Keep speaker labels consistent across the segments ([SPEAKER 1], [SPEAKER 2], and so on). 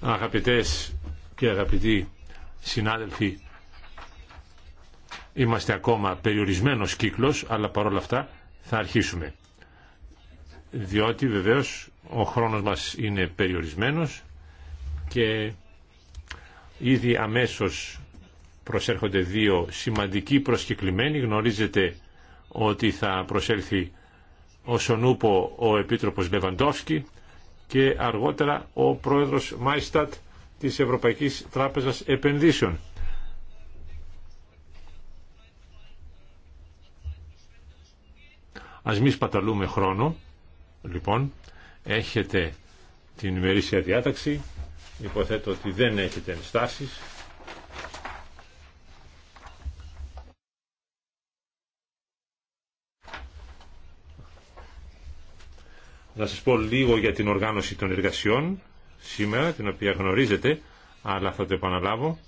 [SPEAKER 1] Αγαπητές και αγαπητοί συνάδελφοι, είμαστε ακόμα περιορισμένος κύκλος, αλλά παρόλα αυτά θα αρχίσουμε. Διότι βεβαίως ο χρόνος μας είναι περιορισμένος και ήδη αμέσως προσέρχονται δύο σημαντικοί προσκεκλημένοι. Γνωρίζετε ότι θα προσέλθει όσον ούπο ο Επίτροπος Λεβαντόφσκι και αργότερα ο Πρόεδρος Μάιστατ της Ευρωπαϊκής Τράπεζας Επενδύσεων. Ας μη σπαταλούμε χρόνο, λοιπόν, έχετε την ημερήσια διάταξη, υποθέτω ότι δεν έχετε ενστάσεις. Να σας πω λίγο για την οργάνωση των εργασιών σήμερα, την οποία γνωρίζετε, αλλά θα το επαναλάβω.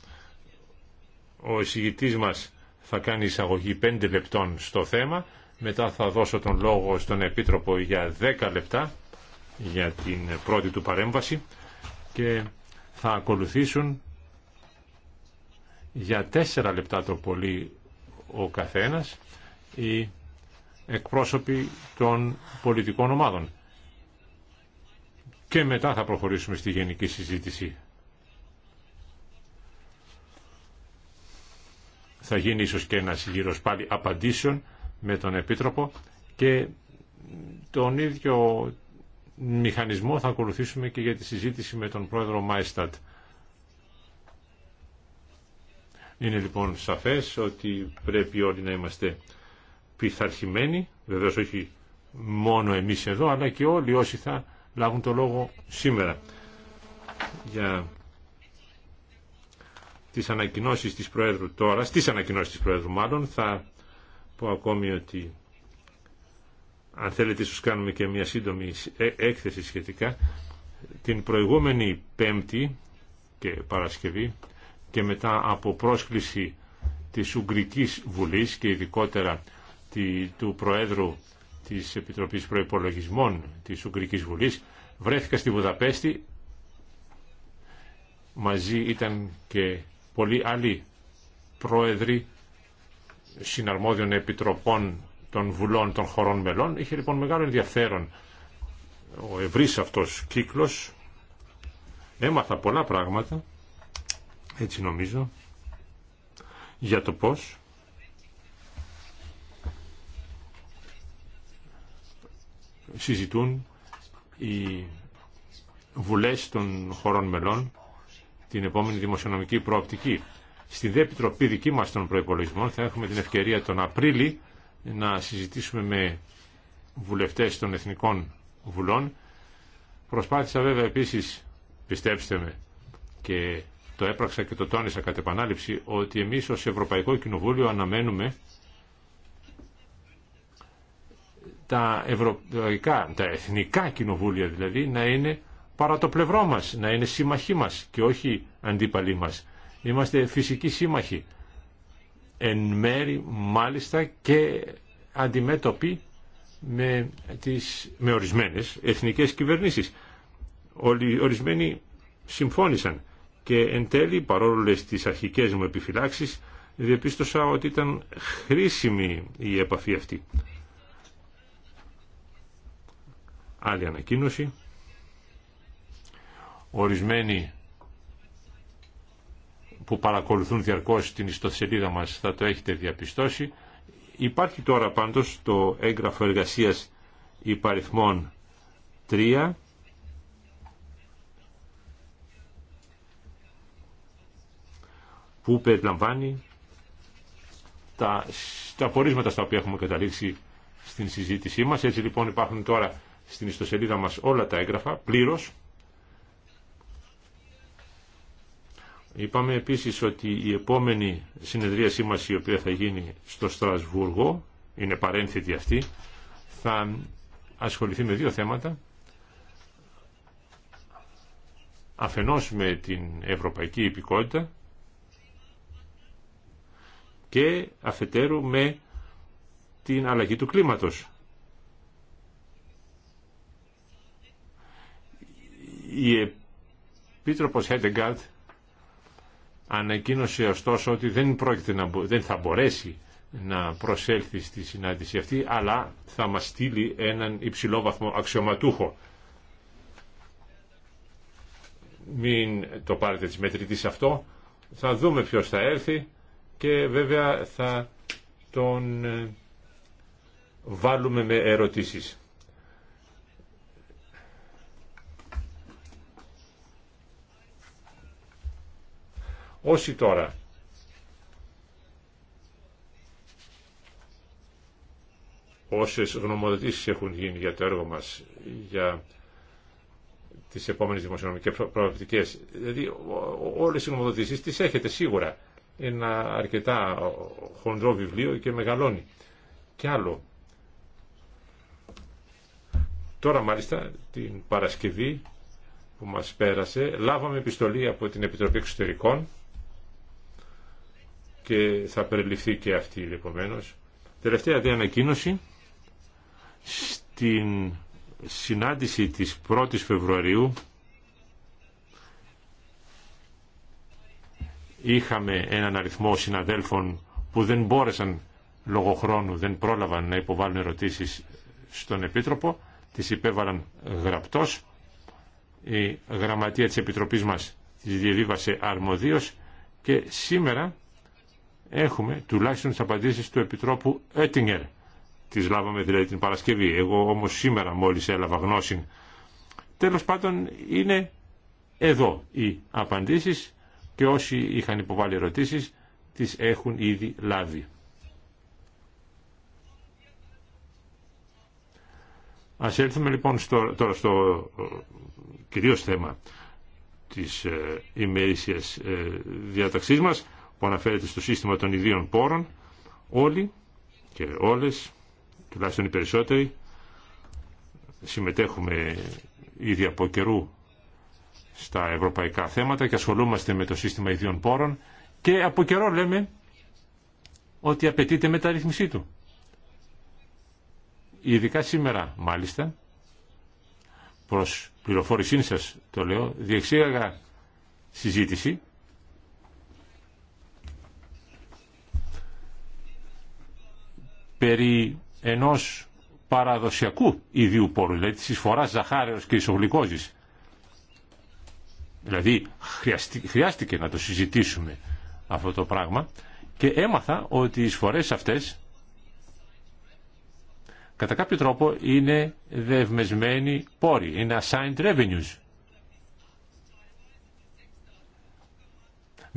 [SPEAKER 1] Ο εισηγητής μας θα κάνει εισαγωγή 5 λεπτών στο θέμα, μετά θα δώσω τον λόγο στον Επίτροπο για 10 λεπτά για την πρώτη του παρέμβαση και θα ακολουθήσουν για 4 λεπτά το πολύ ο καθένας οι εκπρόσωποι των πολιτικών ομάδων και μετά θα προχωρήσουμε στη γενική συζήτηση. Θα γίνει ίσως και ένας γύρος πάλι απαντήσεων με τον Επίτροπο και τον ίδιο μηχανισμό θα ακολουθήσουμε και για τη συζήτηση με τον πρόεδρο Μάιστατ. Είναι λοιπόν σαφές ότι πρέπει όλοι να είμαστε πειθαρχημένοι, βεβαίως όχι μόνο εμείς εδώ, αλλά και όλοι όσοι θα λάβουν το λόγο σήμερα για τις ανακοινώσεις της Προέδρου τώρα, στις ανακοινώσεις της Προέδρου μάλλον, θα πω ακόμη ότι αν θέλετε ίσως κάνουμε και μια σύντομη ε, έκθεση σχετικά, την προηγούμενη Πέμπτη και Παρασκευή και μετά από πρόσκληση της Ουγγρικής Βουλής και ειδικότερα του Προέδρου της Επιτροπής Προϋπολογισμών της Ουγγρικής Βουλής βρέθηκα στη Βουδαπέστη μαζί ήταν και πολλοί άλλοι πρόεδροι συναρμόδιων επιτροπών των βουλών των χωρών μελών είχε λοιπόν μεγάλο ενδιαφέρον ο ευρύς αυτός κύκλος έμαθα πολλά πράγματα έτσι νομίζω για το πώς συζητούν οι βουλές των χωρών μελών την επόμενη δημοσιονομική προοπτική. Στην δε δική μας των προϋπολογισμών θα έχουμε την ευκαιρία τον Απρίλη να συζητήσουμε με βουλευτές των Εθνικών Βουλών. Προσπάθησα βέβαια επίσης, πιστέψτε με, και το έπραξα και το τόνισα κατ' επανάληψη, ότι εμείς ως Ευρωπαϊκό Κοινοβούλιο αναμένουμε τα ευρωπαϊκά, τα εθνικά κοινοβούλια δηλαδή, να είναι παρά το πλευρό μας, να είναι σύμμαχοί μας και όχι αντίπαλοι μας. Είμαστε φυσικοί σύμμαχοι, εν μέρη μάλιστα και αντιμέτωποι με, τις, με ορισμένες εθνικές κυβερνήσεις. Ορισμένοι συμφώνησαν και εν τέλει παρόλε τις αρχικές μου επιφυλάξεις διεπίστωσα ότι ήταν χρήσιμη η επαφή αυτή. Άλλη ανακοίνωση. Ορισμένοι που παρακολουθούν διαρκώς την ιστοσελίδα μας θα το έχετε διαπιστώσει. Υπάρχει τώρα πάντως το έγγραφο εργασίας υπαριθμών 3 που περιλαμβάνει τα, τα πορίσματα στα οποία έχουμε καταλήξει στην συζήτησή μας. Έτσι λοιπόν υπάρχουν τώρα στην ιστοσελίδα μας όλα τα έγγραφα πλήρως. Είπαμε επίσης ότι η επόμενη συνεδρίασή μας η οποία θα γίνει στο Στρασβούργο, είναι παρένθετη αυτή, θα ασχοληθεί με δύο θέματα. Αφενός με την ευρωπαϊκή υπηκότητα και αφετέρου με την αλλαγή του κλίματος. Η Επίτροπος Χέντεγκάρτ ανακοίνωσε ωστόσο ότι δεν, πρόκειται να, δεν θα μπορέσει να προσέλθει στη συνάντηση αυτή, αλλά θα μας στείλει έναν βαθμό αξιωματούχο. Μην το πάρετε της μετρητής αυτό. Θα δούμε ποιος θα έρθει και βέβαια θα τον ε, βάλουμε με ερωτήσεις. Όσοι τώρα όσες γνωμοδοτήσεις έχουν γίνει για το έργο μας για τις επόμενες δημοσιονομικές προοπτικές δηλαδή όλες οι γνωμοδοτήσεις τις έχετε σίγουρα ένα αρκετά χοντρό βιβλίο και μεγαλώνει και άλλο τώρα μάλιστα την Παρασκευή που μας πέρασε λάβαμε επιστολή από την Επιτροπή Εξωτερικών και θα περιληφθεί και αυτή επομένω. Τελευταία δε ανακοίνωση στην συνάντηση της 1ης Φεβρουαρίου είχαμε έναν αριθμό συναδέλφων που δεν μπόρεσαν λόγω χρόνου, δεν πρόλαβαν να υποβάλουν ερωτήσεις στον Επίτροπο, τις υπέβαλαν γραπτός. Η γραμματεία της Επιτροπής μας τις διαβίβασε αρμοδίως και σήμερα έχουμε τουλάχιστον τι απαντήσει του Επιτρόπου Έτιγκερ. Τις λάβαμε δηλαδή την Παρασκευή. Εγώ όμως σήμερα μόλις έλαβα γνώση. Τέλος πάντων είναι εδώ οι απαντήσει και όσοι είχαν υποβάλει ερωτήσει τις έχουν ήδη λάβει. Ας έρθουμε λοιπόν στο, τώρα στο ε, κυρίω θέμα της ε, ε διαταξίσμας που αναφέρεται στο σύστημα των ιδίων πόρων, όλοι και όλες, τουλάχιστον οι περισσότεροι, συμμετέχουμε ήδη από καιρού στα ευρωπαϊκά θέματα και ασχολούμαστε με το σύστημα ιδίων πόρων και από καιρό λέμε ότι απαιτείται μεταρρύθμισή του. Ειδικά σήμερα, μάλιστα, προς πληροφόρησή σας το λέω, διεξήγαγα συζήτηση περί ενός παραδοσιακού ιδίου πόρου, δηλαδή της εισφοράς ζαχάρεως και ισογλυκόζης. Δηλαδή χρειάστηκε να το συζητήσουμε αυτό το πράγμα και έμαθα ότι οι εισφορές αυτές κατά κάποιο τρόπο είναι δευμεσμένοι πόροι, είναι assigned revenues.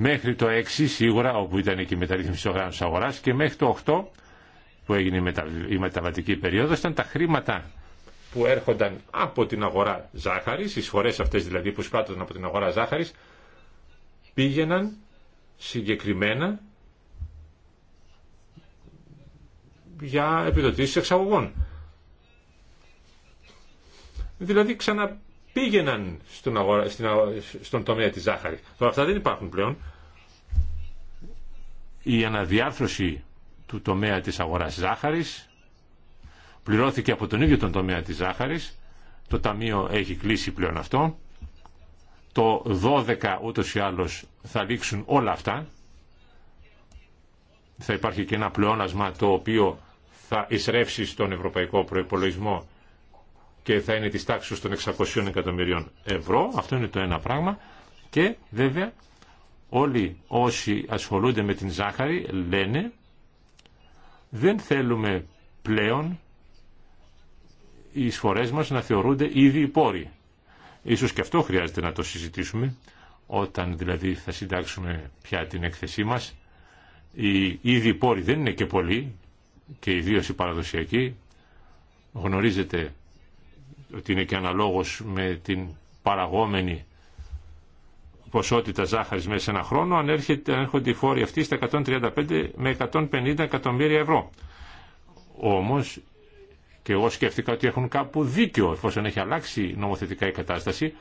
[SPEAKER 1] Μέχρι το 6 σίγουρα, όπου ήταν και η μεταρρύθμιση της αγοράς και μέχρι το 8 που έγινε η μεταβατική περίοδος ήταν τα χρήματα που έρχονταν από την αγορά ζάχαρης, οι σφορέ αυτές δηλαδή που σπράττονταν από την αγορά ζάχαρης, πήγαιναν συγκεκριμένα για επιδοτήσεις εξαγωγών. Δηλαδή ξαναπήγαιναν στον, αγορά, στην, στον τομέα τη ζάχαρη. Τώρα αυτά δεν υπάρχουν πλέον. Η αναδιάρθρωση του τομέα της αγοράς ζάχαρης, πληρώθηκε από τον ίδιο τον τομέα της ζάχαρης, το ταμείο έχει κλείσει πλέον αυτό, το 12 ούτως ή άλλως θα λήξουν όλα αυτά, θα υπάρχει και ένα πλεόνασμα το οποίο θα εισρεύσει στον ευρωπαϊκό προϋπολογισμό και θα είναι της τάξης των 600 εκατομμυρίων ευρώ, αυτό είναι το ένα πράγμα, και βέβαια όλοι όσοι ασχολούνται με την ζάχαρη λένε δεν θέλουμε πλέον οι εισφορές μας να θεωρούνται ήδη πόροι. Ίσως και αυτό χρειάζεται να το συζητήσουμε, όταν δηλαδή θα συντάξουμε πια την έκθεσή μας. Οι ήδη πόροι δεν είναι και πολλοί, και ιδίως οι παραδοσιακοί. Γνωρίζετε ότι είναι και αναλόγως με την παραγόμενη ποσότητα ζάχαρης μέσα σε ένα χρόνο, αν έρχονται οι φόροι αυτοί στα 135 με 150 εκατομμύρια ευρώ. Όμως, και εγώ σκέφτηκα ότι έχουν κάπου δίκιο, εφόσον έχει αλλάξει νομοθετικά η κατάσταση,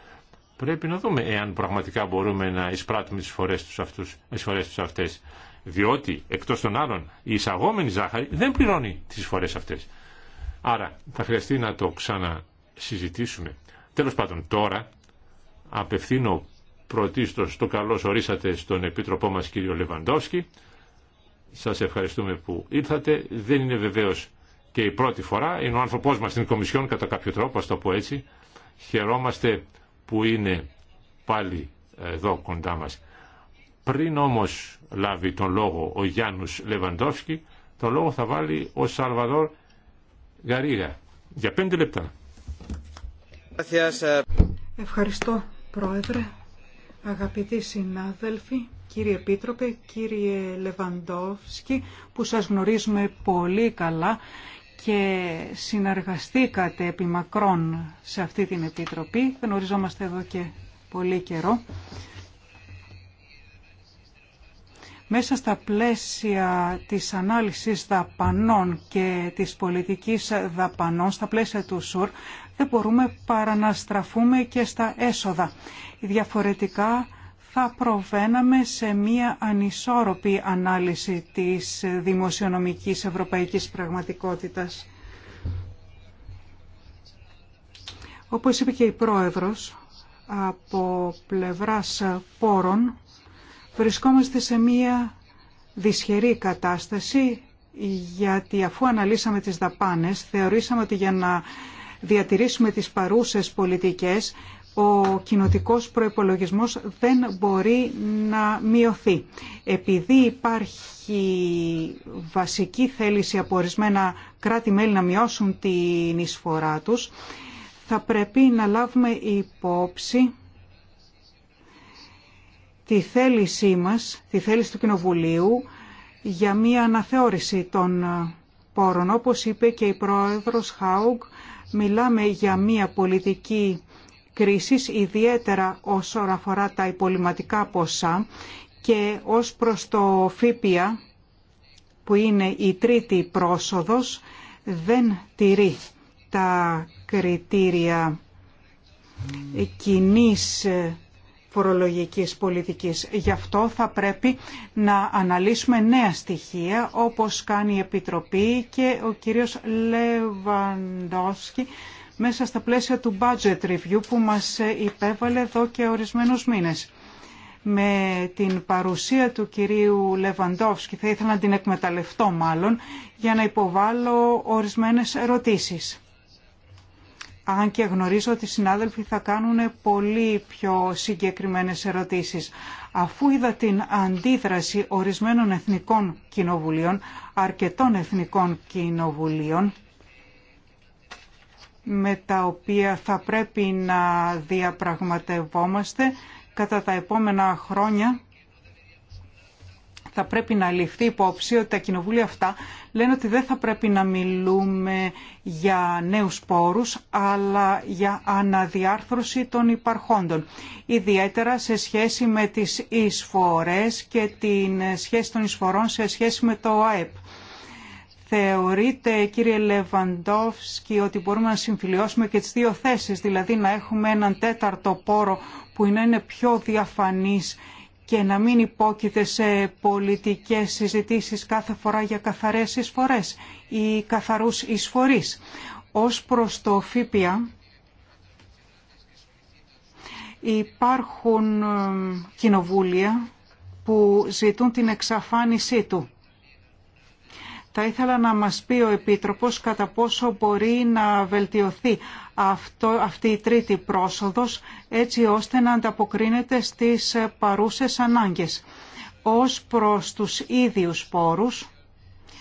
[SPEAKER 1] πρέπει να δούμε εάν πραγματικά μπορούμε να εισπράττουμε τις φορές τους, αυτούς, τις φορές τους αυτές. Διότι, εκτός των άλλων, η εισαγόμενη ζάχαρη δεν πληρώνει τις φορές αυτές. Άρα, θα χρειαστεί να το ξανασυζητήσουμε. Τέλος πάντων, τώρα απευθύνω Πρωτίστως το καλώς ορίσατε στον Επίτροπό μας κύριο Λεβαντόφσκι. Σας ευχαριστούμε που ήρθατε. Δεν είναι βεβαίως και η πρώτη φορά. Είναι ο άνθρωπός μας στην Κομισιόν κατά κάποιο τρόπο, ας το πω έτσι. Χαιρόμαστε που είναι πάλι εδώ κοντά μας. Πριν όμως λάβει τον λόγο ο Γιάννους Λεβαντόφσκι, τον λόγο θα βάλει ο Σαλβαδόρ Γαρίγα. Για πέντε λεπτά.
[SPEAKER 2] Ευχαριστώ, Πρόεδρε. Αγαπητοί συνάδελφοι, κύριε Επίτροπε, κύριε Λεβαντόφσκι, που σας γνωρίζουμε πολύ καλά και συνεργαστήκατε επί μακρόν σε αυτή την Επιτροπή. Γνωριζόμαστε εδώ και πολύ καιρό. Μέσα στα πλαίσια της ανάλυσης δαπανών και της πολιτικής δαπανών, στα πλαίσια του ΣΟΥΡ, δεν μπορούμε παρά να στραφούμε και στα έσοδα. Διαφορετικά θα προβαίναμε σε μία ανισόρροπη ανάλυση της δημοσιονομικής ευρωπαϊκής πραγματικότητας. Όπως είπε και η Πρόεδρος, από πλευράς πόρων βρισκόμαστε σε μία δυσχερή κατάσταση γιατί αφού αναλύσαμε τις δαπάνες θεωρήσαμε ότι για να διατηρήσουμε τις παρούσες πολιτικές, ο κοινοτικός προϋπολογισμός δεν μπορεί να μειωθεί. Επειδή υπάρχει βασική θέληση από ορισμένα κράτη-μέλη να μειώσουν την εισφορά τους, θα πρέπει να λάβουμε υπόψη τη θέλησή μας, τη θέληση του Κοινοβουλίου για μια αναθεώρηση των πόρων. Όπως είπε και η Πρόεδρος Χάουγκ, Μιλάμε για μια πολιτική κρίση, ιδιαίτερα όσον αφορά τα υπολοιματικά ποσά και ως προς το ΦΥΠΙΑ, που είναι η τρίτη πρόσοδος, δεν τηρεί τα κριτήρια κοινής φορολογικής πολιτικής. Γι' αυτό θα πρέπει να αναλύσουμε νέα στοιχεία, όπως κάνει η Επιτροπή και ο κύριος Λεβαντόσκι μέσα στα πλαίσια του budget review που μας υπέβαλε εδώ και ορισμένους μήνες. Με την παρουσία του κυρίου Λεβαντόφσκι θα ήθελα να την εκμεταλλευτώ μάλλον για να υποβάλω ορισμένες ερωτήσεις αν και γνωρίζω ότι οι συνάδελφοι θα κάνουν πολύ πιο συγκεκριμένες ερωτήσεις. Αφού είδα την αντίδραση ορισμένων εθνικών κοινοβουλίων, αρκετών εθνικών κοινοβουλίων, με τα οποία θα πρέπει να διαπραγματευόμαστε κατά τα επόμενα χρόνια, θα πρέπει να ληφθεί υπόψη ότι τα κοινοβούλια αυτά λένε ότι δεν θα πρέπει να μιλούμε για νέους πόρους, αλλά για αναδιάρθρωση των υπαρχόντων. Ιδιαίτερα σε σχέση με τις εισφορές και την σχέση των εισφορών σε σχέση με το ΑΕΠ. Θεωρείτε, κύριε Λεβαντόφσκι, ότι μπορούμε να συμφιλειώσουμε και τις δύο θέσεις, δηλαδή να έχουμε έναν τέταρτο πόρο που είναι πιο διαφανής και να μην υπόκειται σε πολιτικές συζητήσεις κάθε φορά για καθαρές εισφορές ή καθαρούς εισφορείς. Ως προς το ΦΥΠΙΑ υπάρχουν ε, κοινοβούλια που ζητούν την εξαφάνισή του θα ήθελα να μας πει ο Επίτροπος κατά πόσο μπορεί να βελτιωθεί αυτό, αυτή η τρίτη πρόσοδος έτσι ώστε να ανταποκρίνεται στις παρούσες ανάγκες. Ως προς τους ίδιους πόρους,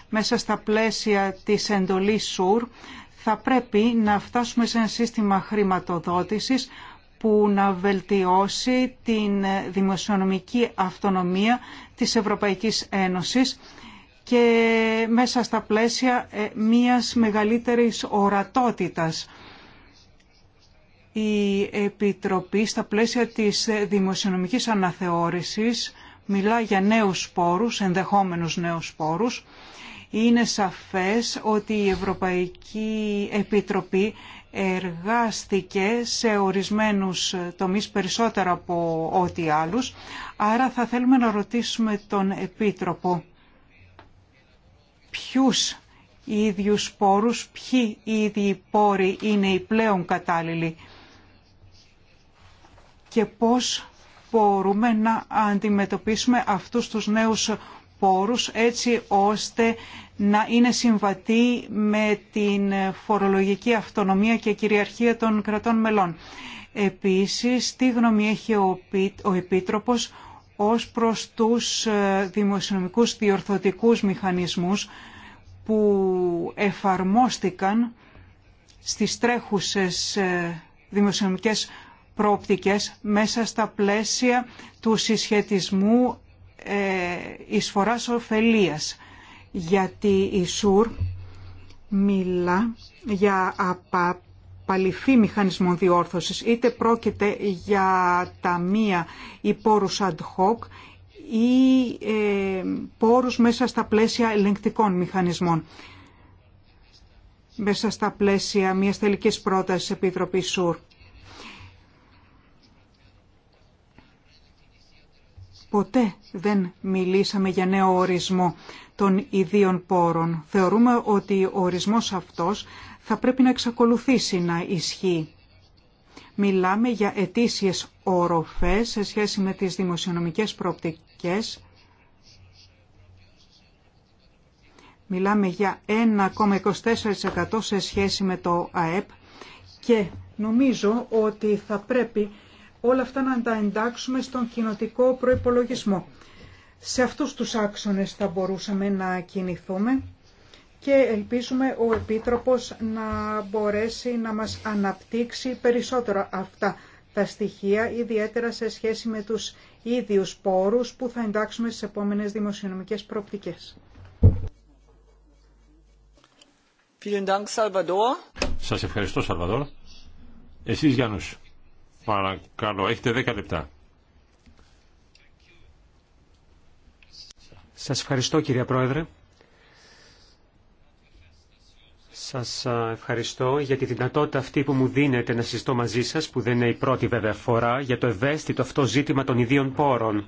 [SPEAKER 2] μέσα στα πλαίσια της εντολής ΣΟΥΡ, θα πρέπει να φτάσουμε σε ένα σύστημα χρηματοδότησης που να βελτιώσει την δημοσιονομική αυτονομία της Ευρωπαϊκής Ένωσης και μέσα στα πλαίσια ε, μιας μεγαλύτερης ορατότητας. Η Επιτροπή στα πλαίσια της δημοσιονομικής αναθεώρησης μιλά για νέους σπόρους, ενδεχόμενους νέους σπόρους. Είναι σαφές ότι η Ευρωπαϊκή Επιτροπή εργάστηκε σε ορισμένους τομείς περισσότερο από ό,τι άλλους, άρα θα θέλουμε να ρωτήσουμε τον Επίτροπο ποιους ίδιους πόρους, ποιοι ίδιοι πόροι είναι οι πλέον κατάλληλοι και πώς μπορούμε να αντιμετωπίσουμε αυτούς τους νέους πόρους έτσι ώστε να είναι συμβατοί με την φορολογική αυτονομία και κυριαρχία των κρατών μελών. Επίσης, τι γνώμη έχει ο Επίτροπος ως προς τους ε, δημοσιονομικούς διορθωτικούς μηχανισμούς που εφαρμόστηκαν στις τρέχουσες ε, δημοσιονομικές προοπτικές μέσα στα πλαίσια του συσχετισμού ε, εισφοράς ωφελίας. Γιατί η ΣΟΥΡ μιλά για παλιφή μηχανισμών διόρθωσης, είτε πρόκειται για ταμεία ή πόρους ad hoc ή ε, πόρους μέσα στα πλαίσια ελεγκτικών μηχανισμών. Μέσα στα πλαίσια μιας τελικής πρότασης Επιτροπής ΣΟΥΡ. Ποτέ δεν μιλήσαμε για νέο ορισμό των ιδίων πόρων. Θεωρούμε ότι ο ορισμός αυτός θα πρέπει να εξακολουθήσει να ισχύει. Μιλάμε για ετήσιες όροφες σε σχέση με τις δημοσιονομικές προοπτικές. Μιλάμε για 1,24% σε σχέση με το ΑΕΠ και νομίζω ότι θα πρέπει όλα αυτά να τα εντάξουμε στον κοινοτικό προϋπολογισμό. Σε αυτούς τους άξονες θα μπορούσαμε να κινηθούμε και ελπίζουμε ο Επίτροπος να μπορέσει να μας αναπτύξει περισσότερο αυτά τα στοιχεία, ιδιαίτερα σε σχέση με τους ίδιους πόρους που θα εντάξουμε στις επόμενες δημοσιονομικές προοπτικές.
[SPEAKER 1] Σας ευχαριστώ, Σαλβαδόρ. Εσείς, Γιάννους, παρακαλώ, έχετε 10 λεπτά.
[SPEAKER 3] Σας ευχαριστώ, κυρία Πρόεδρε. Σας ευχαριστώ για τη δυνατότητα αυτή που μου δίνετε να συζητώ μαζί σας, που δεν είναι η πρώτη βέβαια φορά, για το ευαίσθητο αυτό ζήτημα των ιδίων πόρων.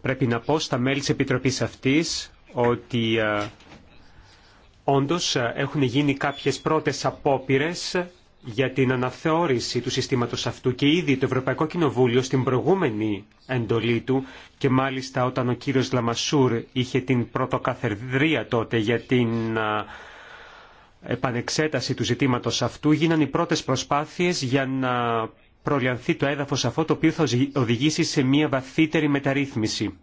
[SPEAKER 3] Πρέπει να πω στα μέλη της Επιτροπής αυτής ότι όντως έχουν γίνει κάποιες πρώτες απόπειρες για την αναθεώρηση του συστήματος αυτού και ήδη το Ευρωπαϊκό Κοινοβούλιο στην προηγούμενη εντολή του και μάλιστα όταν ο κύριος Λαμασούρ είχε την πρωτοκαθεδρία τότε για την επανεξέταση του ζητήματος αυτού γίναν οι πρώτες προσπάθειες για να προλιανθεί το έδαφος αυτό το οποίο θα οδηγήσει σε μια βαθύτερη μεταρρύθμιση.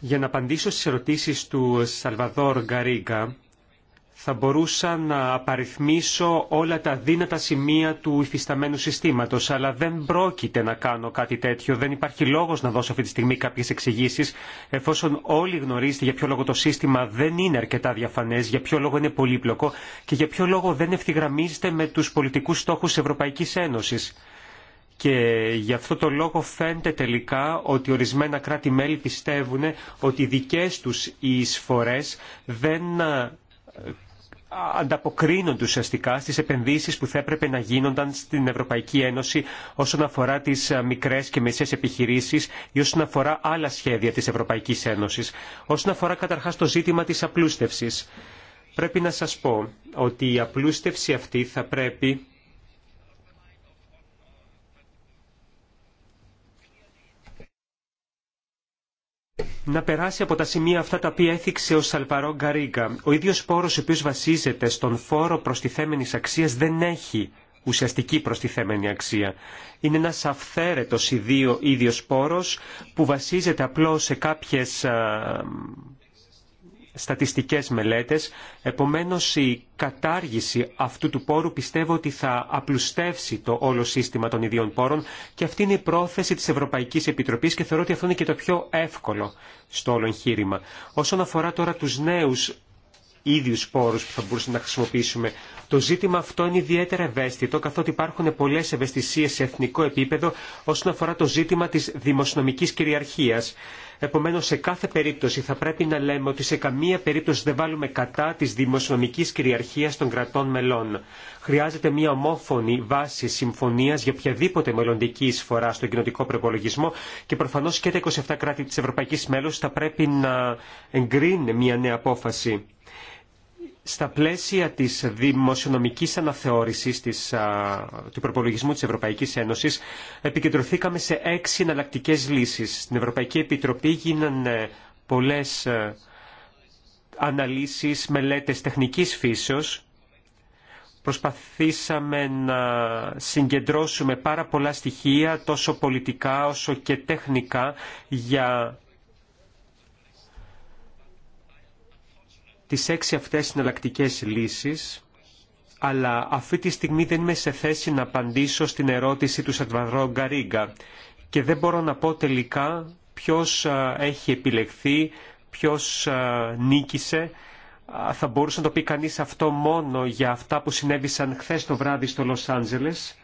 [SPEAKER 3] Για να απαντήσω στις ερωτήσεις του Σαλβαδόρ Γκαρίγκα, θα μπορούσα να απαριθμίσω όλα τα δύνατα σημεία του υφισταμένου συστήματος, αλλά δεν πρόκειται να κάνω κάτι τέτοιο. Δεν υπάρχει λόγος να δώσω αυτή τη στιγμή κάποιες εξηγήσεις, εφόσον όλοι γνωρίζετε για ποιο λόγο το σύστημα δεν είναι αρκετά διαφανές, για ποιο λόγο είναι πολύπλοκο και για ποιο λόγο δεν ευθυγραμμίζεται με τους πολιτικούς στόχους Ευρωπαϊκής Ένωσης. Και γι' αυτό το λόγο φαίνεται τελικά ότι ορισμένα κράτη-μέλη πιστεύουν ότι οι δικέ τους δεν ανταποκρίνονται ουσιαστικά στις επενδύσεις που θα έπρεπε να γίνονταν στην Ευρωπαϊκή Ένωση όσον αφορά τις ε, μικρές και μεσαίες επιχειρήσεις ή όσον αφορά άλλα σχέδια της Ευρωπαϊκής Ένωσης. Όσον αφορά καταρχάς το ζήτημα της απλούστευσης. Πρέπει να σας πω ότι η απλούστευση αυτή θα πρέπει να περάσει από τα σημεία αυτά τα οποία έθιξε ο Σαλβαρό Γκαρίγκα. Ο ίδιος πόρος ο οποίος βασίζεται στον φόρο προστιθέμενης αξίας δεν έχει ουσιαστική προστιθέμενη αξία. Είναι ένας αυθαίρετος ιδίο, ίδιος πόρος που βασίζεται απλώς σε κάποιες στατιστικές μελέτες. Επομένως η κατάργηση αυτού του πόρου πιστεύω ότι θα απλουστεύσει το όλο σύστημα των ιδίων πόρων και αυτή είναι η πρόθεση της Ευρωπαϊκής Επιτροπής και θεωρώ ότι αυτό είναι και το πιο εύκολο στο όλο εγχείρημα. Όσον αφορά τώρα τους νέους ίδιους πόρους που θα μπορούσαμε να χρησιμοποιήσουμε. Το ζήτημα αυτό είναι ιδιαίτερα ευαίσθητο, καθότι υπάρχουν πολλές ευαισθησίες σε εθνικό επίπεδο όσον αφορά το ζήτημα της δημοσιονομικής κυριαρχίας. Επομένως, σε κάθε περίπτωση θα πρέπει να λέμε ότι σε καμία περίπτωση δεν βάλουμε κατά της δημοσιονομικής κυριαρχίας των κρατών μελών. Χρειάζεται μια ομόφωνη βάση συμφωνίας για οποιαδήποτε μελλοντική εισφορά στον κοινοτικό προπολογισμό και προφανώς και τα 27 κράτη της Ευρωπαϊκής Μέλους θα πρέπει να εγκρίνουν μια νέα απόφαση στα πλαίσια της δημοσιονομικής αναθεώρησης της, του προπολογισμού της Ευρωπαϊκής Ένωσης επικεντρωθήκαμε σε έξι εναλλακτικέ λύσεις. Στην Ευρωπαϊκή Επιτροπή γίνανε πολλές ε, αναλύσεις, μελέτες τεχνικής φύσεως. Προσπαθήσαμε να συγκεντρώσουμε πάρα πολλά στοιχεία, τόσο πολιτικά όσο και τεχνικά, για τις έξι αυτές συναλλακτικές λύσεις, αλλά αυτή τη στιγμή δεν είμαι σε θέση να απαντήσω στην ερώτηση του Σατβαδρό Γκαρίγκα και δεν μπορώ να πω τελικά ποιος έχει επιλεχθεί, ποιος νίκησε. Θα μπορούσε να το πει κανείς αυτό μόνο για αυτά που συνέβησαν χθες το βράδυ στο Λος Άντζελες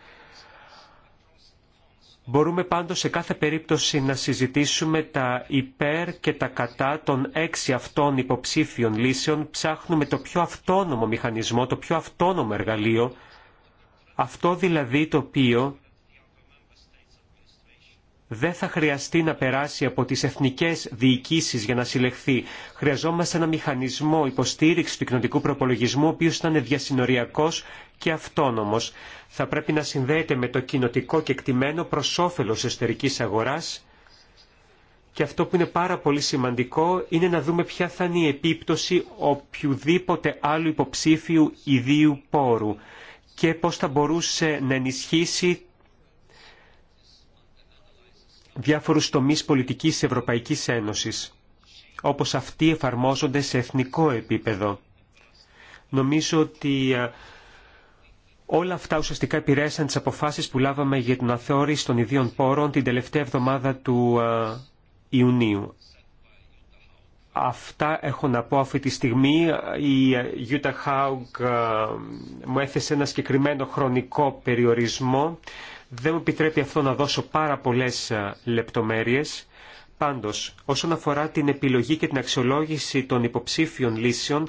[SPEAKER 3] Μπορούμε πάντως σε κάθε περίπτωση να συζητήσουμε τα υπέρ και τα κατά των έξι αυτών υποψήφιων λύσεων. Ψάχνουμε το πιο αυτόνομο μηχανισμό, το πιο αυτόνομο εργαλείο, αυτό δηλαδή το οποίο δεν θα χρειαστεί να περάσει από τις εθνικές διοικήσεις για να συλλεχθεί. Χρειαζόμαστε ένα μηχανισμό υποστήριξης του κοινωνικού προπολογισμού, ο οποίος θα είναι διασυνοριακός και αυτόνομος. Θα πρέπει να συνδέεται με το κοινοτικό κεκτημένο προς όφελος εσωτερικής αγοράς και αυτό που είναι πάρα πολύ σημαντικό είναι να δούμε ποια θα είναι η επίπτωση οποιοδήποτε άλλου υποψήφιου ιδίου πόρου και πώς θα μπορούσε να ενισχύσει διάφορους τομείς πολιτικής Ευρωπαϊκής Ένωσης, όπως αυτοί εφαρμόζονται σε εθνικό επίπεδο. Νομίζω ότι ε, όλα αυτά ουσιαστικά επηρέασαν τις αποφάσεις που λάβαμε για την αθεώρηση των ιδίων πόρων την τελευταία εβδομάδα του ε, Ιουνίου. Αυτά έχω να πω αυτή τη στιγμή. Η Γιούτα ε, Χάουγκ μου έθεσε ένα συγκεκριμένο χρονικό περιορισμό δεν μου επιτρέπει αυτό να δώσω πάρα πολλές ε, λεπτομέρειες. Πάντως, όσον αφορά την επιλογή και την αξιολόγηση των υποψήφιων λύσεων,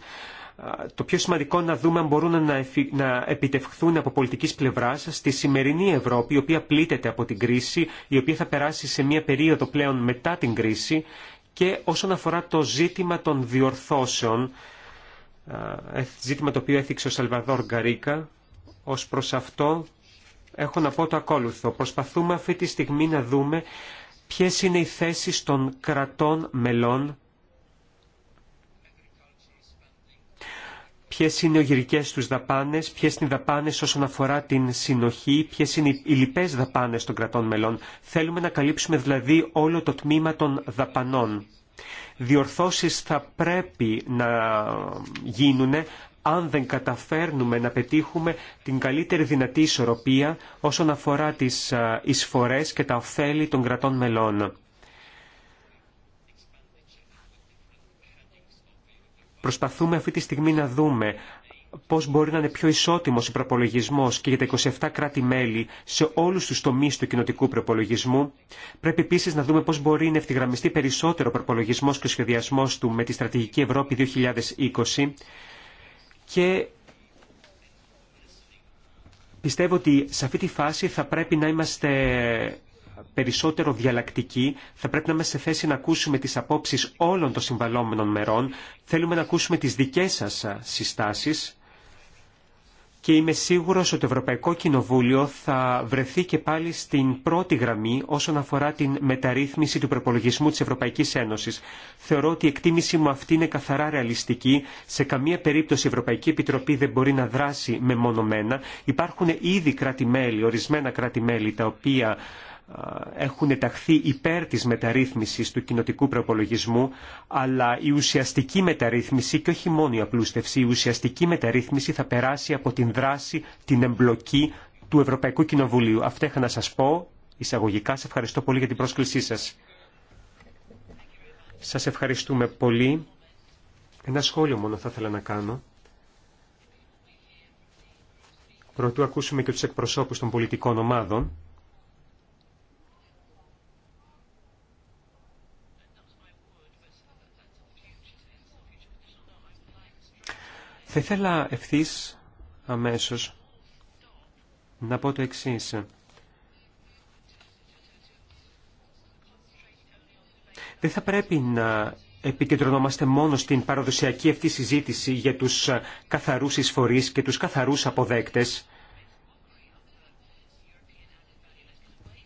[SPEAKER 3] ε, το πιο σημαντικό να δούμε αν μπορούν να επιτευχθούν από πολιτική πλευρά στη σημερινή Ευρώπη, η οποία πλήττεται από την κρίση, η οποία θα περάσει σε μια περίοδο πλέον μετά την κρίση και όσον αφορά το ζήτημα των διορθώσεων, ε, ζήτημα το οποίο έθιξε ο Σαλβαδόρ Γκαρίκα, ως προς αυτό έχω να πω το ακόλουθο. Προσπαθούμε αυτή τη στιγμή να δούμε ποιες είναι οι θέσεις των κρατών μελών, ποιες είναι οι γυρικές τους δαπάνες, ποιες είναι οι δαπάνες όσον αφορά την συνοχή, ποιες είναι οι λοιπές δαπάνες των κρατών μελών. Θέλουμε να καλύψουμε δηλαδή όλο το τμήμα των δαπανών. Διορθώσεις θα πρέπει να γίνουν αν δεν καταφέρνουμε να πετύχουμε την καλύτερη δυνατή ισορροπία όσον αφορά τις εισφορές και τα ωφέλη των κρατών μελών. Προσπαθούμε αυτή τη στιγμή να δούμε Πώ μπορεί να είναι πιο ισότιμο ο προπολογισμό και για τα 27 κράτη-μέλη σε όλου του τομεί του κοινοτικού προπολογισμού. Πρέπει επίση να δούμε πώ μπορεί να ευθυγραμμιστεί περισσότερο ο προπολογισμό και ο σχεδιασμό του με τη Στρατηγική Ευρώπη 2020 και πιστεύω ότι σε αυτή τη φάση θα πρέπει να είμαστε περισσότερο διαλλακτικοί, θα πρέπει να είμαστε σε θέση να ακούσουμε τις απόψεις όλων των συμβαλόμενων μερών, θέλουμε να ακούσουμε τις δικές σας συστάσεις και είμαι σίγουρος ότι το Ευρωπαϊκό Κοινοβούλιο θα βρεθεί και πάλι στην πρώτη γραμμή όσον αφορά την μεταρρύθμιση του προπολογισμού της Ευρωπαϊκής Ένωσης. Θεωρώ ότι η εκτίμηση μου αυτή είναι καθαρά ρεαλιστική. Σε καμία περίπτωση η Ευρωπαϊκή Επιτροπή δεν μπορεί να δράσει μεμονωμένα. Υπάρχουν ήδη κράτη-μέλη, ορισμένα κράτη-μέλη, τα οποία ε, έχουν ταχθεί υπέρ της μεταρρύθμισης του κοινοτικού προπολογισμού, αλλά η ουσιαστική μεταρρύθμιση και όχι μόνο η απλούστευση, η ουσιαστική μεταρρύθμιση θα περάσει από την δράση, την εμπλοκή του Ευρωπαϊκού Κοινοβουλίου. Αυτά είχα να σας πω εισαγωγικά. Σας ευχαριστώ πολύ για την πρόσκλησή σας. Σας ευχαριστούμε πολύ. Ένα σχόλιο μόνο θα ήθελα να κάνω. Πρωτού ακούσουμε και τους εκπροσώπους των πολιτικών ομάδων. Θα ήθελα ευθύ αμέσως να πω το εξής. Δεν θα πρέπει να επικεντρωνόμαστε μόνο στην παραδοσιακή αυτή συζήτηση για τους καθαρούς εισφορείς και τους καθαρούς αποδέκτες.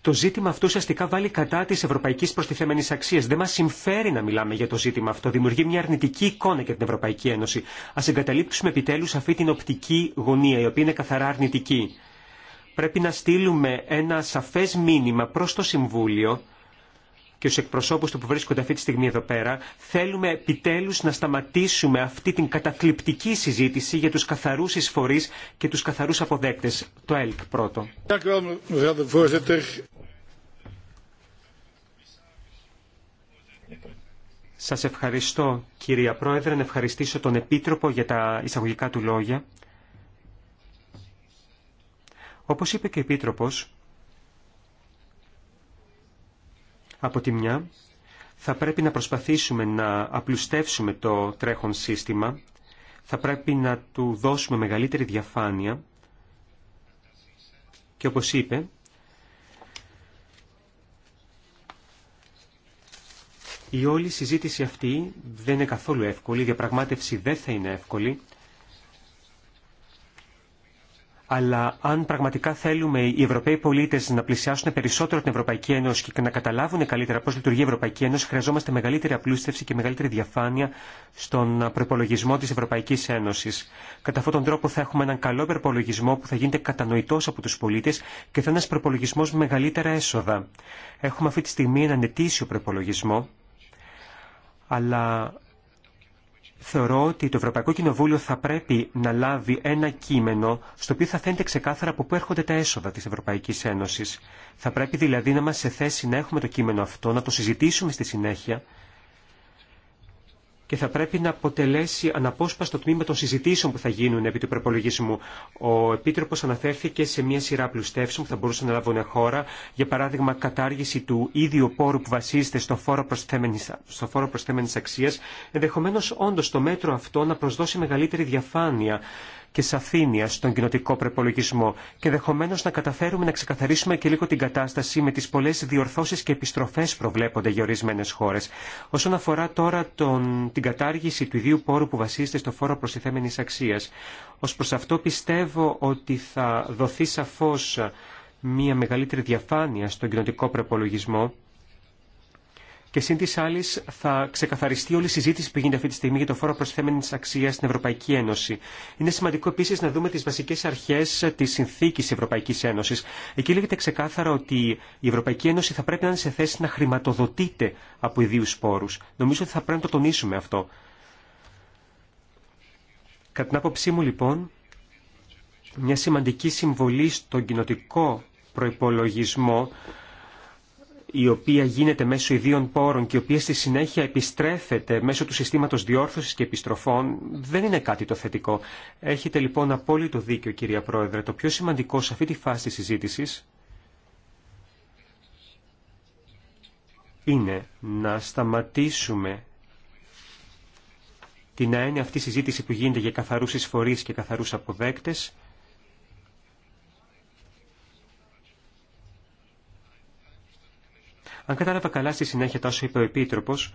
[SPEAKER 3] το ζήτημα αυτό ουσιαστικά βάλει κατά τη ευρωπαϊκή προστιθέμενη αξία. Δεν μα συμφέρει να μιλάμε για το ζήτημα αυτό. Δημιουργεί μια αρνητική εικόνα για την Ευρωπαϊκή Ένωση. Α εγκαταλείψουμε επιτέλου αυτή την οπτική γωνία, η οποία είναι καθαρά αρνητική. Πρέπει να στείλουμε ένα σαφέ μήνυμα προ το Συμβούλιο και στους εκπροσώπους του που βρίσκονται αυτή τη στιγμή εδώ πέρα, θέλουμε επιτέλους να σταματήσουμε αυτή την καταθλιπτική συζήτηση για τους καθαρούς εισφορείς και τους καθαρούς αποδέκτες. Το ΕΛΚ πρώτο. Σας ευχαριστώ κυρία Πρόεδρε, να ευχαριστήσω τον Επίτροπο για τα εισαγωγικά του λόγια. Όπως είπε και ο Επίτροπος, Από τη μια, θα πρέπει να προσπαθήσουμε να απλουστεύσουμε το τρέχον σύστημα, θα πρέπει να του δώσουμε μεγαλύτερη διαφάνεια και όπως είπε, η όλη συζήτηση αυτή δεν είναι καθόλου εύκολη, η διαπραγμάτευση δεν θα είναι εύκολη, αλλά αν πραγματικά θέλουμε οι Ευρωπαίοι πολίτε να πλησιάσουν περισσότερο την Ευρωπαϊκή Ένωση και να καταλάβουν καλύτερα πώ λειτουργεί η Ευρωπαϊκή Ένωση, χρειαζόμαστε μεγαλύτερη απλούστευση και μεγαλύτερη διαφάνεια στον προπολογισμό τη Ευρωπαϊκή Ένωση. Κατά αυτόν τον τρόπο θα έχουμε έναν καλό προπολογισμό που θα γίνεται κατανοητό από του πολίτε και θα είναι ένα προπολογισμό με μεγαλύτερα έσοδα. Έχουμε αυτή τη στιγμή έναν ετήσιο προπολογισμό, αλλά θεωρώ ότι το Ευρωπαϊκό Κοινοβούλιο θα πρέπει να λάβει ένα κείμενο στο οποίο θα φαίνεται ξεκάθαρα από πού έρχονται τα έσοδα της Ευρωπαϊκής Ένωσης. Θα πρέπει δηλαδή να είμαστε σε θέση να έχουμε το κείμενο αυτό, να το συζητήσουμε στη συνέχεια και θα πρέπει να αποτελέσει αναπόσπαστο τμήμα των συζητήσεων που θα γίνουν επί του προπολογισμού. Ο Επίτροπο αναφέρθηκε σε μια σειρά πλουστεύσεων που θα μπορούσαν να λάβουν χώρα, για παράδειγμα κατάργηση του ίδιου πόρου που βασίζεται στο φόρο προσθέμενης, στο φόρο προσθέμενης αξίας, το μέτρο αυτό να προσδώσει μεγαλύτερη διαφάνεια και σαφήνεια στον κοινοτικό προπολογισμό και δεχομένω να καταφέρουμε να ξεκαθαρίσουμε και λίγο την κατάσταση με τι πολλέ διορθώσει και επιστροφέ προβλέπονται για ορισμένε χώρε. Όσον αφορά τώρα τον, την κατάργηση του ιδίου πόρου που βασίζεται στο φόρο προστιθέμενη αξία. Ω προ αυτό πιστεύω ότι θα δοθεί σαφώ μια μεγαλύτερη διαφάνεια στον κοινοτικό προπολογισμό και σύν της άλλη, θα ξεκαθαριστεί όλη η συζήτηση που γίνεται αυτή τη στιγμή για το φόρο προσθέμενης αξία στην Ευρωπαϊκή Ένωση. Είναι σημαντικό επίσης να δούμε τις βασικές αρχές της συνθήκης της Ευρωπαϊκή Ένωση. Εκεί λέγεται ξεκάθαρα ότι η Ευρωπαϊκή Ένωση θα πρέπει να είναι σε θέση να χρηματοδοτείται από ιδίους πόρου. Νομίζω ότι θα πρέπει να το τονίσουμε αυτό. Κατά την άποψή μου, λοιπόν, μια σημαντική συμβολή στον κοινοτικό προπολογισμό η οποία γίνεται μέσω ιδίων πόρων και η οποία στη συνέχεια επιστρέφεται μέσω του συστήματος διόρθωσης και επιστροφών, δεν είναι κάτι το θετικό. Έχετε λοιπόν απόλυτο δίκιο, κυρία Πρόεδρε. Το πιο σημαντικό σε αυτή τη φάση της συζήτησης είναι να σταματήσουμε την αένεια αυτή συζήτηση που γίνεται για καθαρούς εισφορείς και καθαρούς αποδέκτες Αν κατάλαβα καλά στη συνέχεια τόσο είπε ο Επίτροπος,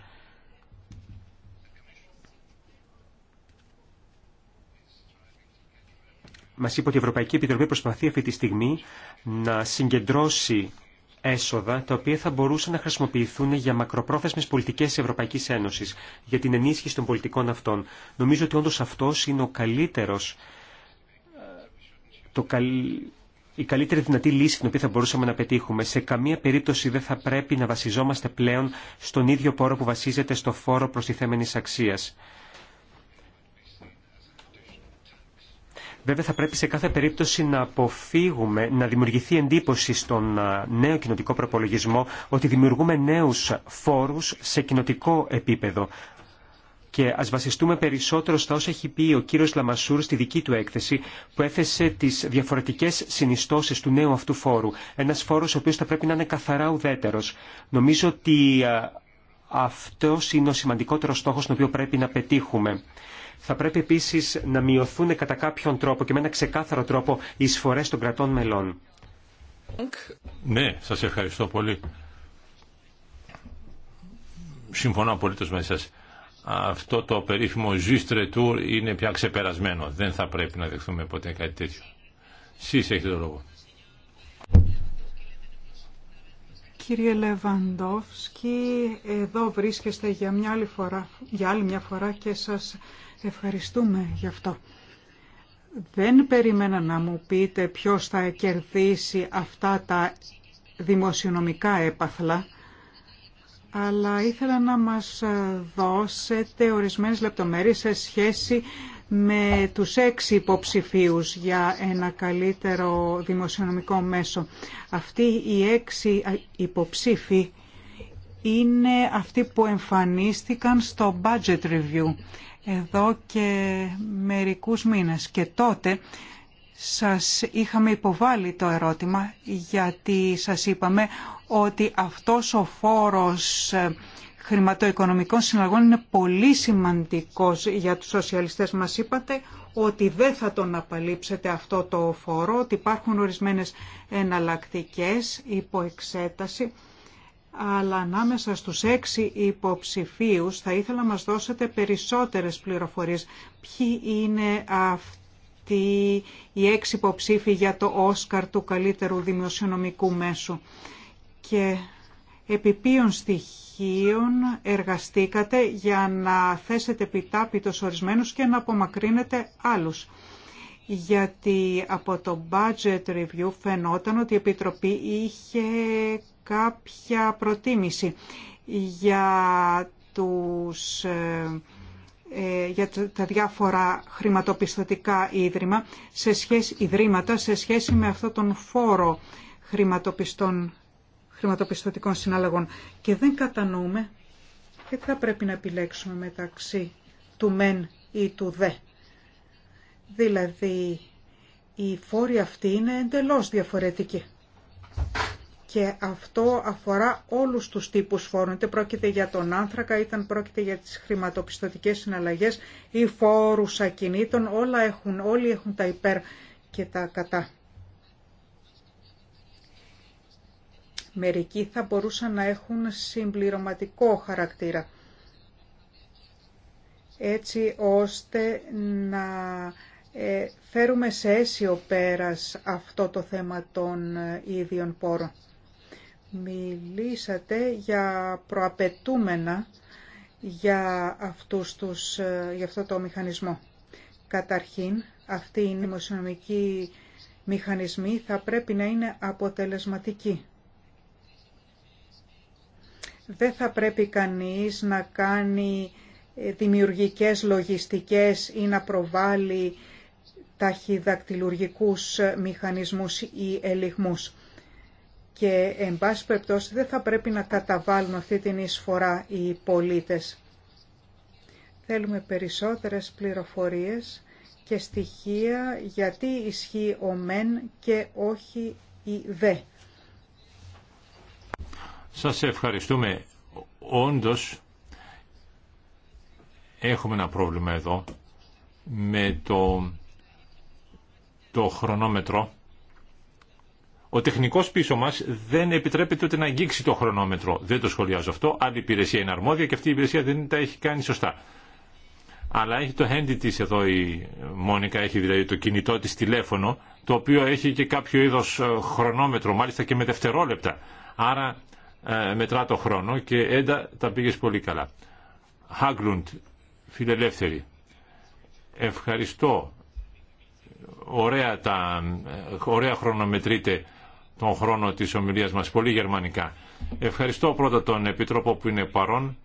[SPEAKER 3] Μα είπε ότι η Ευρωπαϊκή Επιτροπή προσπαθεί αυτή τη στιγμή να συγκεντρώσει έσοδα τα οποία θα μπορούσαν να χρησιμοποιηθούν για μακροπρόθεσμες πολιτικές της Ευρωπαϊκής Ένωσης, για την ενίσχυση των πολιτικών αυτών. Νομίζω ότι όντω αυτό είναι ο καλύτερο. Ε, το, η καλύτερη δυνατή λύση την οποία θα μπορούσαμε να πετύχουμε. Σε καμία περίπτωση δεν θα πρέπει να βασιζόμαστε πλέον στον ίδιο πόρο που βασίζεται στο φόρο προστιθέμενης αξίας. Βέβαια θα πρέπει σε κάθε περίπτωση να αποφύγουμε να δημιουργηθεί εντύπωση στον νέο κοινοτικό προπολογισμό ότι δημιουργούμε νέους φόρους σε κοινοτικό επίπεδο και ας βασιστούμε περισσότερο στα όσα έχει πει ο κύριος Λαμασούρ στη δική του έκθεση που έθεσε τις διαφορετικές συνιστώσεις του νέου αυτού φόρου. Ένας φόρος ο οποίος θα πρέπει να είναι καθαρά ουδέτερος. Νομίζω ότι αυτό είναι ο σημαντικότερος στόχος τον οποίο πρέπει να πετύχουμε. Θα πρέπει επίσης να μειωθούν κατά κάποιον τρόπο και με ένα ξεκάθαρο τρόπο οι εισφορές των κρατών μελών.
[SPEAKER 1] Ναι, σας ευχαριστώ πολύ. Συμφωνώ απολύτως μαζί σας αυτό το περίφημο «juste είναι πια ξεπερασμένο. Δεν θα πρέπει να δεχθούμε ποτέ κάτι τέτοιο. Σεις έχετε το λόγο.
[SPEAKER 2] Κύριε Λεβαντόφσκι, εδώ βρίσκεστε για, μια άλλη φορά, για άλλη μια φορά και σας ευχαριστούμε γι' αυτό. Δεν περίμενα να μου πείτε ποιος θα κερδίσει αυτά τα δημοσιονομικά έπαθλα αλλά ήθελα να μας δώσετε ορισμένες λεπτομέρειες σε σχέση με τους έξι υποψηφίους για ένα καλύτερο δημοσιονομικό μέσο. Αυτοί οι έξι υποψήφοι είναι αυτοί που εμφανίστηκαν στο budget review εδώ και μερικούς μήνες και τότε σας είχαμε υποβάλει το ερώτημα γιατί σας είπαμε ότι αυτός ο φόρος ε, χρηματοοικονομικών συναλλαγών είναι πολύ σημαντικός για τους σοσιαλιστές. Μας είπατε ότι δεν θα τον απαλείψετε αυτό το φόρο, ότι υπάρχουν ορισμένες εναλλακτικές υπό εξέταση, αλλά ανάμεσα στους έξι υποψηφίους θα ήθελα να μας δώσετε περισσότερες πληροφορίες. Ποιοι είναι αυτοί ότι οι έξι υποψήφοι για το Όσκαρ του καλύτερου δημοσιονομικού μέσου. Και επί ποιων στοιχείων εργαστήκατε για να θέσετε πιτάπιτος ορισμένους και να απομακρύνετε άλλους. Γιατί από το budget review φαινόταν ότι η Επιτροπή είχε κάποια προτίμηση για τους ε, ε, για τα διάφορα χρηματοπιστωτικά ίδρυμα σε σχέση, ιδρύματα σε σχέση με αυτό τον φόρο χρηματοπιστών, χρηματοπιστωτικών συναλλαγών. Και δεν κατανοούμε και θα πρέπει να επιλέξουμε μεταξύ του μεν ή του δε. Δηλαδή, οι φόροι αυτοί είναι εντελώς διαφορετικοί και αυτό αφορά όλους τους τύπους φόρων. Είτε πρόκειται για τον άνθρακα, είτε πρόκειται για τις χρηματοπιστωτικές συναλλαγές ή φόρους ακινήτων. Όλα έχουν, όλοι έχουν τα υπέρ και τα κατά. Μερικοί θα μπορούσαν να έχουν συμπληρωματικό χαρακτήρα. Έτσι ώστε να ε, φέρουμε σε αίσιο πέρας αυτό το θέμα των ε, ίδιων πόρων. Μιλήσατε για προαπαιτούμενα για, αυτούς τους, ε, για αυτό το μηχανισμό. Καταρχήν, αυτοί οι δημοσιονομικοί μηχανισμοί θα πρέπει να είναι αποτελεσματικοί. Δεν θα πρέπει κανείς να κάνει ε, δημιουργικές λογιστικές ή να προβάλλει ταχυδακτηλουργικούς ε, μηχανισμούς ή ελιγμούς και εν πάση περιπτώσει δεν θα πρέπει να καταβάλουν αυτή την εισφορά οι πολίτες. Θέλουμε περισσότερες πληροφορίες και στοιχεία γιατί ισχύει ο μεν και όχι η δε.
[SPEAKER 1] Σας ευχαριστούμε. Όντως έχουμε ένα πρόβλημα εδώ με το, το χρονόμετρο ο τεχνικό πίσω μα δεν επιτρέπεται ούτε να αγγίξει το χρονόμετρο. Δεν το σχολιάζω αυτό. Άλλη υπηρεσία είναι αρμόδια και αυτή η υπηρεσία δεν τα έχει κάνει σωστά. Αλλά έχει το handy τη εδώ η Μόνικα, έχει δηλαδή το κινητό τη τηλέφωνο, το οποίο έχει και κάποιο είδο ε, χρονόμετρο, μάλιστα και με δευτερόλεπτα. Άρα ε, μετρά το χρόνο και έντα τα πήγε πολύ καλά. Χάγκλουντ, φιλελεύθερη. Ευχαριστώ ωραία, τα, ε, ωραία χρονομετρείτε τον χρόνο της ομιλίας μας πολύ γερμανικά. Ευχαριστώ πρώτα τον Επιτρόπο που είναι παρόν.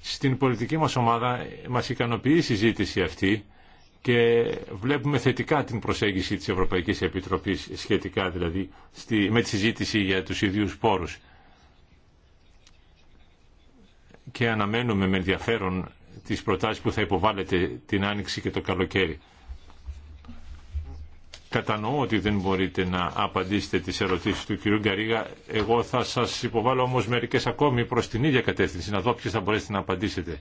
[SPEAKER 1] Στην πολιτική μας ομάδα μας ικανοποιεί η συζήτηση αυτή και βλέπουμε θετικά την προσέγγιση της Ευρωπαϊκής Επιτροπής σχετικά δηλαδή στη, με τη συζήτηση για τους ιδίους πόρους. Και αναμένουμε με ενδιαφέρον τις προτάσεις που θα υποβάλλετε την Άνοιξη και το καλοκαίρι. Κατανοώ ότι δεν μπορείτε να απαντήσετε τις ερωτήσεις του κυρίου Γκαρίγα. Εγώ θα σας υποβάλω όμως μερικές ακόμη προς την ίδια κατεύθυνση, να δω ποιες θα μπορέσετε να απαντήσετε.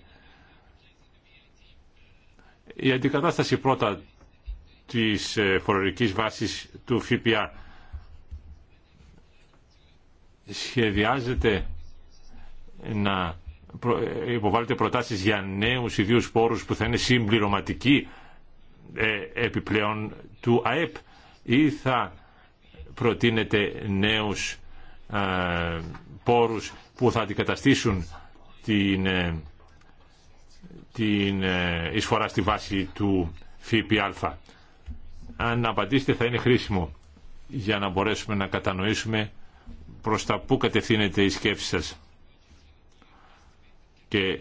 [SPEAKER 1] Η αντικατάσταση πρώτα της ε, φορολογικής βάσης του ΦΠΑ σχεδιάζεται να ε, υποβάλλετε προτάσεις για νέους ιδίους πόρους που θα είναι συμπληρωματικοί ε, επιπλέον του ΑΕΠ ή θα προτείνετε νέους ε, πόρους που θα αντικαταστήσουν την, ε, την εισφορά στη βάση του ΦΠΑ. Αν απαντήσετε θα είναι χρήσιμο για να μπορέσουμε να κατανοήσουμε προς τα πού κατευθύνεται η σκέψη σας και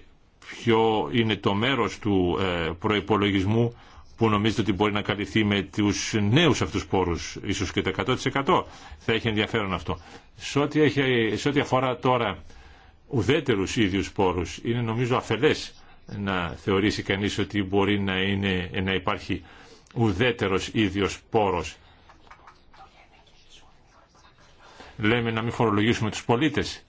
[SPEAKER 1] ποιο είναι το μέρος του προϋπολογισμού που νομίζετε ότι μπορεί να καλυφθεί με τους νέους αυτούς πόρους, ίσως και το 100% θα έχει ενδιαφέρον αυτό. Σε ό,τι, αφορά τώρα ουδέτερους ίδιους πόρους, είναι νομίζω αφελές να θεωρήσει κανείς ότι μπορεί να, είναι, να υπάρχει ουδέτερος ίδιος πόρος. Λέμε να μην φορολογήσουμε τους πολίτες.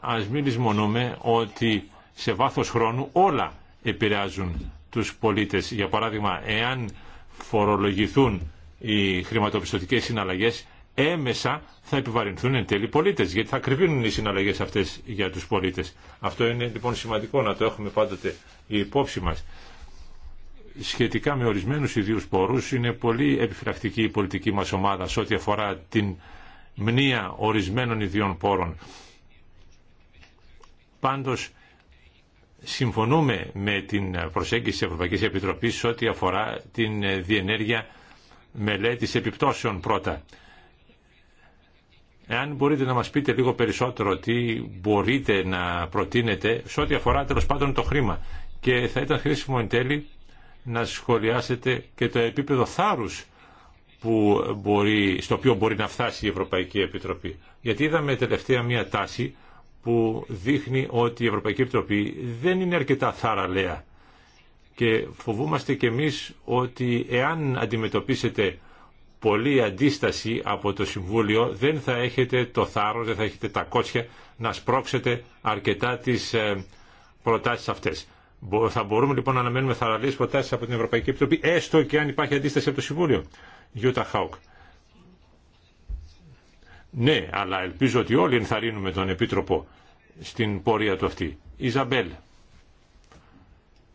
[SPEAKER 1] Ας μην λησμονούμε ότι σε βάθος χρόνου όλα επηρεάζουν τους πολίτες. Για παράδειγμα, εάν φορολογηθούν οι χρηματοπιστωτικές συναλλαγές, έμεσα θα επιβαρυνθούν εν τέλει οι πολίτες, γιατί θα κρυβίνουν οι συναλλαγές αυτές για τους πολίτες. Αυτό είναι λοιπόν σημαντικό να το έχουμε πάντοτε η υπόψη μας. Σχετικά με ορισμένους ιδίους πόρους είναι πολύ επιφυλακτική η πολιτική μας ομάδα σε ό,τι αφορά την μνήα ορισμένων ιδίων πόρων. Πάντως συμφωνούμε με την προσέγγιση της Ευρωπαϊκής Επιτροπής σε ό,τι αφορά την διενέργεια μελέτης επιπτώσεων πρώτα. Εάν μπορείτε να μας πείτε λίγο περισσότερο τι μπορείτε να προτείνετε σε ό,τι αφορά τέλο πάντων το χρήμα. Και θα ήταν χρήσιμο εν τέλει να σχολιάσετε και το επίπεδο θάρρους που μπορεί, στο οποίο μπορεί να φτάσει η Ευρωπαϊκή Επιτροπή. Γιατί είδαμε τελευταία μία τάση που δείχνει ότι η Ευρωπαϊκή Επιτροπή δεν είναι αρκετά θαραλέα και φοβούμαστε κι εμείς ότι εάν αντιμετωπίσετε πολλή αντίσταση από το Συμβούλιο δεν θα έχετε το θάρρος, δεν θα έχετε τα κότσια να σπρώξετε αρκετά τις ε, προτάσεις αυτές. Θα μπορούμε λοιπόν να αναμένουμε θαραλείς προτάσεις από την Ευρωπαϊκή Επιτροπή έστω και αν υπάρχει αντίσταση από το Συμβούλιο. Γιούτα Χάουκ. Ναι, αλλά ελπίζω ότι όλοι ενθαρρύνουμε τον Επίτροπο στην πορεία του αυτή. Ιζαμπέλ.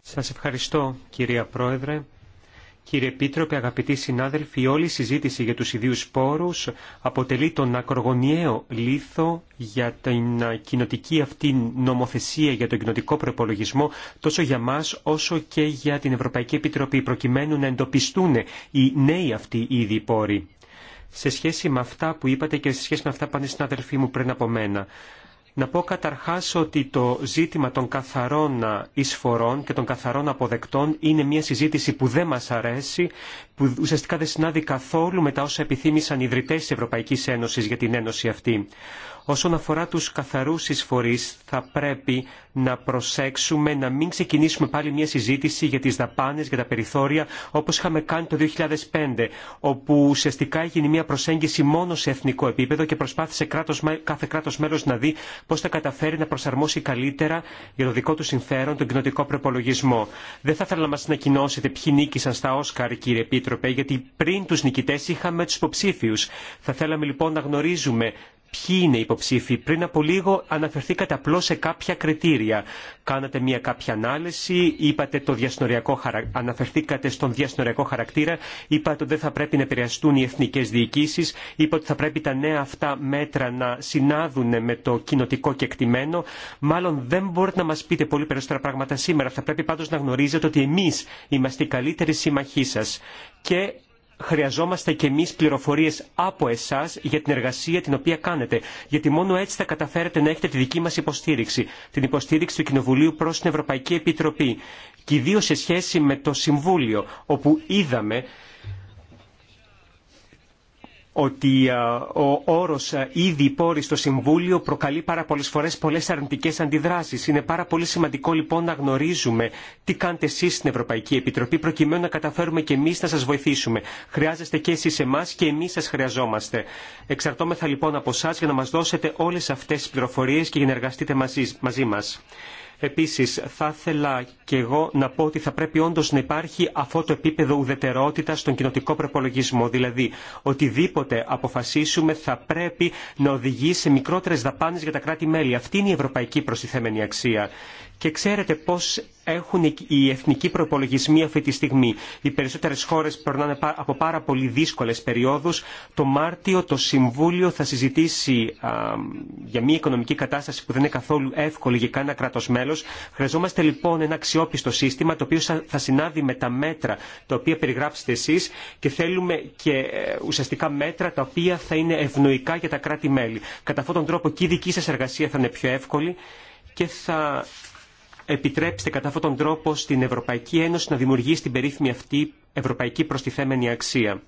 [SPEAKER 3] Σας ευχαριστώ κυρία Πρόεδρε. Κύριε Επίτροπε, αγαπητοί συνάδελφοι, όλη η συζήτηση για τους ιδίους πόρους αποτελεί τον ακρογωνιαίο λίθο για την κοινοτική αυτή νομοθεσία για τον κοινοτικό προπολογισμό τόσο για μας όσο και για την Ευρωπαϊκή Επιτροπή προκειμένου να εντοπιστούν οι νέοι αυτοί ίδιοι πόροι σε σχέση με αυτά που είπατε και σε σχέση με αυτά που είπαν οι συναδελφοί μου πριν από μένα. Να πω καταρχάς ότι το ζήτημα των καθαρών εισφορών και των καθαρών αποδεκτών είναι μια συζήτηση που δεν μας αρέσει, που ουσιαστικά δεν συνάδει καθόλου με τα όσα επιθύμησαν οι ιδρυτές της Ευρωπαϊκής Ένωσης για την Ένωση αυτή. Όσον αφορά τους καθαρούς εισφορείς, θα πρέπει να προσέξουμε να μην ξεκινήσουμε πάλι μια συζήτηση για τις δαπάνες, για τα περιθώρια, όπως είχαμε κάνει το 2005, όπου ουσιαστικά έγινε μια προσέγγιση μόνο σε εθνικό επίπεδο και προσπάθησε κράτος, κάθε κράτος μέλος να δει πώς θα καταφέρει να προσαρμόσει καλύτερα για το δικό του συμφέρον τον κοινοτικό προπολογισμό. Δεν θα ήθελα να μας ανακοινώσετε ποιοι νίκησαν στα Όσκαρ, κύριε Επίτροπε, γιατί πριν τους νικητές είχαμε τους υποψήφιους. Θα θέλαμε λοιπόν να γνωρίζουμε ποιοι είναι οι υποψήφοι. Πριν από λίγο αναφερθήκατε απλώς σε κάποια κριτήρια. Κάνατε μια κάποια ανάλυση, είπατε το διασυνοριακό αναφερθήκατε στον διασυνοριακό χαρακτήρα, είπατε ότι δεν θα πρέπει να επηρεαστούν οι εθνικές διοικήσεις, είπατε ότι θα πρέπει τα νέα αυτά μέτρα να συνάδουν με το κοινοτικό κεκτημένο. Μάλλον δεν μπορείτε να μας πείτε πολύ περισσότερα πράγματα σήμερα. Θα πρέπει πάντως να γνωρίζετε ότι εμείς είμαστε οι καλύτεροι σύμμαχοί σα. Και χρειαζόμαστε και εμείς πληροφορίες από εσάς για την εργασία την οποία κάνετε. Γιατί μόνο έτσι θα καταφέρετε να έχετε τη δική μας υποστήριξη. Την υποστήριξη του Κοινοβουλίου προς την Ευρωπαϊκή Επιτροπή. Και ιδίω σε σχέση με το Συμβούλιο, όπου είδαμε ότι ε, ο όρος ε, ήδη πόρη στο Συμβούλιο προκαλεί πάρα πολλές φορές πολλές αρνητικές αντιδράσεις. Είναι πάρα πολύ σημαντικό λοιπόν να γνωρίζουμε τι κάνετε εσείς στην Ευρωπαϊκή Επιτροπή προκειμένου να καταφέρουμε και εμείς να σας βοηθήσουμε. Χρειάζεστε και εσείς εμάς και εμείς σας χρειαζόμαστε. Εξαρτώμεθα λοιπόν από εσά για να μας δώσετε όλες αυτές τις πληροφορίες και για να εργαστείτε μαζί, μαζί Επίσης, θα ήθελα και εγώ να πω ότι θα πρέπει όντως να υπάρχει αυτό το επίπεδο ουδετερότητας στον κοινοτικό προπολογισμό. Δηλαδή, οτιδήποτε αποφασίσουμε θα πρέπει να οδηγεί σε μικρότερες δαπάνες για τα κράτη-μέλη. Αυτή είναι η ευρωπαϊκή προστιθέμενη αξία. Και ξέρετε πώς έχουν οι εθνικοί προπολογισμοί αυτή τη στιγμή. Οι περισσότερες χώρες περνάνε από πάρα πολύ δύσκολες περιόδους. Το Μάρτιο το Συμβούλιο θα συζητήσει για μια οικονομική κατάσταση που δεν είναι καθόλου εύκολη για κανένα κράτος μέλος. Χρειαζόμαστε λοιπόν ένα αξιόπιστο σύστημα το οποίο θα συνάδει με τα μέτρα τα οποία περιγράψετε εσείς και θέλουμε και ε, ουσιαστικά μέτρα τα οποία θα είναι ευνοϊκά για τα κράτη-μέλη. Κατά αυτόν τον τρόπο και η δική σας εργασία θα είναι πιο εύκολη και θα Επιτρέψτε κατά αυτόν τον τρόπο στην Ευρωπαϊκή Ένωση να δημιουργεί την περίφημη αυτή ευρωπαϊκή προστιθέμενη αξία.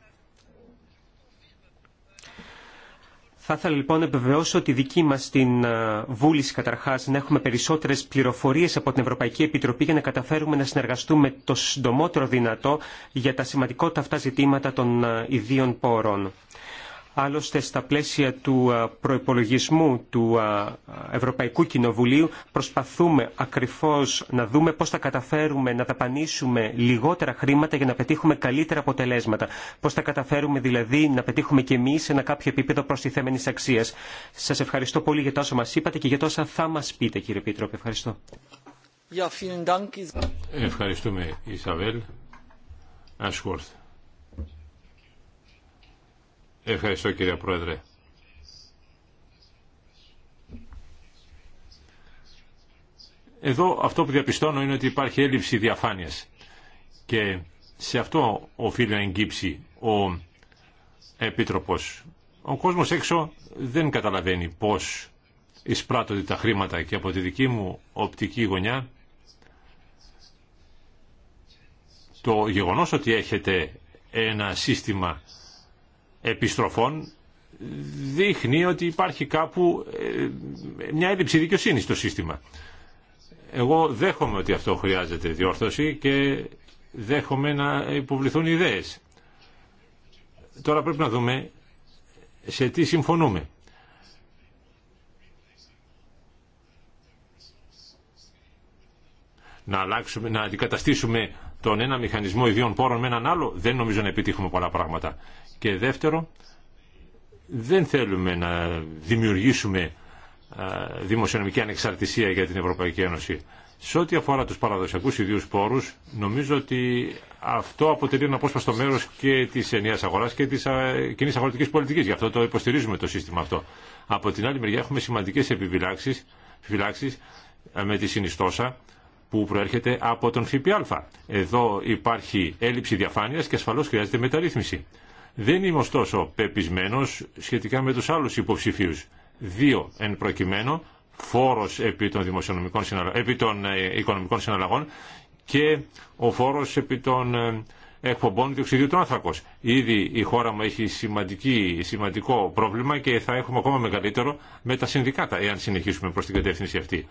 [SPEAKER 3] Θα ήθελα λοιπόν να επιβεβαιώσω ότι δική μας την βούληση καταρχάς να έχουμε περισσότερες πληροφορίες από την Ευρωπαϊκή Επιτροπή για να καταφέρουμε να συνεργαστούμε το συντομότερο δυνατό για τα σημαντικότητα αυτά ζητήματα των ιδίων πόρων. Άλλωστε, στα πλαίσια του ε, προϋπολογισμού του ε, Ευρωπαϊκού Κοινοβουλίου προσπαθούμε ακριβώς να δούμε πώς θα καταφέρουμε να δαπανίσουμε λιγότερα χρήματα για να πετύχουμε καλύτερα αποτελέσματα. Πώς θα καταφέρουμε δηλαδή να πετύχουμε και εμείς ένα κάποιο επίπεδο προστιθέμενης αξίας. Σας ευχαριστώ πολύ για τόσα μας είπατε και για τόσα θα μας πείτε κύριε Πίτροπε. Ευχαριστώ.
[SPEAKER 1] Ευχαριστούμε Ισαβέλ Ευχαριστώ κύριε Πρόεδρε. Εδώ αυτό που διαπιστώνω είναι ότι υπάρχει έλλειψη διαφάνειας και σε αυτό οφείλει να εγκύψει ο Επίτροπος. Ο κόσμος έξω δεν καταλαβαίνει πώς εισπράττονται τα χρήματα και από τη δική μου οπτική γωνιά το γεγονός ότι έχετε ένα σύστημα επιστροφών δείχνει ότι υπάρχει κάπου ε, μια έλλειψη δικαιοσύνη στο σύστημα. Εγώ δέχομαι ότι αυτό χρειάζεται διόρθωση και δέχομαι να υποβληθούν ιδέες. Τώρα πρέπει να δούμε σε τι συμφωνούμε. Να αλλάξουμε, να αντικαταστήσουμε τον ένα μηχανισμό ιδίων πόρων με έναν άλλο, δεν νομίζω να επιτύχουμε πολλά πράγματα. Και δεύτερο, δεν θέλουμε να δημιουργήσουμε δημοσιονομική ανεξαρτησία για την Ευρωπαϊκή Ένωση. Σε ό,τι αφορά τους παραδοσιακούς ιδίους πόρους, νομίζω ότι αυτό αποτελεί ένα απόσπαστο μέρος και της ενιαίας αγοράς και της κοινής αγροτική πολιτικής. Γι' αυτό το υποστηρίζουμε το σύστημα αυτό. Από την άλλη μεριά έχουμε σημαντικές επιφυλάξεις με τη συνιστόσα που προέρχεται από τον ΦΠΑ. Εδώ υπάρχει έλλειψη διαφάνεια και ασφαλώ χρειάζεται μεταρρύθμιση. Δεν είμαι ωστόσο πεπισμένο σχετικά με του άλλου υποψηφίου, Δύο εν προκειμένου, φόρος επί των, δημοσιονομικών επί των ε, οικονομικών συναλλαγών και ο φόρο επί των ε, εκπομπών διοξιδίου του άνθρακο. Ήδη η χώρα μου έχει σημαντική, σημαντικό πρόβλημα και θα έχουμε ακόμα μεγαλύτερο με τα συνδικάτα, εάν συνεχίσουμε προ την κατεύθυνση αυτή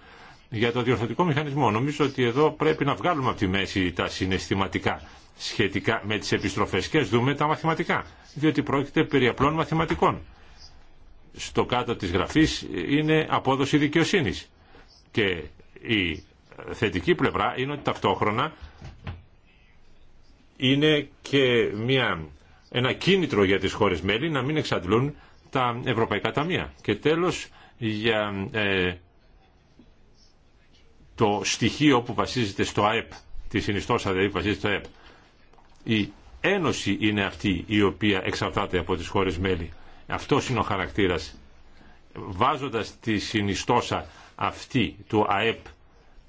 [SPEAKER 1] για το διορθωτικό μηχανισμό. Νομίζω ότι εδώ πρέπει να βγάλουμε από τη μέση τα συναισθηματικά σχετικά με τις επιστροφές και δούμε τα μαθηματικά, διότι πρόκειται περί απλών μαθηματικών. Στο κάτω της γραφής είναι απόδοση δικαιοσύνης και η θετική πλευρά είναι ότι ταυτόχρονα είναι και μια, ένα κίνητρο για τις χώρες μέλη να μην εξαντλούν τα ευρωπαϊκά ταμεία. Και τέλος για ε, το στοιχείο που βασίζεται στο ΑΕΠ, τη συνιστόσα δηλαδή που βασίζεται στο ΑΕΠ. Η Ένωση είναι αυτή η οποία εξαρτάται από τις χώρες μέλη. Αυτό είναι ο χαρακτήρας. Βάζοντας τη συνιστόσα αυτή του ΑΕΠ,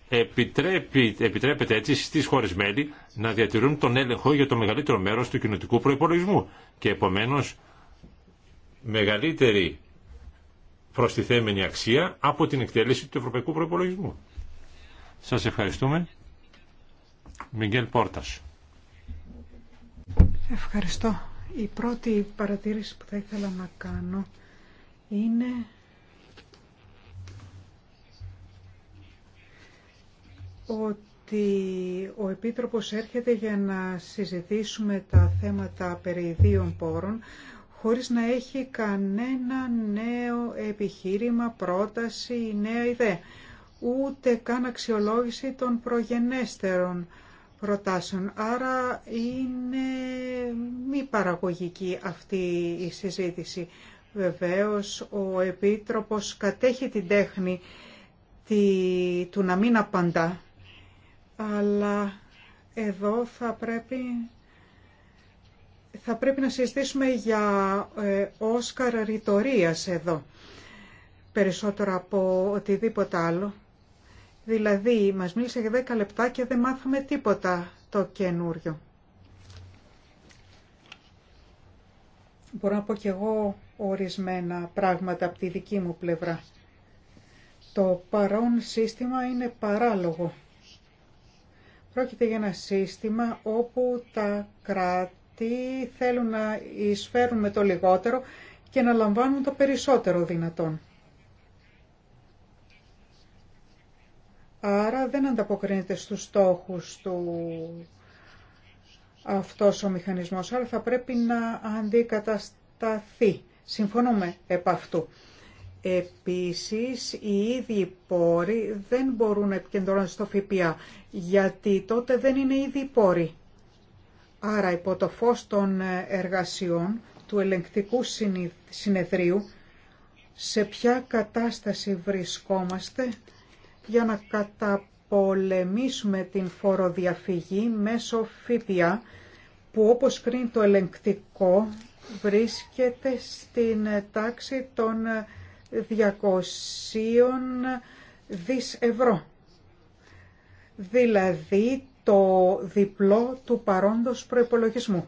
[SPEAKER 1] επιτρέπει, επιτρέπεται έτσι στις χώρες μέλη να διατηρούν τον έλεγχο για το μεγαλύτερο μέρος του κοινωτικού προϋπολογισμού και επομένως μεγαλύτερη προστιθέμενη αξία από την εκτέλεση του ευρωπαϊκού προϋπολογισμού. Σας ευχαριστούμε. Μιγγέλ Πόρτας.
[SPEAKER 2] Ευχαριστώ. Η πρώτη παρατήρηση που θα ήθελα να κάνω είναι ότι ο Επίτροπος έρχεται για να συζητήσουμε τα θέματα περί πόρων χωρίς να έχει κανένα νέο επιχείρημα, πρόταση ή νέα ιδέα ούτε καν αξιολόγηση των προγενέστερων προτάσεων. Άρα είναι μη παραγωγική αυτή η συζήτηση. Βεβαίως ο Επίτροπος κατέχει την τέχνη του να μην απαντά, αλλά εδώ θα πρέπει, θα πρέπει να συζητήσουμε για ε, Όσκαρ ρητορίας εδώ, περισσότερο από οτιδήποτε άλλο. Δηλαδή, μας μίλησε για 10 λεπτά και δεν μάθαμε τίποτα το καινούριο. Μπορώ να πω κι εγώ ορισμένα πράγματα από τη δική μου πλευρά. Το παρόν σύστημα είναι παράλογο. Πρόκειται για ένα σύστημα όπου τα κράτη θέλουν να εισφέρουν με το λιγότερο και να λαμβάνουν το περισσότερο δυνατόν. Άρα δεν ανταποκρίνεται στους στόχους του αυτός ο μηχανισμός, άρα θα πρέπει να αντικατασταθεί. Συμφωνούμε επ' αυτού. Επίσης, οι ίδιοι πόροι δεν μπορούν να επικεντρώνονται στο ΦΠΑ, γιατί τότε δεν είναι ήδη πόροι. Άρα, υπό το φως των εργασιών του ελεγκτικού συνεδρίου, σε ποια κατάσταση βρισκόμαστε για να καταπολεμήσουμε την φοροδιαφυγή μέσω ΦΠΑ που όπως κρίνει το ελεγκτικό βρίσκεται στην τάξη των 200 δις ευρώ. Δηλαδή το διπλό του παρόντος προϋπολογισμού.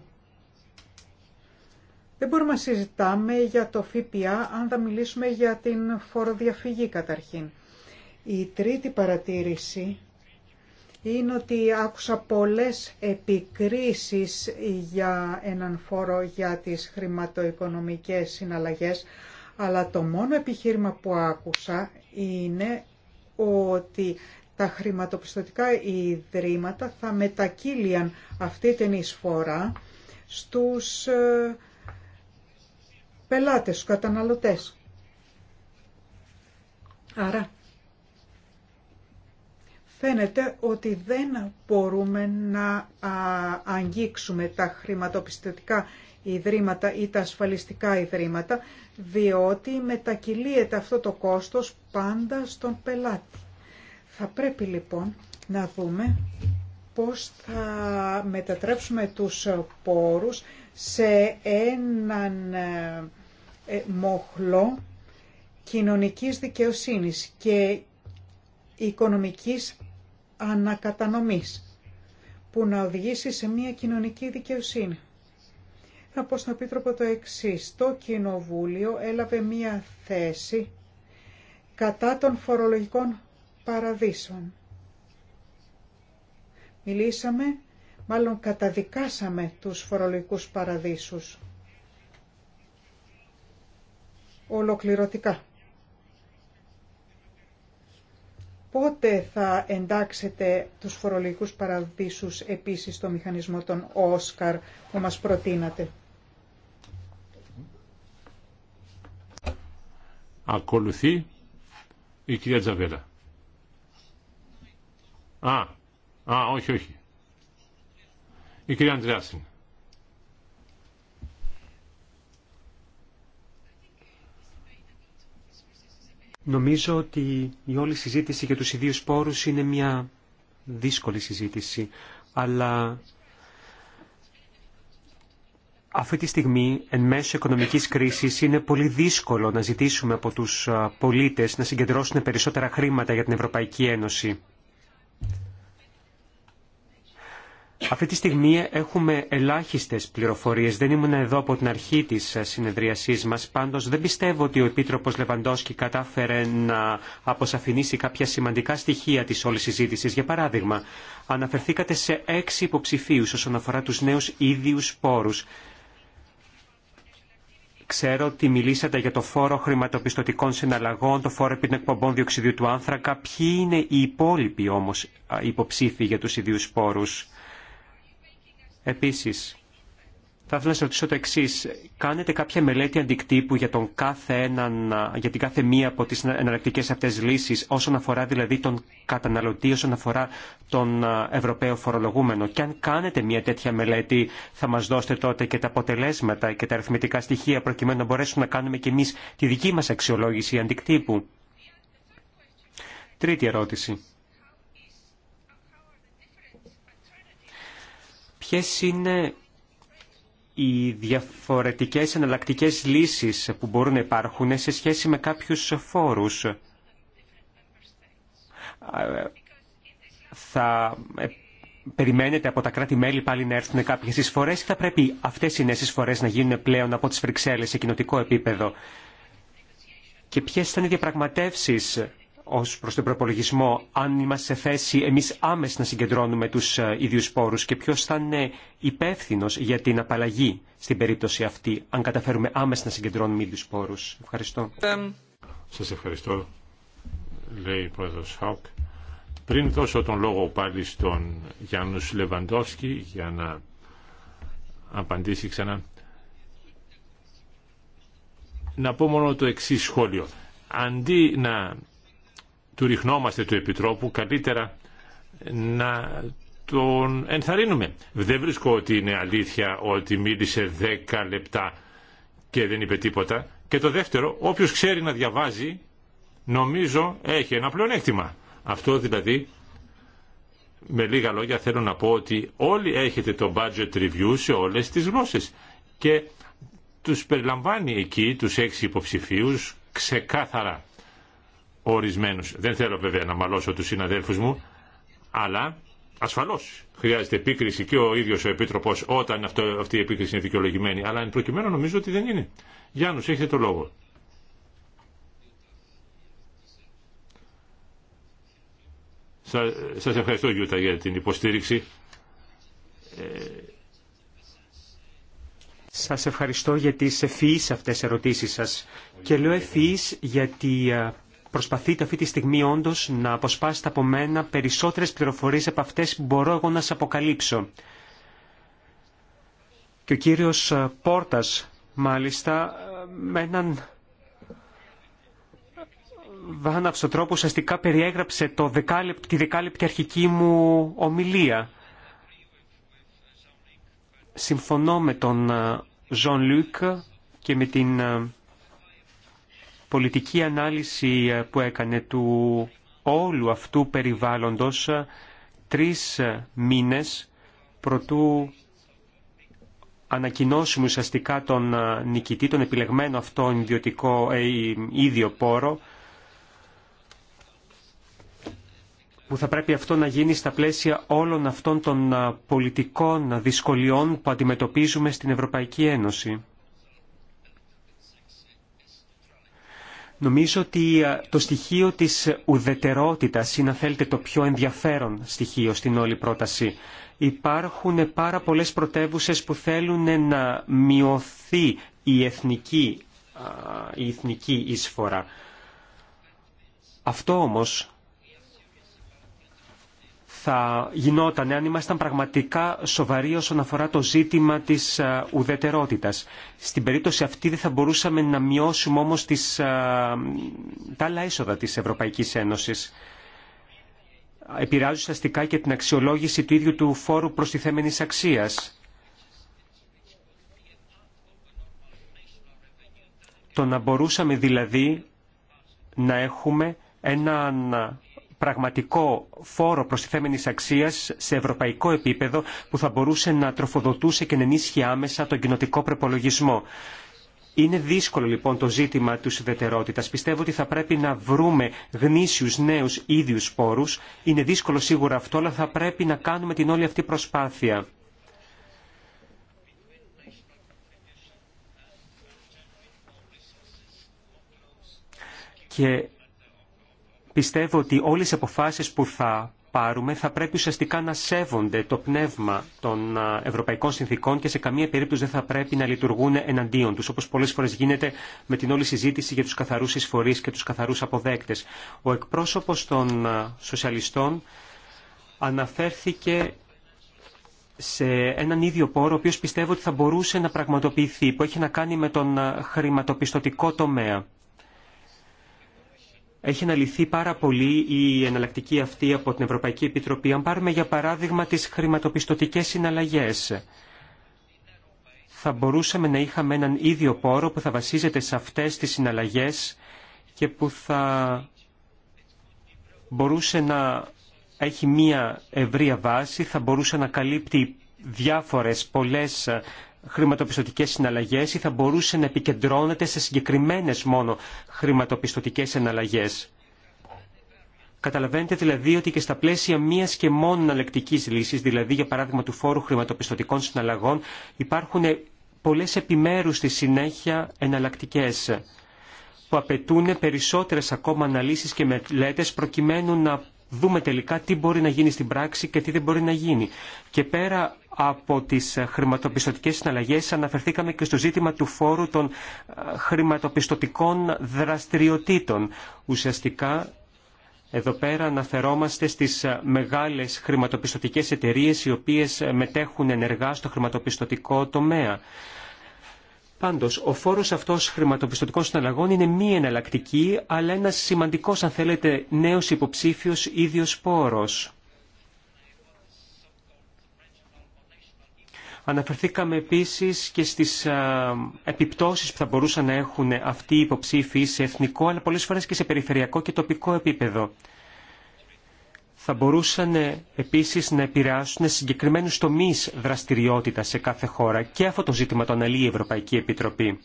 [SPEAKER 2] Δεν μπορούμε να συζητάμε για το ΦΠΑ αν θα μιλήσουμε για την φοροδιαφυγή καταρχήν. Η τρίτη παρατήρηση είναι ότι άκουσα πολλές επικρίσεις για έναν φόρο για τις χρηματοοικονομικές συναλλαγές, αλλά το μόνο επιχείρημα που άκουσα είναι ότι τα χρηματοπιστωτικά ιδρύματα θα μετακύλιαν αυτή την εισφορά στους ε, πελάτες, στους καταναλωτές. Άρα Φαίνεται ότι δεν μπορούμε να αγγίξουμε τα χρηματοπιστωτικά ιδρύματα ή τα ασφαλιστικά ιδρύματα, διότι μετακυλίεται αυτό το κόστος πάντα στον πελάτη. Θα πρέπει λοιπόν να δούμε πώς θα μετατρέψουμε τους πόρους σε έναν ε, ε, μοχλό κοινωνικής δικαιοσύνης και οικονομικής ανακατανομής που να οδηγήσει σε μια κοινωνική δικαιοσύνη. Θα πω στον Επίτροπο το εξή. Το Κοινοβούλιο έλαβε μια θέση κατά των φορολογικών παραδείσων. Μιλήσαμε, μάλλον καταδικάσαμε τους φορολογικούς παραδείσους. Ολοκληρωτικά. Πότε θα εντάξετε τους φορολογικούς παραδείσους επίσης στο μηχανισμό των Όσκαρ που μας προτείνατε.
[SPEAKER 1] Ακολουθεί η κυρία Τζαβέλα. Α, α, όχι, όχι. Η κυρία Αντριάσιν.
[SPEAKER 3] Νομίζω ότι η όλη συζήτηση για τους ιδίους πόρους είναι μια δύσκολη συζήτηση, αλλά αυτή τη στιγμή, εν μέσω οικονομικής κρίσης, είναι πολύ δύσκολο να ζητήσουμε από τους πολίτες να συγκεντρώσουν περισσότερα χρήματα για την Ευρωπαϊκή Ένωση. Αυτή τη στιγμή έχουμε ελάχιστες πληροφορίες. Δεν ήμουν εδώ από την αρχή της συνεδριασής μας. Πάντως δεν πιστεύω ότι ο Επίτροπος Λεβαντόσκι κατάφερε να αποσαφηνίσει κάποια σημαντικά στοιχεία της όλης συζήτησης. Για παράδειγμα, αναφερθήκατε σε έξι υποψηφίους όσον αφορά τους νέους ίδιους πόρους. Ξέρω ότι μιλήσατε για το φόρο χρηματοπιστωτικών συναλλαγών, το φόρο επί των εκπομπών διοξιδίου του άνθρακα. Ποιοι είναι οι υπόλοιποι όμως υποψήφοι για τους ίδιου πόρους. Επίσης, θα ήθελα να σα ρωτήσω το εξή. Κάνετε κάποια μελέτη αντικτύπου για, τον κάθε έναν, για την κάθε μία από τι εναλλακτικέ αυτέ λύσει, όσον αφορά δηλαδή τον καταναλωτή, όσον αφορά τον Ευρωπαίο φορολογούμενο. Και αν κάνετε μία τέτοια μελέτη, θα μα δώσετε τότε και τα αποτελέσματα και τα αριθμητικά στοιχεία, προκειμένου να μπορέσουμε να κάνουμε κι εμεί τη δική μα αξιολόγηση αντικτύπου. Τρίτη ερώτηση. ποιες είναι οι διαφορετικές εναλλακτικέ λύσεις που μπορούν να υπάρχουν σε σχέση με κάποιους φόρους. Θα ε, περιμένετε από τα κράτη-μέλη πάλι να έρθουν κάποιες εισφορές ή θα πρέπει αυτές οι νέες εισφορές να γίνουν πλέον από τις Βρυξέλλες σε κοινοτικό επίπεδο. Και ποιες ήταν οι διαπραγματεύσεις ω προ τον προπολογισμό, αν είμαστε σε θέση εμεί άμεσα να συγκεντρώνουμε του ε, ίδιου πόρου και ποιο θα είναι υπεύθυνο για την απαλλαγή στην περίπτωση αυτή, αν καταφέρουμε άμεσα να συγκεντρώνουμε ίδιου πόρου. Ευχαριστώ.
[SPEAKER 1] Σα ευχαριστώ, λέει η πρόεδρο Χάουκ. Πριν δώσω τον λόγο πάλι στον Γιάννου Λεβαντόφσκι για να απαντήσει ξανά, να πω μόνο το εξή σχόλιο. Αντί να του ριχνόμαστε του Επιτρόπου, καλύτερα να τον ενθαρρύνουμε. Δεν βρίσκω ότι είναι αλήθεια ότι μίλησε 10 λεπτά και δεν είπε τίποτα. Και το δεύτερο, όποιος ξέρει να διαβάζει, νομίζω έχει ένα πλεονέκτημα. Αυτό δηλαδή, με λίγα λόγια θέλω να πω ότι όλοι έχετε το budget review σε όλες τις γλώσσες. Και τους περιλαμβάνει εκεί τους έξι υποψηφίους ξεκάθαρα ορισμένου. Δεν θέλω βέβαια να μαλώσω του συναδέλφου μου, αλλά ασφαλώς χρειάζεται επίκριση και ο ίδιος ο Επίτροπος όταν αυτό, αυτή η επίκριση είναι δικαιολογημένη, αλλά εν προκειμένου νομίζω ότι δεν είναι. Γιάννους, έχετε το λόγο. Σας ευχαριστώ Γιούτα για την υποστήριξη. Ε,
[SPEAKER 3] σας ευχαριστώ για τις ευφυείς αυτές ερωτήσεις σας. Και λέω ευφυείς γιατί προσπαθείτε αυτή τη στιγμή όντω να αποσπάσετε από μένα περισσότερε πληροφορίε από αυτέ που μπορώ εγώ να σα αποκαλύψω. Και ο κύριο ε, Πόρτα, μάλιστα, ε, με έναν βάναυσο τρόπο ουσιαστικά περιέγραψε το δεκάλεπ, τη δεκάλεπτη αρχική μου ομιλία. Συμφωνώ με τον Ζων ε, Λουκ και με την πολιτική ανάλυση ε, που έκανε του όλου αυτού περιβάλλοντος ε, τρεις ε, μήνες προτού ανακοινώσουμε ουσιαστικά τον νικητή, τον επιλεγμένο αυτόν ιδιωτικό, ε, ίδιο πόρο, που θα πρέπει αυτό να γίνει στα πλαίσια όλων αυτών των πολιτικών δυσκολιών που αντιμετωπίζουμε στην Ευρωπαϊκή Ένωση. Νομίζω ότι ε, το στοιχείο της ουδετερότητας είναι, αν θέλετε, το πιο ενδιαφέρον στοιχείο στην όλη πρόταση. Υπάρχουν πάρα πολλές πρωτεύουσες που θέλουν να μειωθεί η εθνική, η εθνική εισφορά. Αυτό όμως θα γινόταν αν ήμασταν πραγματικά σοβαροί όσον αφορά το ζήτημα της ε, ουδετερότητας. Στην περίπτωση αυτή δεν θα μπορούσαμε να μειώσουμε όμως τις, ε, τα άλλα έσοδα της Ευρωπαϊκής Ένωσης. Επηρεάζει ουσιαστικά και την αξιολόγηση του ίδιου του φόρου προστιθέμενης αξίας. Το να μπορούσαμε δηλαδή να έχουμε έναν πραγματικό φόρο προστιθέμενης αξίας σε ευρωπαϊκό επίπεδο που θα μπορούσε να τροφοδοτούσε και να ενίσχυε άμεσα τον κοινοτικό προπολογισμό. Είναι δύσκολο λοιπόν το ζήτημα της ουδετερότητας. Πιστεύω ότι θα πρέπει να βρούμε γνήσιους νέους ίδιους πόρους. Είναι δύσκολο σίγουρα αυτό, αλλά θα πρέπει να κάνουμε την όλη αυτή προσπάθεια. Και Πιστεύω ότι όλες οι αποφάσεις που θα πάρουμε θα πρέπει ουσιαστικά να σέβονται το πνεύμα των ευρωπαϊκών συνθήκων και σε καμία περίπτωση δεν θα πρέπει να λειτουργούν εναντίον τους, όπως πολλές φορές γίνεται με την όλη συζήτηση για τους καθαρούς εισφορείς και τους καθαρούς αποδέκτες. Ο εκπρόσωπος των σοσιαλιστών αναφέρθηκε σε έναν ίδιο πόρο, ο οποίος πιστεύω ότι θα μπορούσε να πραγματοποιηθεί, που έχει να κάνει με τον χρηματοπιστωτικό τομέα έχει αναλυθεί πάρα πολύ η εναλλακτική αυτή από την Ευρωπαϊκή Επιτροπή. Αν πάρουμε για παράδειγμα τις χρηματοπιστωτικές συναλλαγές, θα μπορούσαμε να είχαμε έναν ίδιο πόρο που θα βασίζεται σε αυτές τις συναλλαγές και που θα μπορούσε να έχει μία ευρεία βάση, θα μπορούσε να καλύπτει διάφορες πολλές χρηματοπιστωτικές συναλλαγές ή θα μπορούσε να επικεντρώνεται σε συγκεκριμένες μόνο χρηματοπιστωτικές συναλλαγές. Καταλαβαίνετε δηλαδή ότι και στα πλαίσια μία και μόνο αναλεκτικής λύση, δηλαδή για παράδειγμα του φόρου χρηματοπιστωτικών συναλλαγών, υπάρχουν πολλέ επιμέρου στη συνέχεια εναλλακτικέ που απαιτούν περισσότερες ακόμα αναλύσεις και μελέτες προκειμένου να δούμε τελικά τι μπορεί να γίνει στην πράξη και τι δεν μπορεί να γίνει. Και πέρα από τις ε, χρηματοπιστωτικές συναλλαγές αναφερθήκαμε και στο ζήτημα του φόρου των ε, χρηματοπιστωτικών δραστηριοτήτων. Ουσιαστικά εδώ πέρα αναφερόμαστε στις ε, μεγάλες χρηματοπιστωτικές εταιρείες οι οποίες μετέχουν ενεργά στο χρηματοπιστωτικό τομέα. Πάντω, ο φόρος αυτός χρηματοπιστωτικών συναλλαγών είναι μη εναλλακτική, αλλά ένας σημαντικός, αν θέλετε, νέος υποψήφιος ίδιο πόρο. Αναφερθήκαμε επίσης και στις επιπτώσει επιπτώσεις που θα μπορούσαν να έχουν αυτοί οι υποψήφοι σε εθνικό, αλλά πολλές φορές και σε περιφερειακό και τοπικό επίπεδο θα μπορούσαν ε, επίσης να επηρεάσουν συγκεκριμένους τομείς δραστηριότητα σε κάθε χώρα και αυτό το ζήτημα το αναλύει η Ευρωπαϊκή Επιτροπή.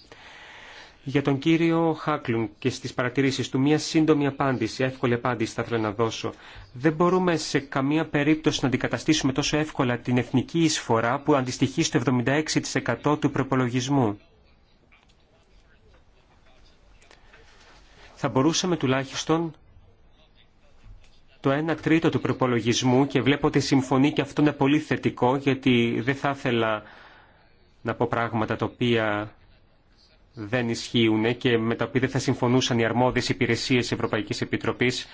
[SPEAKER 3] Για τον κύριο Χάκλουν και στις παρατηρήσεις του μία σύντομη απάντηση, εύκολη απάντηση θα ήθελα να δώσω. Δεν μπορούμε σε καμία περίπτωση να αντικαταστήσουμε τόσο εύκολα την εθνική εισφορά που αντιστοιχεί στο 76% του προπολογισμού. Θα μπορούσαμε τουλάχιστον το 1 τρίτο του προπολογισμού και βλέπω ότι συμφωνεί και αυτό είναι πολύ θετικό γιατί δεν θα ήθελα να πω πράγματα τα οποία δεν ισχύουν και με τα οποία δεν θα συμφωνούσαν οι αρμόδιες υπηρεσίες Ευρωπαϊκής Επιτροπής.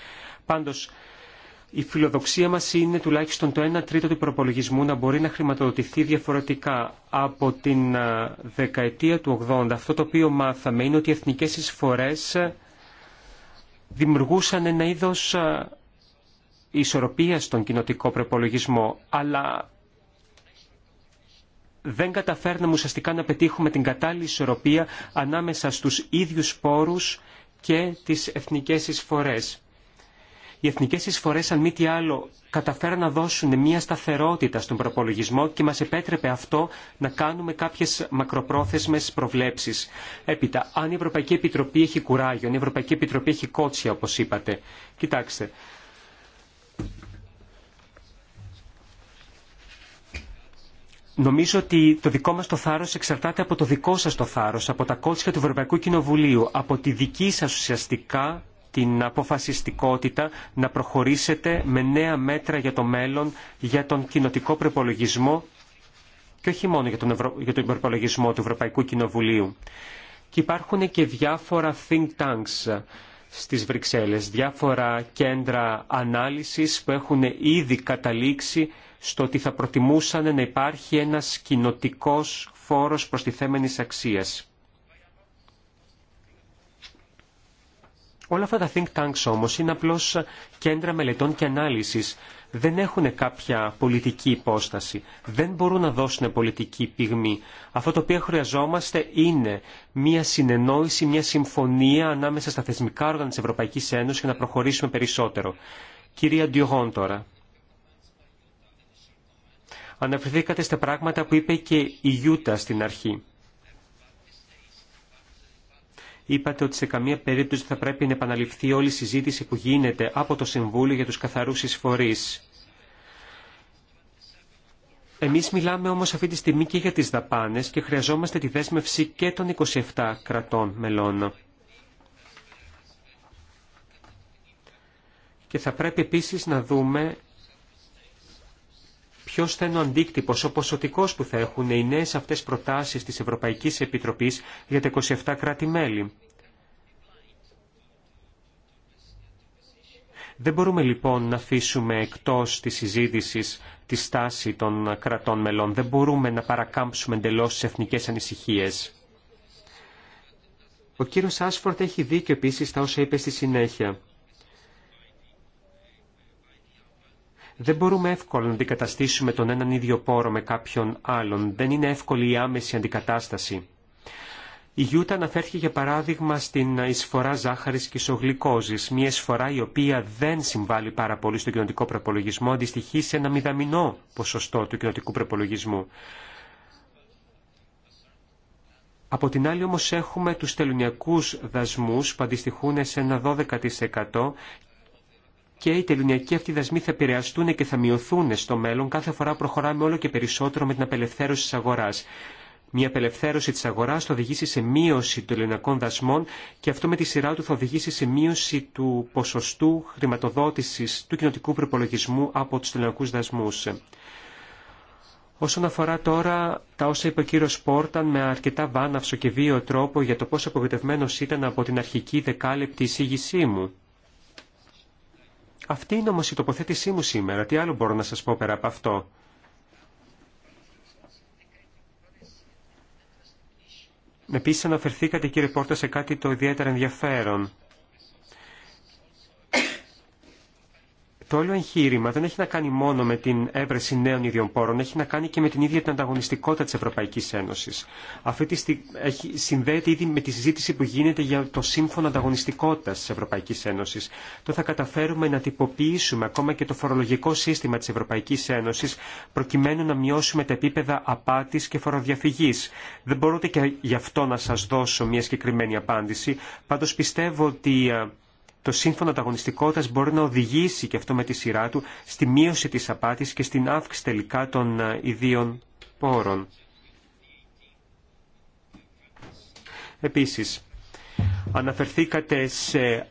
[SPEAKER 3] Πάντως, η φιλοδοξία μας είναι τουλάχιστον το 1 τρίτο του προπολογισμού να μπορεί να χρηματοδοτηθεί διαφορετικά. Από την δεκαετία του 80 αυτό το οποίο μάθαμε είναι ότι οι εθνικές εισφορές δημιουργούσαν ένα είδος ισορροπία στον κοινοτικό προπολογισμό, αλλά δεν καταφέρναμε ουσιαστικά να πετύχουμε την κατάλληλη ισορροπία ανάμεσα στους ίδιους πόρους και τις εθνικές εισφορές. Οι εθνικές εισφορές, αν μη τι άλλο, καταφέραν να δώσουν μια σταθερότητα στον προπολογισμό και μας επέτρεπε αυτό να κάνουμε κάποιες μακροπρόθεσμες προβλέψεις. Έπειτα, αν η Ευρωπαϊκή Επιτροπή έχει κουράγιο, αν η Ευρωπαϊκή Επιτροπή έχει κότσια, όπως είπατε. Κοιτάξτε, Νομίζω ότι το δικό μας το θάρρος εξαρτάται από το δικό σας το θάρρος, από τα κότσια του Ευρωπαϊκού Κοινοβουλίου, από τη δική σας ουσιαστικά την αποφασιστικότητα να προχωρήσετε με νέα μέτρα για το μέλλον, για τον κοινοτικό προπολογισμό και όχι μόνο για τον, Ευρω... για τον προπολογισμό του Ευρωπαϊκού Κοινοβουλίου. Και υπάρχουν και διάφορα think tanks στις Βρυξέλλες, διάφορα κέντρα ανάλυσης που έχουν ήδη καταλήξει στο ότι θα προτιμούσαν να υπάρχει ένας κοινοτικό φόρος προστιθέμενης αξίας. Όλα αυτά τα think tanks όμως είναι απλώς κέντρα μελετών και ανάλυσης. Δεν έχουν κάποια πολιτική υπόσταση. Δεν μπορούν να δώσουν πολιτική πυγμή. Αυτό το οποίο χρειαζόμαστε είναι μια συνεννόηση, μια συμφωνία ανάμεσα στα θεσμικά όργανα της Ευρωπαϊκής Ένωσης για να προχωρήσουμε περισσότερο. Κυρία Ντιογόν τώρα αναφερθήκατε στα πράγματα που είπε και η Γιούτα στην αρχή. Είπατε ότι σε καμία περίπτωση θα πρέπει να επαναληφθεί όλη η συζήτηση που γίνεται από το Συμβούλιο για τους καθαρούς εισφορείς. Εμείς μιλάμε όμως αυτή τη στιγμή και για τις δαπάνες και χρειαζόμαστε τη δέσμευση και των 27 κρατών μελών. Και θα πρέπει επίσης να δούμε ποιο θα είναι ο αντίκτυπο, ο ποσοτικό που θα έχουν οι νέε αυτέ προτάσει τη Ευρωπαϊκή Επιτροπή για τα 27 κράτη-μέλη. Δεν μπορούμε λοιπόν να αφήσουμε εκτός της συζήτηση τη στάση των κρατών μελών. Δεν μπορούμε να παρακάμψουμε εντελώ τις εθνικές ανησυχίες. Ο κύριος Άσφορτ έχει δίκιο επίσης τα όσα είπε στη συνέχεια. Δεν μπορούμε εύκολα να αντικαταστήσουμε τον έναν ίδιο πόρο με κάποιον άλλον. Δεν είναι εύκολη η άμεση αντικατάσταση. Η Γιούτα αναφέρθηκε για παράδειγμα στην εισφορά ζάχαρης και ισογλυκόζης, μια εισφορά η οποία δεν συμβάλλει πάρα πολύ στον κοινοτικό προπολογισμό, αντιστοιχεί σε ένα μηδαμινό ποσοστό του κοινοτικού προπολογισμού. Από την άλλη όμως έχουμε τους τελωνιακούς δασμούς που αντιστοιχούν σε ένα 12% και οι τελωνιακοί αυτοί δασμοί θα επηρεαστούν και θα μειωθούν στο μέλλον κάθε φορά προχωράμε όλο και περισσότερο με την απελευθέρωση της αγοράς. Μια απελευθέρωση της αγοράς θα οδηγήσει σε μείωση των ελληνικών δασμών και αυτό με τη σειρά του θα οδηγήσει σε μείωση του ποσοστού χρηματοδότησης του κοινοτικού προπολογισμού από τους ελληνικούς δασμούς. Όσον αφορά τώρα τα όσα είπε ο κύριο Πόρταν με αρκετά βάναυσο και βίαιο τρόπο για το πόσο απογοητευμένο ήταν από την αρχική δεκάλεπτη εισήγησή μου. Αυτή είναι όμως η τοποθέτησή μου σήμερα. Τι άλλο μπορώ να σας πω πέρα από αυτό. Επίσης αναφερθήκατε κύριε Πόρτα σε κάτι το ιδιαίτερα ενδιαφέρον. Το όλο εγχείρημα δεν έχει να κάνει μόνο με την έβρεση νέων ίδιων πόρων, έχει να κάνει και με την ίδια την ανταγωνιστικότητα της Ευρωπαϊκής Ένωσης. Αυτή τη στιγμή έχει... συνδέεται ήδη με τη συζήτηση που γίνεται για το σύμφωνο ανταγωνιστικότητας της Ευρωπαϊκής Ένωσης. Το θα καταφέρουμε να τυποποιήσουμε ακόμα και το φορολογικό σύστημα της Ευρωπαϊκής Ένωσης προκειμένου να μειώσουμε τα επίπεδα απάτης και φοροδιαφυγής. Δεν μπορώ και γι' αυτό να σας δώσω μια συγκεκριμένη απάντηση. Πάντως πιστεύω ότι ε, το σύμφωνο ανταγωνιστικότητας μπορεί να οδηγήσει και αυτό με τη σειρά του στη μείωση τη απάτη και στην αύξηση τελικά των ε, ιδίων πόρων. Επίση, αναφερθήκατε σε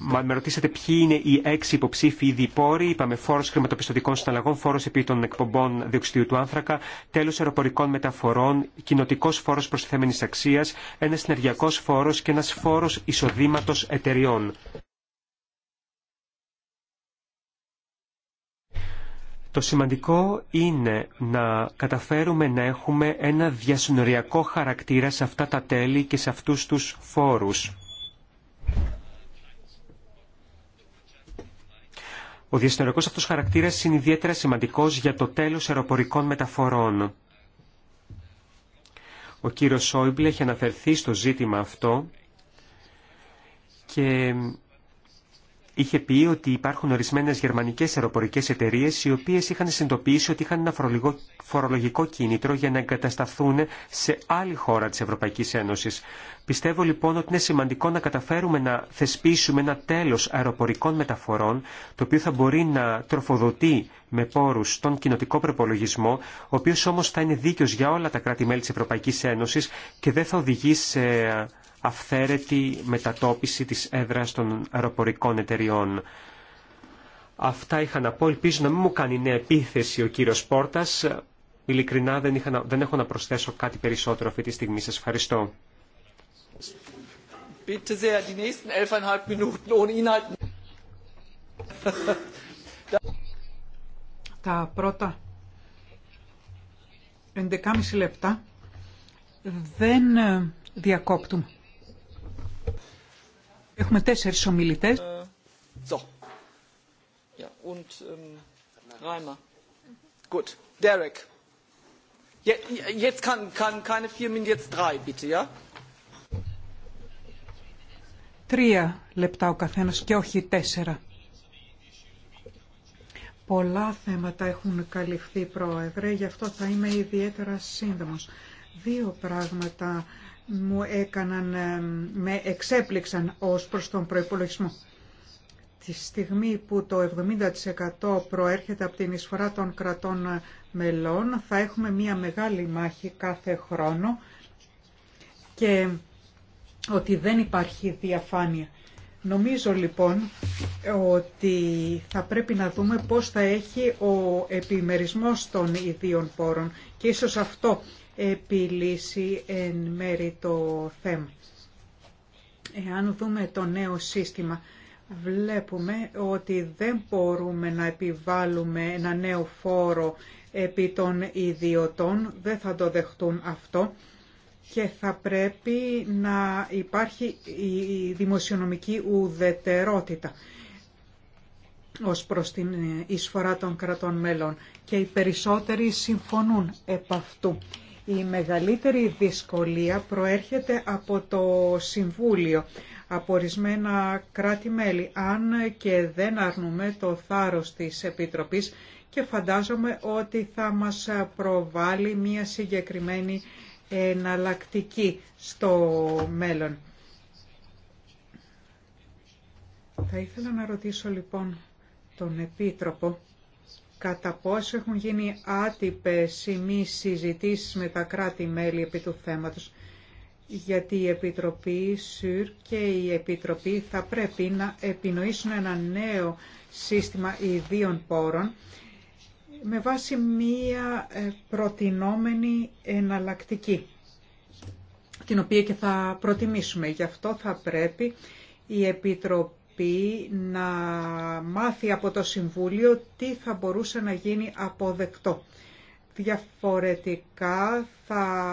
[SPEAKER 3] με ρωτήσατε ποιοι είναι οι έξι υποψήφοι διπόροι. πόροι. Είπαμε φόρο χρηματοπιστωτικών συναλλαγών, φόρο επί των εκπομπών διοξιδίου του άνθρακα, τέλο αεροπορικών μεταφορών, κοινοτικό φόρο προσθέμενη αξία, ένα συνεργειακό φόρο και ένα φόρο εισοδήματο εταιριών. Το σημαντικό είναι να καταφέρουμε να έχουμε ένα διασυνοριακό χαρακτήρα σε αυτά τα τέλη και σε αυτούς τους φόρους. Ο διασυνορικός αυτός χαρακτήρας είναι ιδιαίτερα σημαντικός για το τέλος αεροπορικών μεταφορών. Ο κύριος Σόιμπλε έχει αναφερθεί στο ζήτημα αυτό και είχε πει ότι υπάρχουν ορισμένες γερμανικές αεροπορικές εταιρείες οι οποίες είχαν συνειδητοποιήσει ότι είχαν ένα φορολογικό κίνητρο για να εγκατασταθούν σε άλλη χώρα της Ευρωπαϊκής Ένωσης. Πιστεύω λοιπόν ότι είναι σημαντικό να καταφέρουμε να θεσπίσουμε ένα τέλος αεροπορικών μεταφορών, το οποίο θα μπορεί να τροφοδοτεί με πόρους τον κοινοτικό προπολογισμό, ο οποίος όμως θα είναι δίκαιος για όλα τα κράτη-μέλη της Ευρωπαϊκής Ένωσης και δεν θα οδηγεί σε αυθαίρετη μετατόπιση της έδρας των αεροπορικών εταιριών. Αυτά είχα να πω. Ελπίζω να μην μου κάνει νέα επίθεση ο κύριος Πόρτας. Ειλικρινά δεν, δεν έχω να προσθέσω κάτι περισσότερο αυτή τη στιγμή. Σας ευχαριστώ.
[SPEAKER 4] Bitte sehr, die nächsten elfeinhalb Minuten
[SPEAKER 2] ohne Inhalten. Τα πρώτα 11,5 λεπτά δεν Έχουμε τέσσερις ομιλητές.
[SPEAKER 4] So. Ja, und ähm, Reimer. Gut. Derek. jetzt kann, kann keine vier Minuten, jetzt drei, bitte, ja?
[SPEAKER 2] τρία λεπτά ο καθένας και όχι τέσσερα. Πολλά θέματα έχουν καλυφθεί, Πρόεδρε, γι' αυτό θα είμαι ιδιαίτερα σύντομος. Δύο πράγματα μου έκαναν, με εξέπληξαν ως προς τον προϋπολογισμό. Τη στιγμή που το 70% προέρχεται από την εισφορά των κρατών μελών, θα έχουμε μία μεγάλη μάχη κάθε χρόνο και ότι δεν υπάρχει διαφάνεια. Νομίζω λοιπόν ότι θα πρέπει να δούμε πώς θα έχει ο επιμερισμός των ιδίων πόρων και ίσως αυτό επιλύσει εν μέρη το θέμα. Εάν δούμε το νέο σύστημα, βλέπουμε ότι δεν μπορούμε να επιβάλλουμε ένα νέο φόρο επί των ιδιωτών, δεν θα το δεχτούν αυτό και θα πρέπει να υπάρχει η δημοσιονομική ουδετερότητα ως προς την εισφορά των κρατών μέλων και οι περισσότεροι συμφωνούν επ' αυτού. Η μεγαλύτερη δυσκολία προέρχεται από το Συμβούλιο, από ορισμένα κράτη-μέλη, αν και δεν αρνούμε το θάρρος της Επιτροπής και φαντάζομαι ότι θα μας προβάλλει μια συγκεκριμένη εναλλακτική στο μέλλον. Θα ήθελα να ρωτήσω λοιπόν τον Επίτροπο κατά πόσο έχουν γίνει άτυπες ή μη συζητήσεις με τα κράτη-μέλη επί του θέματος, γιατί η Επιτροπή ΣΥΡ και η Επιτροπή θα πρέπει να επινοήσουν ένα νέο σύστημα ιδίων πόρων με βάση μία ε, προτινόμενη εναλλακτική, την οποία και θα προτιμήσουμε. Γι' αυτό θα πρέπει η Επιτροπή να μάθει από το Συμβούλιο τι θα μπορούσε να γίνει αποδεκτό. Διαφορετικά θα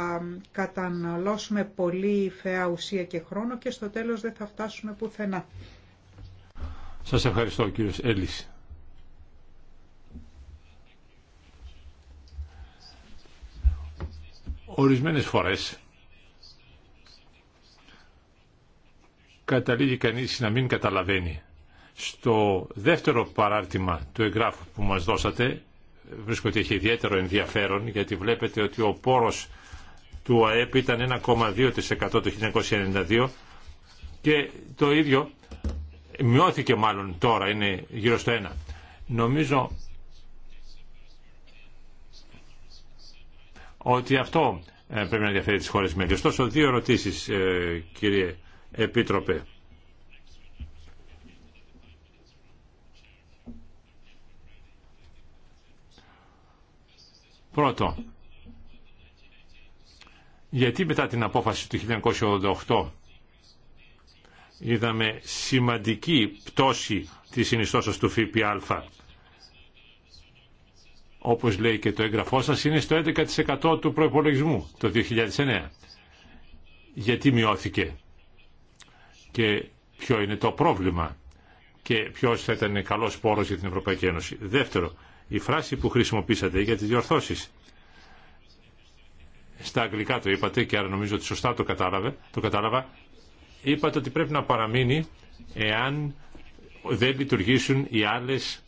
[SPEAKER 2] καταναλώσουμε πολύ φαιά ουσία και χρόνο και στο τέλος δεν θα φτάσουμε πουθενά.
[SPEAKER 1] Σας ευχαριστώ κύριος Έλλης. Ορισμένες φορές καταλήγει κανείς να μην καταλαβαίνει. Στο δεύτερο παράρτημα του εγγράφου που μας δώσατε βρίσκω ότι έχει ιδιαίτερο ενδιαφέρον γιατί βλέπετε ότι ο πόρος του ΑΕΠ ήταν 1,2% το 1992 και το ίδιο μειώθηκε μάλλον τώρα, είναι γύρω στο 1. Νομίζω ότι αυτό ε, πρέπει να ενδιαφέρει τις χώρες μέλη. Ωστόσο, δύο ερωτήσεις, ε, κύριε Επίτροπε. Πρώτο, γιατί μετά την απόφαση του 1988 είδαμε σημαντική πτώση της συνιστώσεως του ΦΠΑ όπως λέει και το έγγραφό σας, είναι στο 11% του προϋπολογισμού το 2009. Γιατί μειώθηκε και ποιο είναι το πρόβλημα και ποιος θα ήταν καλός πόρος για την Ευρωπαϊκή Ένωση. Δεύτερο, η φράση που χρησιμοποίησατε για τις διορθώσεις. Στα αγγλικά το είπατε και άρα νομίζω ότι σωστά το, κατάλαβε, το κατάλαβα. Είπατε ότι πρέπει να παραμείνει εάν δεν λειτουργήσουν οι άλλες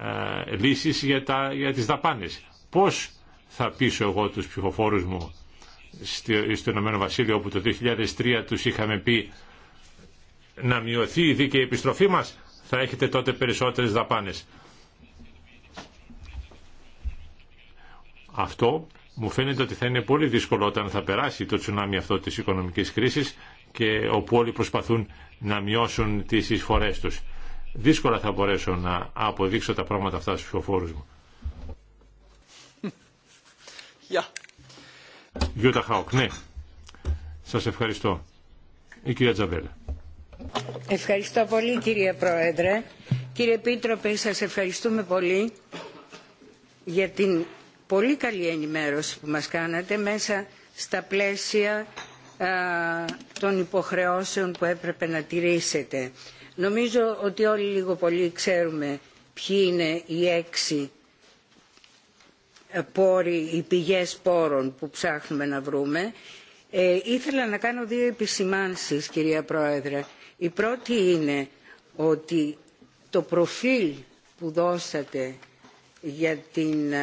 [SPEAKER 1] ε, λύσεις για, τα, για τις δαπάνες. Πώς θα πείσω εγώ τους ψηφοφόρους μου στο, στο Ηνωμένο Βασίλειο όπου το 2003 τους είχαμε πει να μειωθεί η δίκαιη επιστροφή μας θα έχετε τότε περισσότερες δαπάνες. Αυτό μου φαίνεται ότι θα είναι πολύ δύσκολο όταν θα περάσει το τσουνάμι αυτό της οικονομικής κρίσης και όπου όλοι προσπαθούν να μειώσουν τις εισφορές τους δύσκολα θα μπορέσω να αποδείξω τα πράγματα αυτά στους ψηφοφόρους μου. Γεια. Χάοκ, ναι. Σας ευχαριστώ. Η κυρία Τζαβέλα.
[SPEAKER 4] Ευχαριστώ πολύ κύριε Πρόεδρε. Κύριε Επίτροπε, σας ευχαριστούμε πολύ για την πολύ καλή ενημέρωση που μας κάνατε μέσα στα πλαίσια των υποχρεώσεων που έπρεπε να τηρήσετε. Νομίζω ότι όλοι λίγο πολύ ξέρουμε ποιοι είναι οι έξι πόροι, οι πηγές πόρων που ψάχνουμε να βρούμε. Ε, ήθελα να κάνω δύο επισημάνσεις, κυρία Πρόεδρε. Η πρώτη είναι ότι το προφίλ που δώσατε για την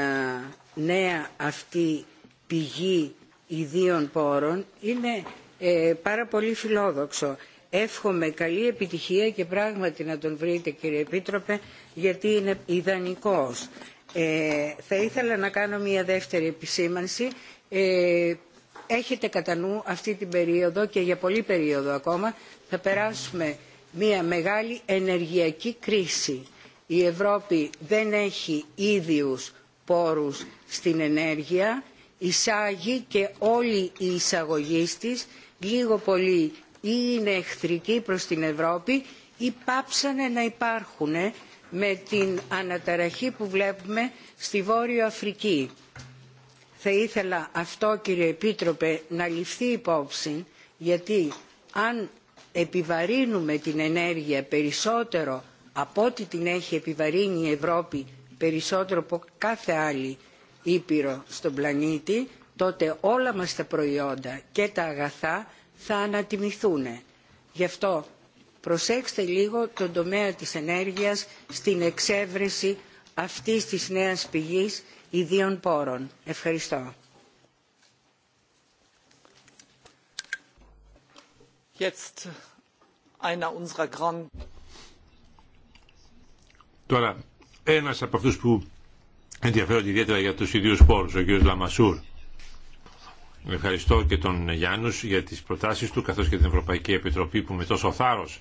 [SPEAKER 4] νέα αυτή πηγή ιδίων πόρων είναι ε, πάρα πολύ φιλόδοξο εύχομαι καλή επιτυχία και πράγματι να τον βρείτε κύριε επίτροπε γιατί είναι ιδανικός. Ε, θα ήθελα να κάνω μια δεύτερη επισήμανση. Ε, έχετε κατά νου αυτή την περίοδο και για πολλή περίοδο ακόμα θα περάσουμε μια μεγάλη ενεργειακή κρίση. Η Ευρώπη δεν έχει ίδιους πόρους στην ενέργεια, εισάγει και όλη η εισαγωγή της λίγο πολύ ή είναι εχθρικοί προς την Ευρώπη ή πάψανε να υπάρχουν με την αναταραχή που βλέπουμε στη Βόρειο Αφρική. Θα ήθελα αυτό κύριε Επίτροπε να ληφθεί υπόψη γιατί αν επιβαρύνουμε την ενέργεια περισσότερο από ό,τι την έχει επιβαρύνει η Ευρώπη περισσότερο από κάθε άλλη ήπειρο στον πλανήτη τότε όλα μας τα προϊόντα και τα αγαθά θα ανατιμηθούν. Γι' αυτό προσέξτε λίγο τον τομέα της ενέργειας στην εξέβρεση αυτής της νέας πηγής ιδίων πόρων. Ευχαριστώ.
[SPEAKER 1] Τώρα, ένας από αυτούς που ενδιαφέρονται ιδιαίτερα για τους ιδίους πόρους, ο κ. Λαμασούρ, Ευχαριστώ και τον Γιάννους για τις προτάσεις του καθώς και την Ευρωπαϊκή Επιτροπή που με τόσο θάρρος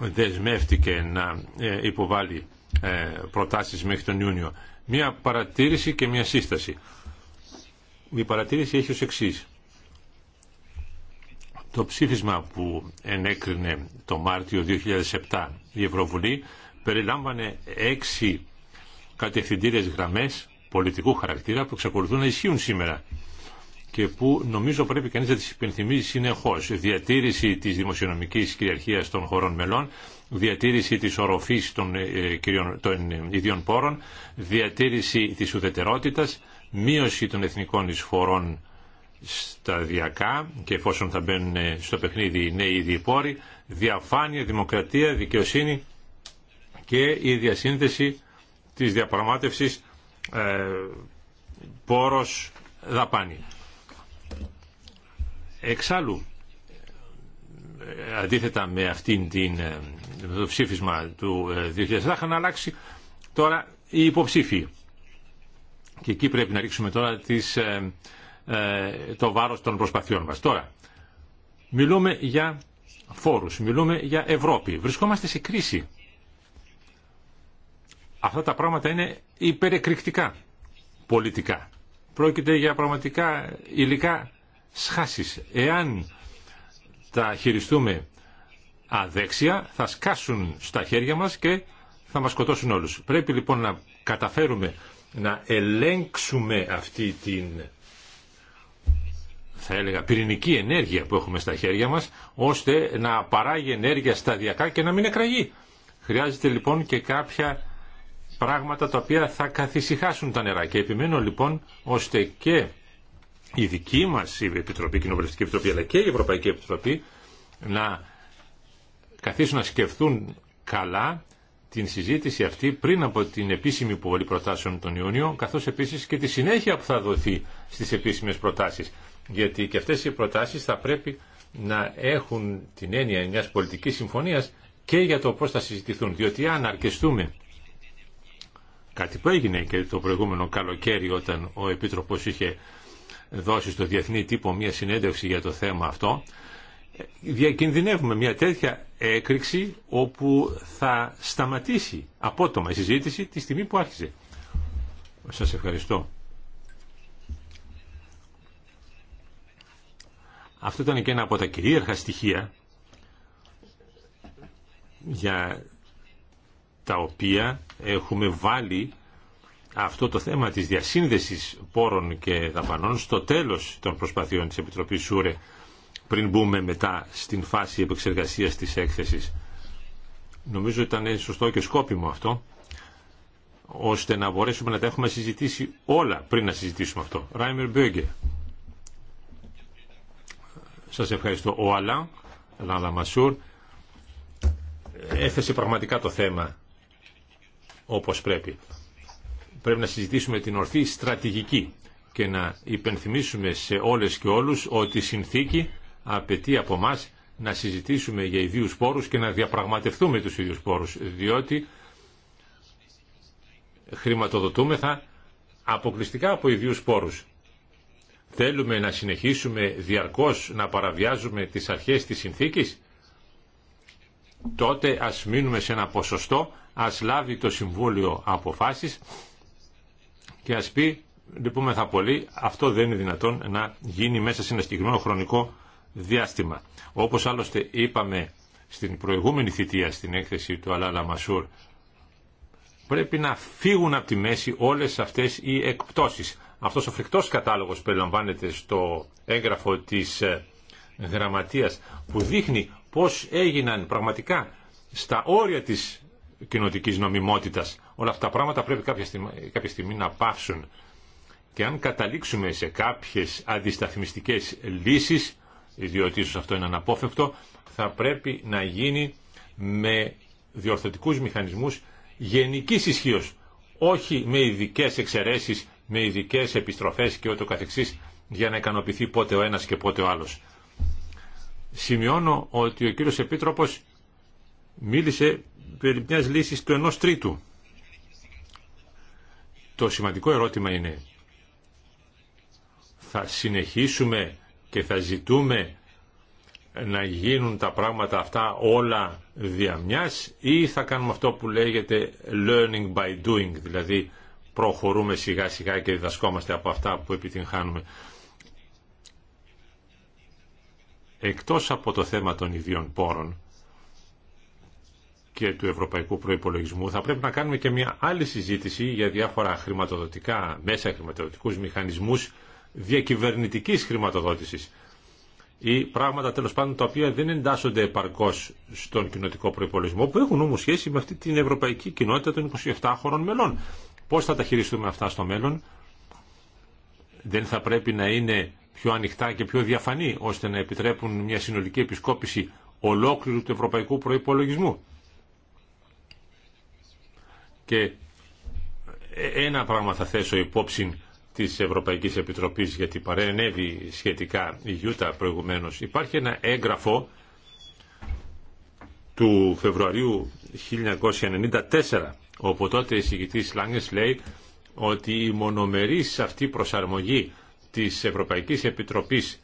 [SPEAKER 1] δεσμεύτηκε να ε, υποβάλει ε, προτάσεις μέχρι τον Ιούνιο. Μία παρατήρηση και μία σύσταση. Η παρατήρηση έχει ως εξής. Το ψήφισμα που ενέκρινε το Μάρτιο 2007 η Ευρωβουλή περιλάμβανε έξι κατευθυντήρες γραμμές πολιτικού χαρακτήρα που εξακολουθούν να ισχύουν σήμερα και που νομίζω πρέπει κανείς να τις υπενθυμίζει συνεχώς. Διατήρηση της δημοσιονομικής κυριαρχίας των χωρών μελών, διατήρηση της οροφής των, ε, των ε, ιδιών πόρων, διατήρηση της ουδετερότητας, μείωση των εθνικών εισφορών σταδιακά και εφόσον θα μπαίνουν ε, στο παιχνίδι οι νέοι πόροι, διαφάνεια, δημοκρατία, δικαιοσύνη και η διασύνδεση της διαπραγμάτευσης ε, πόρος δαπάνη. Εξάλλου, αντίθετα με αυτήν την, ε, με το ψήφισμα του θα ε, είχαν αλλάξει τώρα οι υποψήφοι. Και εκεί πρέπει να ρίξουμε τώρα τις, το βάρος των προσπαθειών μας. Τώρα, μιλούμε για φόρους, μιλούμε για Ευρώπη. Βρισκόμαστε σε κρίση αυτά τα πράγματα είναι υπερεκρηκτικά πολιτικά. Πρόκειται για πραγματικά υλικά σχάσεις. Εάν τα χειριστούμε αδέξια θα σκάσουν στα χέρια μας και θα μας σκοτώσουν όλους. Πρέπει λοιπόν να καταφέρουμε να ελέγξουμε αυτή την θα έλεγα πυρηνική ενέργεια που έχουμε στα χέρια μας ώστε να παράγει ενέργεια σταδιακά και να μην εκραγεί. Χρειάζεται λοιπόν και κάποια πράγματα τα οποία θα καθησυχάσουν τα νερά. Και επιμένω λοιπόν ώστε και η δική μας η Επιτροπή, η Κοινοβουλευτική Επιτροπή αλλά και η Ευρωπαϊκή Επιτροπή να καθίσουν να σκεφτούν καλά την συζήτηση αυτή πριν από την επίσημη υποβολή προτάσεων τον Ιούνιο, καθώς επίσης και τη συνέχεια που θα δοθεί στις επίσημες προτάσεις. Γιατί και αυτές οι προτάσεις θα πρέπει να έχουν την έννοια μιας πολιτικής συμφωνίας και για το πώς θα συζητηθούν. Διότι αν αρκεστούμε Κάτι που έγινε και το προηγούμενο καλοκαίρι όταν ο Επίτροπος είχε δώσει στο Διεθνή Τύπο μια συνέντευξη για το θέμα αυτό, διακινδυνεύουμε μια τέτοια έκρηξη όπου θα σταματήσει απότομα η συζήτηση τη στιγμή που άρχισε. Σας ευχαριστώ. Αυτό ήταν και ένα από τα κυρίαρχα στοιχεία για τα οποία έχουμε βάλει αυτό το θέμα της διασύνδεσης πόρων και δαπανών στο τέλος των προσπαθειών της Επιτροπής ΣΟΥΡΕ πριν μπούμε μετά στην φάση επεξεργασίας της έκθεσης. Νομίζω ήταν σωστό και σκόπιμο αυτό ώστε να μπορέσουμε να τα έχουμε συζητήσει όλα πριν να συζητήσουμε αυτό. Ράιμερ Μπέγκε. Σας ευχαριστώ. Ο Αλάν, Αλάν Λαμασούρ, έθεσε πραγματικά το θέμα όπως πρέπει. Πρέπει να συζητήσουμε την ορθή στρατηγική και να υπενθυμίσουμε σε όλες και όλους ότι η συνθήκη απαιτεί από εμά να συζητήσουμε για ιδίους πόρους και να διαπραγματευτούμε τους ίδιους πόρους, διότι χρηματοδοτούμεθα αποκλειστικά από ιδίους πόρους. Θέλουμε να συνεχίσουμε διαρκώς να παραβιάζουμε τις αρχές της συνθήκης, τότε ας μείνουμε σε ένα ποσοστό ας λάβει το Συμβούλιο αποφάσεις και ας πει λυπούμεθα πολύ, αυτό δεν είναι δυνατόν να γίνει μέσα σε ένα συγκεκριμένο χρονικό διάστημα. Όπως άλλωστε είπαμε στην προηγούμενη θητεία στην έκθεση του Αλάλα Μασούρ, πρέπει να φύγουν από τη μέση όλες αυτές οι εκπτώσεις. Αυτός ο φρικτός κατάλογος περιλαμβάνεται στο έγγραφο της ε, γραμματείας που δείχνει πώς έγιναν πραγματικά στα όρια της κοινοτική νομιμότητας. Όλα αυτά τα πράγματα πρέπει κάποια στιγμή, να πάυσουν. Και αν καταλήξουμε σε κάποιες αντισταθμιστικέ λύσεις, διότι ίσω αυτό είναι αναπόφευκτο, θα πρέπει να γίνει με διορθωτικούς μηχανισμούς γενικής ισχύω, όχι με ειδικέ εξαιρεσει, με ειδικέ επιστροφές και ούτω καθεξή, για να ικανοποιηθεί πότε ο ένα και πότε ο άλλο. Σημειώνω ότι ο κύριος Επίτροπος μίλησε περί μιας λύσης του ενός τρίτου. Το σημαντικό ερώτημα είναι θα συνεχίσουμε και θα ζητούμε να γίνουν τα πράγματα αυτά όλα διαμιάς ή θα κάνουμε αυτό που λέγεται learning by doing, δηλαδή προχωρούμε σιγά σιγά και διδασκόμαστε από αυτά που επιτυγχάνουμε. Εκτός από το θέμα των ιδιών πόρων, και του ευρωπαϊκού προϋπολογισμού θα πρέπει να κάνουμε και μια άλλη συζήτηση για διάφορα χρηματοδοτικά μέσα, χρηματοδοτικούς μηχανισμούς διακυβερνητικής χρηματοδότησης ή πράγματα τέλος πάντων τα οποία δεν εντάσσονται επαρκώς στον κοινοτικό προϋπολογισμό που έχουν όμως σχέση με αυτή την ευρωπαϊκή κοινότητα των 27 χωρών μελών. Πώς θα τα χειριστούμε αυτά στο μέλλον δεν θα πρέπει να είναι πιο ανοιχτά και πιο διαφανή ώστε να επιτρέπουν μια συνολική επισκόπηση ολόκληρου του ευρωπαϊκού προϋπολογισμού. Και ένα πράγμα θα θέσω υπόψη της Ευρωπαϊκής Επιτροπής γιατί παρενέβη σχετικά η Γιούτα προηγουμένως. Υπάρχει ένα έγγραφο του Φεβρουαρίου 1994 όπου τότε η συγκητή Λάγκες λέει ότι η μονομερής αυτή προσαρμογή της Ευρωπαϊκής Επιτροπής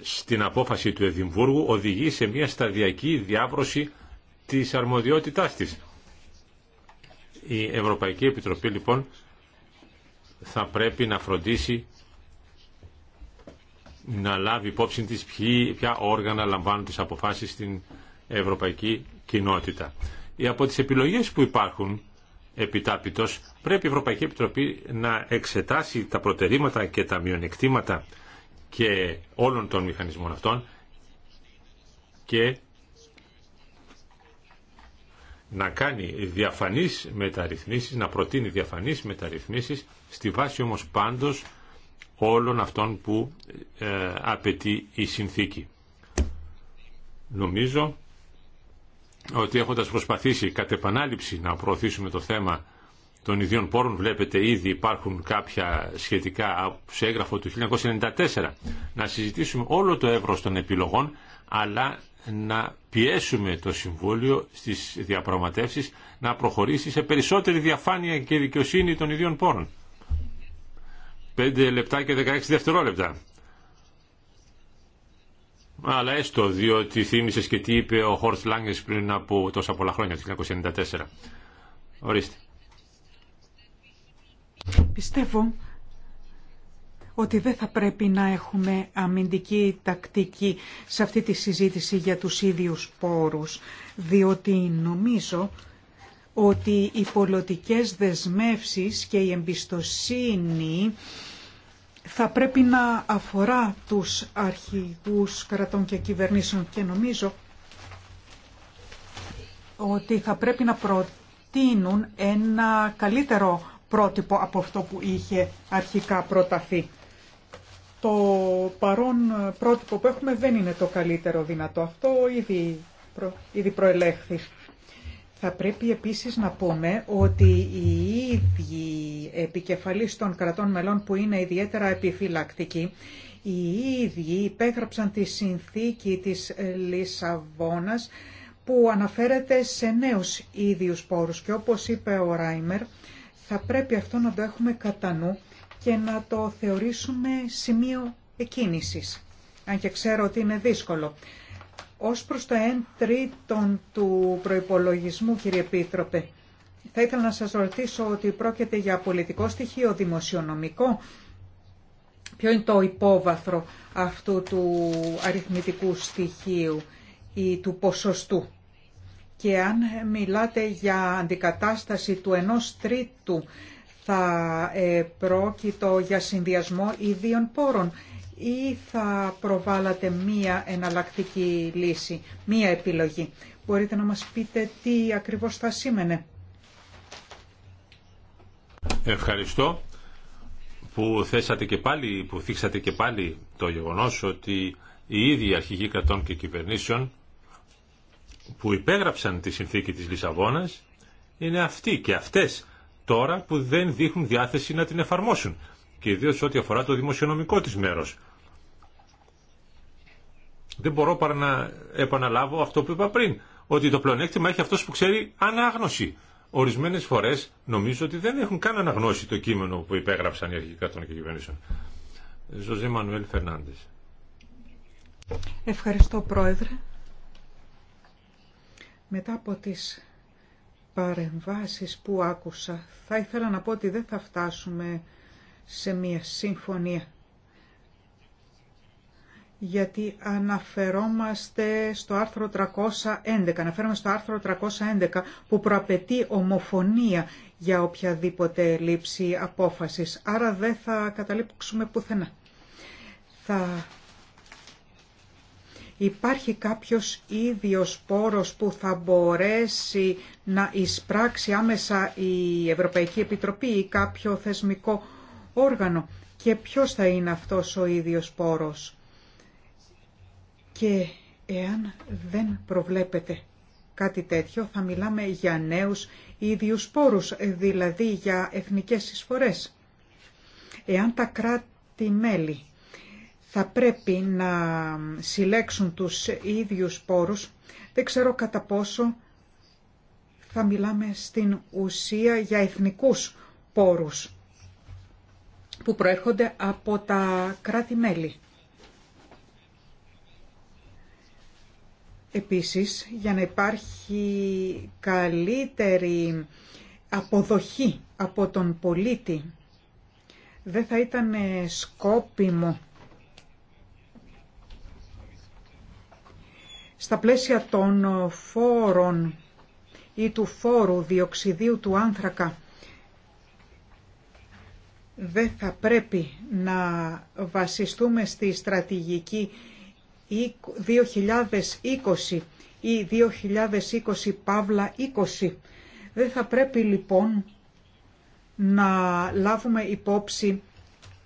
[SPEAKER 1] στην απόφαση του Εδιμβούργου οδηγεί σε μια σταδιακή διάβρωση της αρμοδιότητάς της. Η Ευρωπαϊκή Επιτροπή λοιπόν θα πρέπει να φροντίσει να λάβει υπόψη της ποια όργανα λαμβάνουν τις αποφάσεις στην ευρωπαϊκή κοινότητα. η από τις επιλογές που υπάρχουν επιτάπητος πρέπει η Ευρωπαϊκή Επιτροπή να εξετάσει τα προτερήματα και τα μειονεκτήματα και όλων των μηχανισμών αυτών και να κάνει διαφανείς μεταρρυθμίσεις, να προτείνει διαφανείς μεταρρυθμίσεις, στη βάση όμως πάντως όλων αυτών που ε, απαιτεί η συνθήκη. Νομίζω ότι έχοντας προσπαθήσει κατ' επανάληψη να προωθήσουμε το θέμα των ιδιών πόρων, βλέπετε ήδη υπάρχουν κάποια σχετικά σε έγγραφο του 1994, να συζητήσουμε όλο το εύρος των επιλογών, αλλά να πιέσουμε το Συμβούλιο στις διαπραγματεύσεις να προχωρήσει σε περισσότερη διαφάνεια και δικαιοσύνη των ίδιων πόρων. 5 λεπτά και 16 δευτερόλεπτα. Αλλά έστω, διότι θύμισε και τι είπε ο Χόρτ Λάγκε πριν από τόσα πολλά χρόνια, το 1994. Ορίστε.
[SPEAKER 2] Πιστεύω ότι δεν θα πρέπει να έχουμε αμυντική τακτική σε αυτή τη συζήτηση για τους ίδιους πόρους, διότι νομίζω ότι οι πολιτικές δεσμεύσεις και η εμπιστοσύνη θα πρέπει να αφορά τους αρχηγούς κρατών και κυβερνήσεων και νομίζω ότι θα πρέπει να προτείνουν ένα καλύτερο πρότυπο από αυτό που είχε αρχικά προταθεί το παρόν πρότυπο που έχουμε δεν είναι το καλύτερο δυνατό. Αυτό ήδη, προ, προελέχθη. Θα πρέπει επίσης να πούμε ότι οι ίδιοι επικεφαλής των κρατών μελών που είναι ιδιαίτερα επιφυλακτικοί, οι ίδιοι υπέγραψαν τη συνθήκη της Λισαβόνας που αναφέρεται σε νέους ίδιους πόρους και όπως είπε ο Ράιμερ, θα πρέπει αυτό να το έχουμε κατά νου και να το θεωρήσουμε σημείο εκκίνησης, αν και ξέρω ότι είναι δύσκολο. Ως προς το 1 τρίτον του προϋπολογισμού, κύριε Επίτροπε, θα ήθελα να σας ρωτήσω ότι πρόκειται για πολιτικό στοιχείο, δημοσιονομικό. Ποιο είναι το υπόβαθρο αυτού του αριθμητικού στοιχείου ή του ποσοστού. Και αν μιλάτε για αντικατάσταση του ενός τρίτου θα ε, πρόκειτο για συνδυασμό ιδίων πόρων ή θα προβάλλατε μία εναλλακτική λύση, μία επιλογή. Μπορείτε να μας πείτε τι ακριβώς θα σήμαινε.
[SPEAKER 1] Ευχαριστώ που θέσατε και πάλι, που θίξατε και πάλι το γεγονός ότι οι ίδιοι αρχηγοί κρατών και κυβερνήσεων που υπέγραψαν τη συνθήκη της Λισαβόνας είναι αυτοί και αυτές τώρα που δεν δείχνουν διάθεση να την εφαρμόσουν και ιδίω ό,τι αφορά το δημοσιονομικό της μέρος. Δεν μπορώ παρά να επαναλάβω αυτό που είπα πριν, ότι το πλεονέκτημα έχει αυτός που ξέρει ανάγνωση. Ορισμένες φορές νομίζω ότι δεν έχουν καν αναγνώσει το κείμενο που υπέγραψαν οι αρχικά των κυβερνήσεων. Ζωζή Μανουέλ Φερνάντες.
[SPEAKER 2] Ευχαριστώ Πρόεδρε. Μετά από τις παρεμβάσεις που άκουσα, θα ήθελα να πω ότι δεν θα φτάσουμε σε μία συμφωνία. Γιατί αναφερόμαστε στο άρθρο 311, αναφέρομαι στο άρθρο 311 που προαπαιτεί ομοφωνία για οποιαδήποτε λήψη απόφασης. Άρα δεν θα καταλήξουμε πουθενά. Θα Υπάρχει κάποιος ίδιος πόρος που θα μπορέσει να εισπράξει άμεσα η Ευρωπαϊκή Επιτροπή ή κάποιο θεσμικό όργανο. Και ποιος θα είναι αυτός ο ίδιος πόρος. Και εάν δεν προβλέπετε κάτι τέτοιο, θα μιλάμε για νέους ίδιους πόρους, δηλαδή για εθνικές εισφορές. Εάν τα κράτη-μέλη θα πρέπει να συλλέξουν τους ίδιους πόρους. Δεν ξέρω κατά πόσο θα μιλάμε στην ουσία για εθνικούς πόρους που προέρχονται από τα κράτη-μέλη. Επίσης, για να υπάρχει καλύτερη αποδοχή από τον πολίτη, δεν θα ήταν σκόπιμο στα πλαίσια των φόρων ή του φόρου διοξιδίου του άνθρακα δεν θα πρέπει να βασιστούμε στη στρατηγική 2020 ή 2020 παύλα 20. Δεν θα πρέπει λοιπόν να λάβουμε υπόψη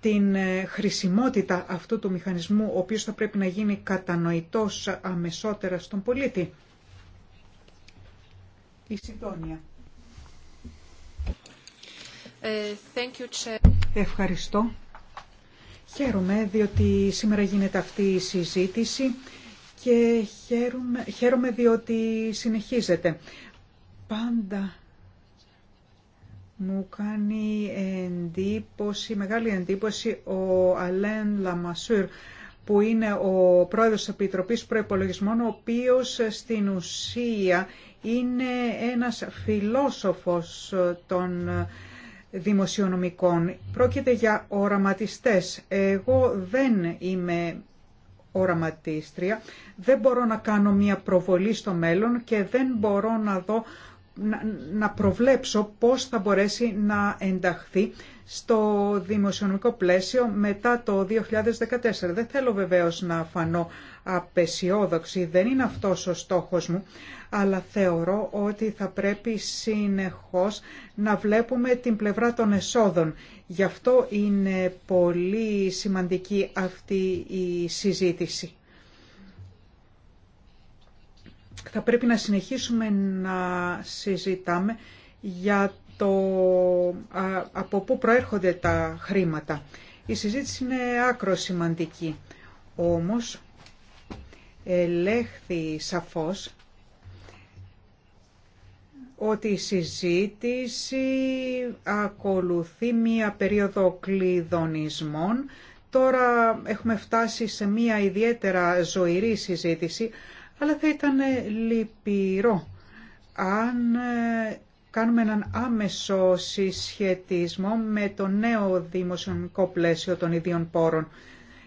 [SPEAKER 2] την ε, χρησιμότητα αυτού του μηχανισμού, ο οποίος θα πρέπει να γίνει κατανοητός αμεσότερα στον πολίτη. Η συντόνια. Ε, Ευχαριστώ. Χαίρομαι διότι σήμερα γίνεται αυτή η συζήτηση και χαίρομαι, χαίρομαι διότι συνεχίζεται. Πάντα μου κάνει εντύπωση, μεγάλη εντύπωση ο Αλέν Λαμασούρ που είναι ο πρόεδρος της Επιτροπής Προϋπολογισμών, ο οποίος στην ουσία είναι ένας φιλόσοφος των δημοσιονομικών. Πρόκειται για οραματιστές. Εγώ δεν είμαι οραματίστρια, δεν μπορώ να κάνω μια προβολή στο μέλλον και δεν μπορώ να δω να προβλέψω πώς θα μπορέσει να ενταχθεί στο δημοσιονομικό πλαίσιο μετά το 2014. Δεν θέλω βεβαίως να φανώ απεσιόδοξη, δεν είναι αυτός ο στόχος μου, αλλά θεωρώ ότι θα πρέπει συνεχώς να βλέπουμε την πλευρά των εσόδων. Γι' αυτό είναι πολύ σημαντική αυτή η συζήτηση θα πρέπει να συνεχίσουμε να συζητάμε για το από πού προέρχονται τα χρήματα. Η συζήτηση είναι άκρο σημαντική. Όμως, ελέγχθη σαφώς ότι η συζήτηση ακολουθεί μία περίοδο κλειδονισμών. Τώρα έχουμε φτάσει σε μία ιδιαίτερα ζωηρή συζήτηση, αλλά θα ήταν ε, λυπηρό αν ε, κάνουμε έναν άμεσο συσχετισμό με το νέο δημοσιονομικό πλαίσιο των ιδίων πόρων.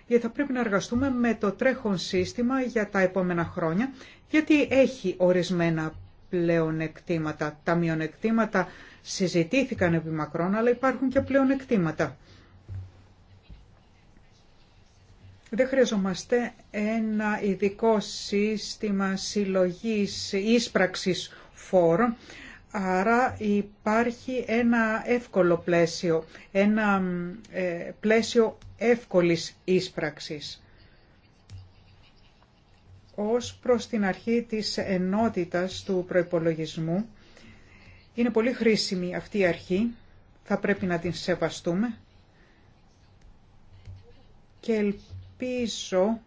[SPEAKER 2] Γιατί θα πρέπει να εργαστούμε με το τρέχον σύστημα για τα επόμενα χρόνια, γιατί έχει ορισμένα πλεονεκτήματα. Τα μειονεκτήματα συζητήθηκαν επί μακρόν, αλλά υπάρχουν και πλεονεκτήματα. Δεν χρειαζόμαστε ένα ειδικό σύστημα συλλογής ίσπραξης φόρων, άρα υπάρχει ένα εύκολο πλαίσιο, ένα ε, πλαίσιο εύκολης ίσπραξης. Ως προς την αρχή της ενότητας του προϋπολογισμού, είναι πολύ χρήσιμη αυτή η αρχή, θα πρέπει να την σεβαστούμε και πίσω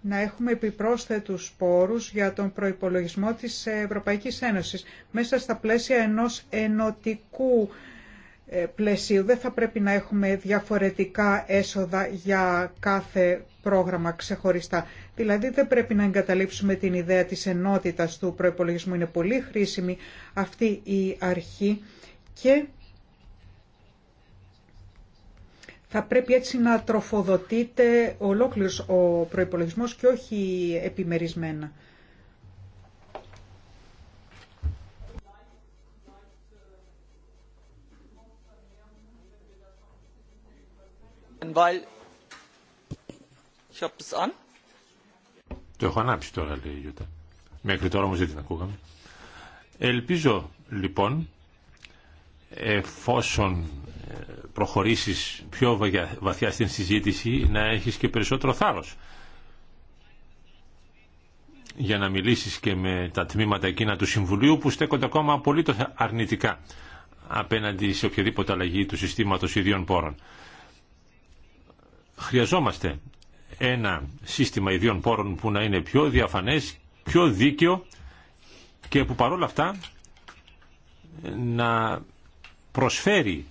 [SPEAKER 2] να έχουμε επιπρόσθετους πόρους για τον προϋπολογισμό της Ευρωπαϊκής Ένωσης μέσα στα πλαίσια ενός ενωτικού ε, πλαισίου. Δεν θα πρέπει να έχουμε διαφορετικά έσοδα για κάθε πρόγραμμα ξεχωριστά. Δηλαδή δεν πρέπει να εγκαταλείψουμε την ιδέα της ενότητας του προϋπολογισμού. Είναι πολύ χρήσιμη αυτή η αρχή και Θα πρέπει έτσι να τροφοδοτείται ολόκληρος ο προϋπολογισμός και όχι επιμερισμένα.
[SPEAKER 1] Το έχω ανάψει τώρα, λέει η Ιούτα. Μέχρι τώρα όμως δεν την ακούγαμε. Ελπίζω, λοιπόν, εφόσον ε, προχωρήσεις πιο βαθιά στην συζήτηση να έχεις και περισσότερο θάρρος για να μιλήσεις και με τα τμήματα εκείνα του Συμβουλίου που στέκονται ακόμα απολύτω αρνητικά απέναντι σε οποιαδήποτε αλλαγή του συστήματος ιδίων πόρων. Χρειαζόμαστε ένα σύστημα ιδίων πόρων που να είναι πιο διαφανές, πιο δίκαιο και που παρόλα αυτά να προσφέρει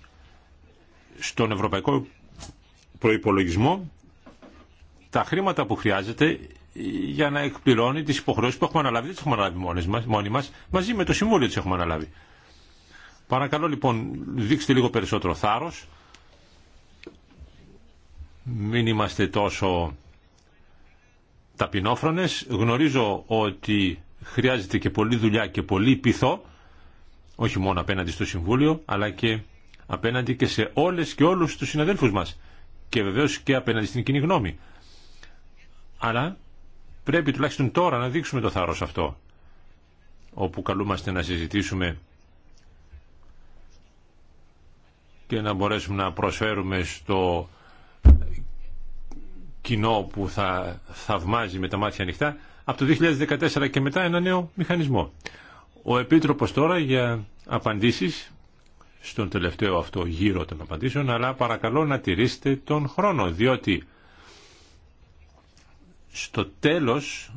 [SPEAKER 1] στον ευρωπαϊκό προϋπολογισμό τα χρήματα που χρειάζεται για να εκπληρώνει τις υποχρεώσεις που έχουμε αναλάβει. Δεν τις έχουμε αναλάβει μόνοι μας, μαζί με το Συμβούλιο τις έχουμε αναλάβει. Παρακαλώ λοιπόν δείξτε λίγο περισσότερο θάρρος. Μην είμαστε τόσο ταπεινόφρονες. Γνωρίζω ότι χρειάζεται και πολλή δουλειά και πολύ πειθό όχι μόνο απέναντι στο Συμβούλιο, αλλά και απέναντι και σε όλες και όλους τους συναδέλφους μας και βεβαίως και απέναντι στην κοινή γνώμη. Αλλά πρέπει τουλάχιστον τώρα να δείξουμε το θάρρος αυτό, όπου καλούμαστε να συζητήσουμε και να μπορέσουμε να προσφέρουμε στο κοινό που θα θαυμάζει με τα μάτια ανοιχτά από το 2014 και μετά ένα νέο μηχανισμό. Ο Επίτροπος τώρα για απαντήσεις στον τελευταίο αυτό γύρο των απαντήσεων, αλλά παρακαλώ να τηρήσετε τον χρόνο, διότι στο τέλος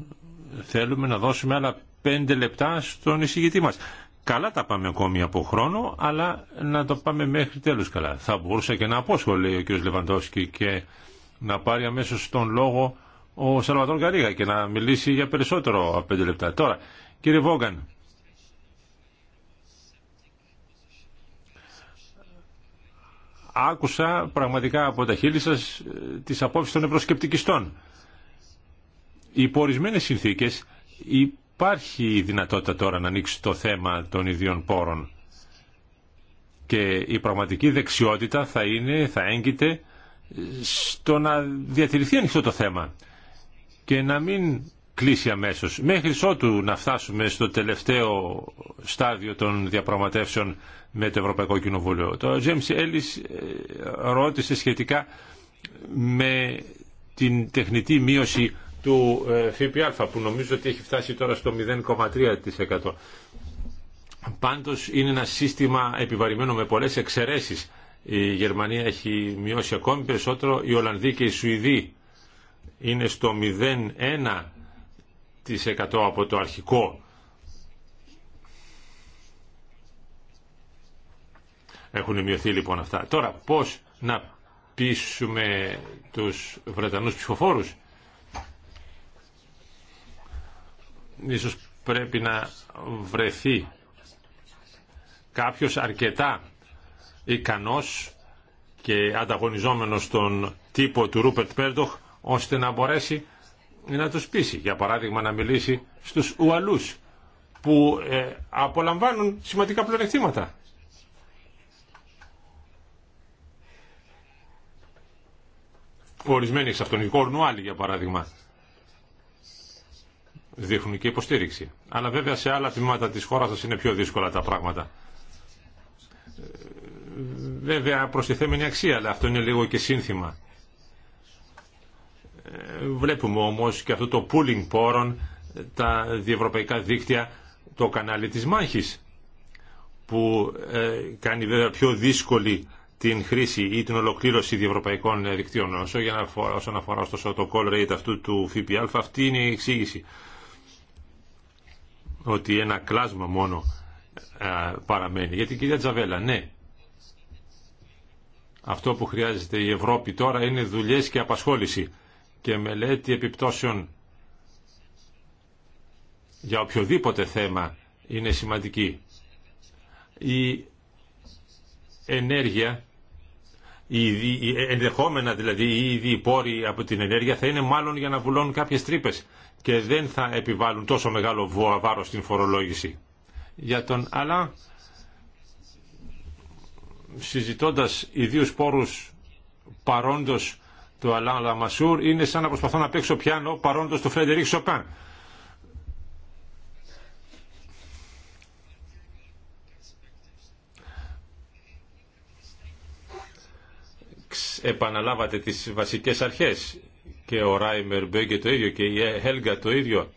[SPEAKER 1] θέλουμε να δώσουμε άλλα πέντε λεπτά στον εισηγητή μας. Καλά τα πάμε ακόμη από χρόνο, αλλά να το πάμε μέχρι τέλους καλά. Θα μπορούσε και να απόσχω, λέει ο κ. Λεβαντόσκη, και να πάρει αμέσως τον λόγο ο Σαλβατόρ Καρίγα και να μιλήσει για περισσότερο από πέντε λεπτά. Τώρα, κύριε Βόγκαν, άκουσα πραγματικά από τα χείλη σας ε, τις απόψεις των ευρωσκεπτικιστών. Υπό ορισμένες συνθήκες υπάρχει η δυνατότητα τώρα να ανοίξει το θέμα των ιδιών πόρων και η πραγματική δεξιότητα θα είναι, θα έγκυται στο να διατηρηθεί ανοιχτό το θέμα και να μην κλείσει αμέσω. Μέχρι ότου να φτάσουμε στο τελευταίο στάδιο των διαπραγματεύσεων με το Ευρωπαϊκό Κοινοβούλιο. Το James Ellis ε, ρώτησε σχετικά με την τεχνητή μείωση του ε, ΦΠΑ που νομίζω ότι έχει φτάσει τώρα στο 0,3%. Πάντως είναι ένα σύστημα επιβαρημένο με πολλές εξαιρέσεις. Η Γερμανία έχει μειώσει ακόμη περισσότερο, η Ολλανδία και η Σουηδία είναι στο 0,1% 10% από το αρχικό. Έχουν μειωθεί λοιπόν αυτά. Τώρα πώς να πείσουμε τους Βρετανούς ψηφοφόρους. Ίσως πρέπει να βρεθεί κάποιος αρκετά ικανός και ανταγωνιζόμενος στον τύπο του Ρούπερτ Πέρντοχ ώστε να μπορέσει να τους πείσει. Για παράδειγμα να μιλήσει στους Ουαλούς που ε, απολαμβάνουν σημαντικά πλεονεκτήματα. Ορισμένοι εξ αυτών, οι Κορνουάλοι για παράδειγμα, δείχνουν και υποστήριξη. Αλλά βέβαια σε άλλα τμήματα της χώρας σας είναι πιο δύσκολα τα πράγματα. Ε, βέβαια προστιθέμενη αξία, αλλά αυτό είναι λίγο και σύνθημα. Βλέπουμε όμως και αυτό το pooling πόρων, τα διευρωπαϊκά δίκτυα, το κανάλι της μάχης που ε, κάνει βέβαια πιο δύσκολη την χρήση ή την ολοκλήρωση διευρωπαϊκών ε, δικτύων. Όσο, για να αφορά, όσον αφορά το call rate αυτού του ΦΠΑ, αυτή είναι η εξήγηση. Ότι ένα κλάσμα μόνο ε, παραμένει. Γιατί κυρία Τζαβέλα, ναι, αυτό που χρειάζεται η Ευρώπη τώρα είναι δουλειές και απασχόληση και μελέτη επιπτώσεων για οποιοδήποτε θέμα είναι σημαντική. Η ενέργεια, η, ενδεχόμενα δηλαδή οι ήδη πόροι από την ενέργεια θα είναι μάλλον για να βουλώνουν κάποιες τρύπε και δεν θα επιβάλλουν τόσο μεγάλο βάρος στην φορολόγηση. Για τον αλλά συζητώντας ιδίους πόρους παρόντος το Αλάν Λαμασούρ είναι σαν να προσπαθώ να παίξω πιάνο παρόντος του Φρέντερικ Σοπάν. επαναλάβατε τις βασικές αρχές και ο Ράιμερ Μπέγκε το ίδιο και η Ελγκα το ίδιο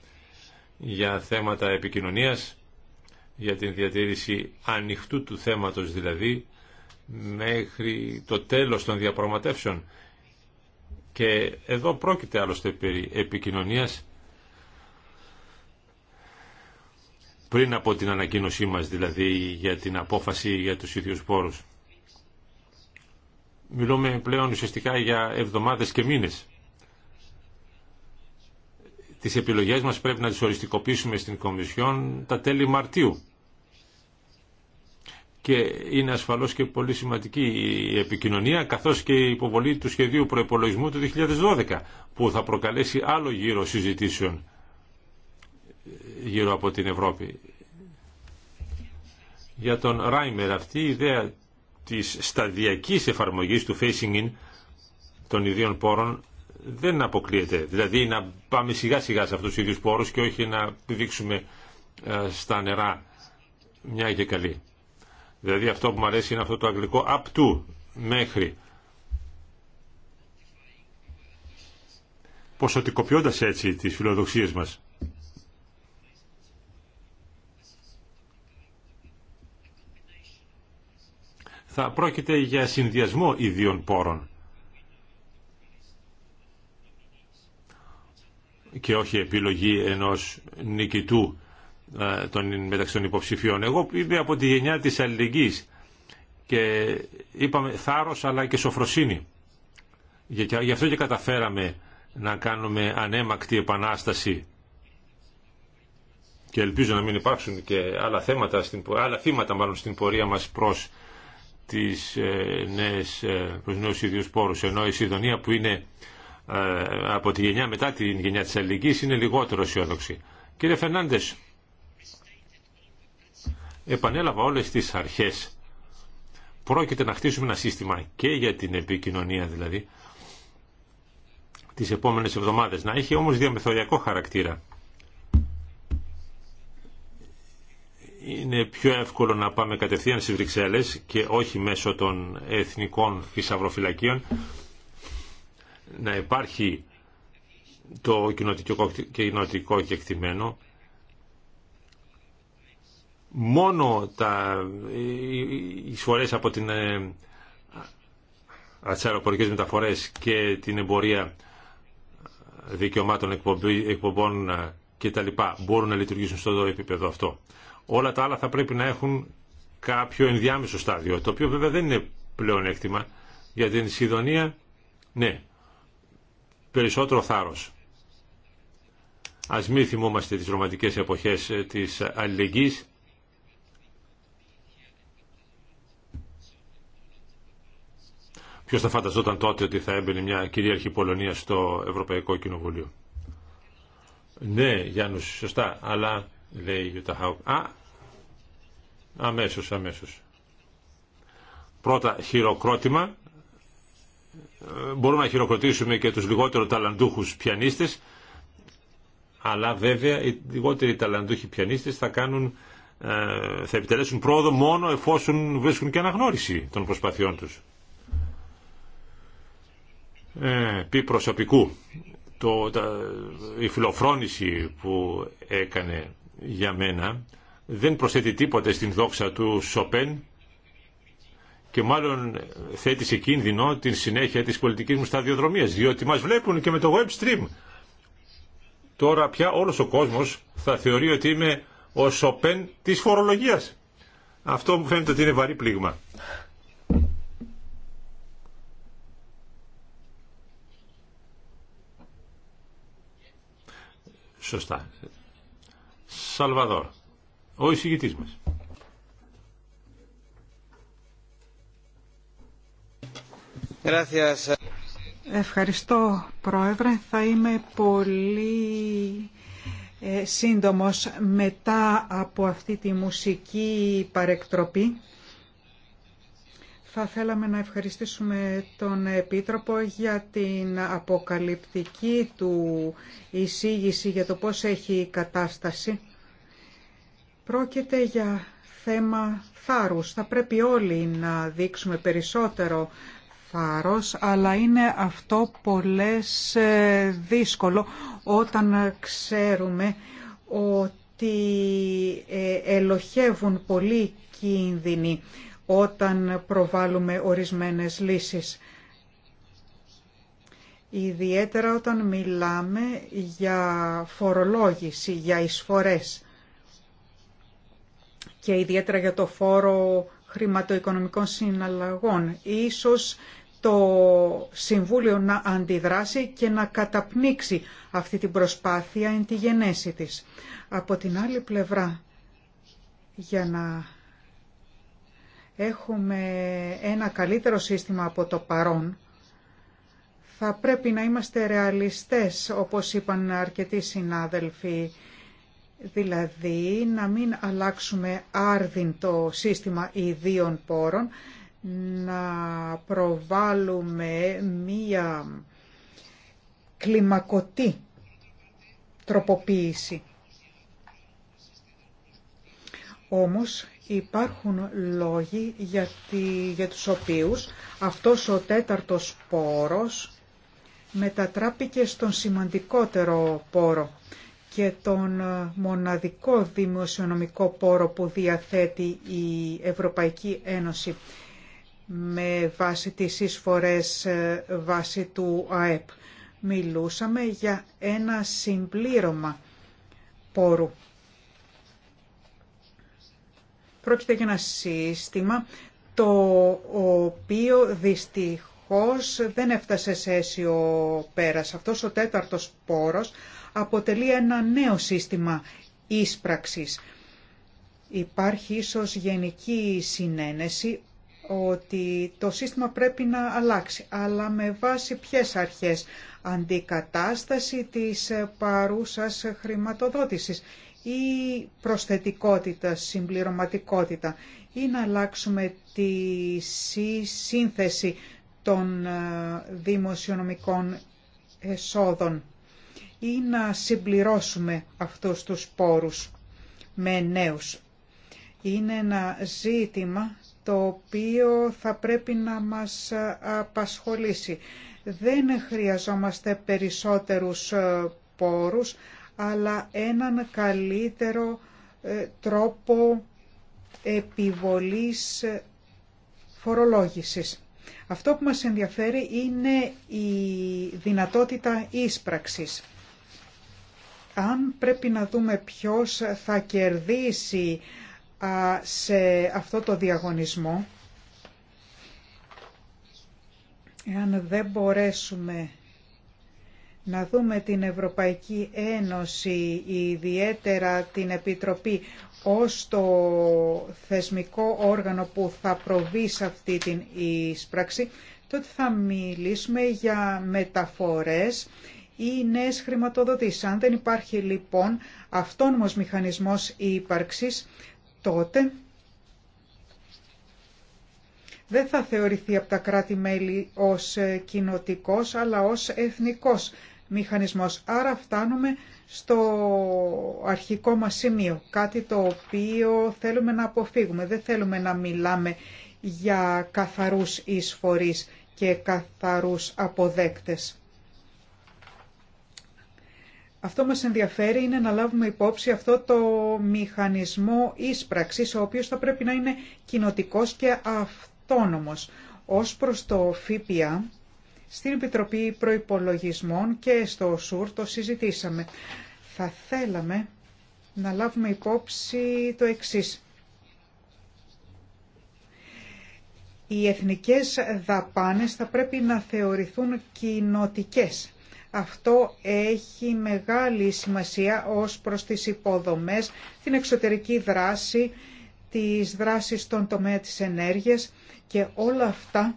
[SPEAKER 1] για θέματα επικοινωνίας για την διατήρηση ανοιχτού του θέματος δηλαδή μέχρι το τέλος των διαπραγματεύσεων και εδώ πρόκειται άλλωστε περί επικοινωνίας πριν από την ανακοίνωσή μας δηλαδή για την απόφαση για τους ίδιους πόρους. Μιλούμε πλέον ουσιαστικά για εβδομάδες και μήνες. Τις επιλογές μας πρέπει να τις οριστικοποιήσουμε στην Κομισιόν τα τέλη Μαρτίου και είναι ασφαλώς και πολύ σημαντική η επικοινωνία καθώς και η υποβολή του σχεδίου προϋπολογισμού του 2012 που θα προκαλέσει άλλο γύρο συζητήσεων γύρω από την Ευρώπη. Για τον Ράιμερ αυτή η ιδέα της σταδιακής εφαρμογής του facing in των ιδίων πόρων δεν αποκλείεται. Δηλαδή να πάμε σιγά σιγά σε αυτούς τους ίδιους πόρους και όχι να πηδήξουμε ε, στα νερά μια και καλή. Δηλαδή αυτό που μου αρέσει είναι αυτό το αγγλικό up to, μέχρι. Ποσοτικοποιώντας έτσι τις φιλοδοξίες μας. Θα πρόκειται για συνδυασμό ιδίων πόρων. και όχι επιλογή ενός νικητού των, μεταξύ των υποψηφίων. Εγώ είμαι από τη γενιά της αλληλεγγύης και είπαμε θάρρος αλλά και σοφροσύνη. Γι' αυτό και καταφέραμε να κάνουμε ανέμακτη επανάσταση και ελπίζω να μην υπάρξουν και άλλα, θέματα, άλλα θύματα μάλλον στην πορεία μας προς τις ε, νέες, ε, προς νέους ίδιους πόρους. Ενώ η Σιδονία που είναι ε, από τη γενιά μετά την γενιά της αλληλεγγύης είναι λιγότερο αισιόδοξη. Κύριε Φερνάντες, επανέλαβα όλες τις αρχές. Πρόκειται να χτίσουμε ένα σύστημα και για την επικοινωνία δηλαδή τις επόμενες εβδομάδες. Να έχει όμως διαμεθοριακό χαρακτήρα. Είναι πιο εύκολο να πάμε κατευθείαν στις Βρυξέλλες και όχι μέσω των εθνικών φυσαυροφυλακίων να υπάρχει το κοινοτικό κεκτημένο μόνο τα εισφορές από την τις ε, αεροπορικές μεταφορές και την εμπορία δικαιωμάτων εκπομπών ε, και τα λοιπά μπορούν να λειτουργήσουν στο επίπεδο αυτό. Όλα τα άλλα θα πρέπει να έχουν κάποιο ενδιάμεσο στάδιο, το οποίο βέβαια δεν είναι πλέον έκτημα για την Σιδωνία, ναι, περισσότερο θάρρος. Ας μην θυμόμαστε τις ρομαντικές εποχές ε, της αλληλεγγύης, Ποιο θα φανταζόταν τότε ότι θα έμπαινε μια κυρίαρχη Πολωνία στο Ευρωπαϊκό Κοινοβούλιο. Ναι, Γιάννου, σωστά, αλλά λέει η Γιούτα Χάουκ. Α, αμέσως, αμέσως. Πρώτα χειροκρότημα. Μπορούμε να χειροκροτήσουμε και τους λιγότερο ταλαντούχους πιανίστες, αλλά βέβαια οι λιγότεροι ταλαντούχοι πιανίστες θα κάνουν ε, θα επιτελέσουν πρόοδο μόνο εφόσον βρίσκουν και αναγνώριση των προσπαθειών τους ε, πει προσωπικού το, τα, η φιλοφρόνηση που έκανε για μένα δεν προσθέτει τίποτε στην δόξα του Σοπέν και μάλλον θέτει σε κίνδυνο την συνέχεια της πολιτικής μου σταδιοδρομίας διότι μας βλέπουν και με το web stream τώρα πια όλος ο κόσμος θα θεωρεί ότι είμαι ο Σοπέν της φορολογίας αυτό μου φαίνεται ότι είναι βαρύ πλήγμα Σωστά. Σαλβαδόρ, ο εισηγητής μας.
[SPEAKER 2] Ευχαριστώ, Πρόεδρε. Θα είμαι πολύ ε, σύντομος μετά από αυτή τη μουσική παρεκτροπή. Θα θέλαμε να ευχαριστήσουμε τον Επίτροπο για την αποκαλυπτική του εισήγηση για το πώς έχει η κατάσταση. Πρόκειται για θέμα θάρρους. Θα πρέπει όλοι να δείξουμε περισσότερο θάρρος, αλλά είναι αυτό πολλές ε, δύσκολο όταν ξέρουμε ότι ε, ελοχεύουν πολλοί κίνδυνοι όταν προβάλλουμε ορισμένες λύσεις. Ιδιαίτερα όταν μιλάμε για φορολόγηση, για εισφορές και ιδιαίτερα για το φόρο χρηματοοικονομικών συναλλαγών. Ίσως το Συμβούλιο να αντιδράσει και να καταπνίξει αυτή την προσπάθεια εν τη γενέση της. Από την άλλη πλευρά, για να έχουμε ένα καλύτερο σύστημα από το παρόν, θα πρέπει να είμαστε ρεαλιστές, όπως είπαν αρκετοί συνάδελφοι, δηλαδή να μην αλλάξουμε άρδιν το σύστημα ιδίων πόρων, να προβάλλουμε μία κλιμακωτή τροποποίηση. Όμως Υπάρχουν λόγοι για, τη, για τους οποίους αυτός ο τέταρτος πόρος μετατράπηκε στον σημαντικότερο πόρο και τον ε, μοναδικό δημοσιονομικό πόρο που διαθέτει η Ευρωπαϊκή Ένωση με βάση τις εισφορές ε, βάση του ΑΕΠ. Μιλούσαμε για ένα συμπλήρωμα πόρου Πρόκειται για ένα σύστημα το οποίο δυστυχώς δεν έφτασε σε αίσιο πέρας. Αυτός ο τέταρτος πόρος αποτελεί ένα νέο σύστημα ίσπραξης. Υπάρχει ίσως γενική συνένεση ότι το σύστημα πρέπει να αλλάξει, αλλά με βάση ποιες αρχές αντικατάσταση της παρούσας χρηματοδότησης ή προσθετικότητα, συμπληρωματικότητα ή να αλλάξουμε τη σύνθεση των ε, δημοσιονομικών εσόδων ή να συμπληρώσουμε αυτούς τους πόρους με νέους. Είναι ένα ζήτημα το οποίο θα πρέπει να μας ε, απασχολήσει. Δεν χρειαζόμαστε περισσότερους ε, πόρους, αλλά έναν καλύτερο ε, τρόπο επιβολής ε, φορολόγησης. Αυτό που μας ενδιαφέρει είναι η δυνατότητα ίσπραξης. Αν πρέπει να δούμε ποιος θα κερδίσει σε αυτό το διαγωνισμό, εάν δεν μπορέσουμε να δούμε την Ευρωπαϊκή Ένωση, ιδιαίτερα την Επιτροπή, ως το θεσμικό όργανο που θα προβεί σε αυτή την εισπράξη, τότε θα μιλήσουμε για μεταφορές ή νέες χρηματοδοτήσεις. Αν δεν υπάρχει λοιπόν αυτόνομος μηχανισμός ύπαρξης, τότε δεν θα θεωρηθεί από τα κράτη-μέλη ως ε, κοινοτικός αλλά ως εθνικός μηχανισμός. Άρα φτάνουμε στο αρχικό μας σημείο, κάτι το οποίο θέλουμε να αποφύγουμε. Δεν θέλουμε να μιλάμε για καθαρούς εισφορείς και καθαρούς αποδέκτες. Αυτό μας ενδιαφέρει είναι να λάβουμε υπόψη αυτό το μηχανισμό εισπράξης ο οποίος θα πρέπει να είναι κοινοτικός και αυτό αυτόνομος. Ως προς το ΦΠΑ, στην Επιτροπή Προϋπολογισμών και στο ΣΟΥΡ το συζητήσαμε. Θα θέλαμε να λάβουμε υπόψη το εξής. Οι εθνικές δαπάνες θα πρέπει να θεωρηθούν κοινοτικές. Αυτό έχει μεγάλη σημασία ως προς τις υποδομές, την εξωτερική δράση, τις δράσεις στον τομέα της ενέργειας και όλα αυτά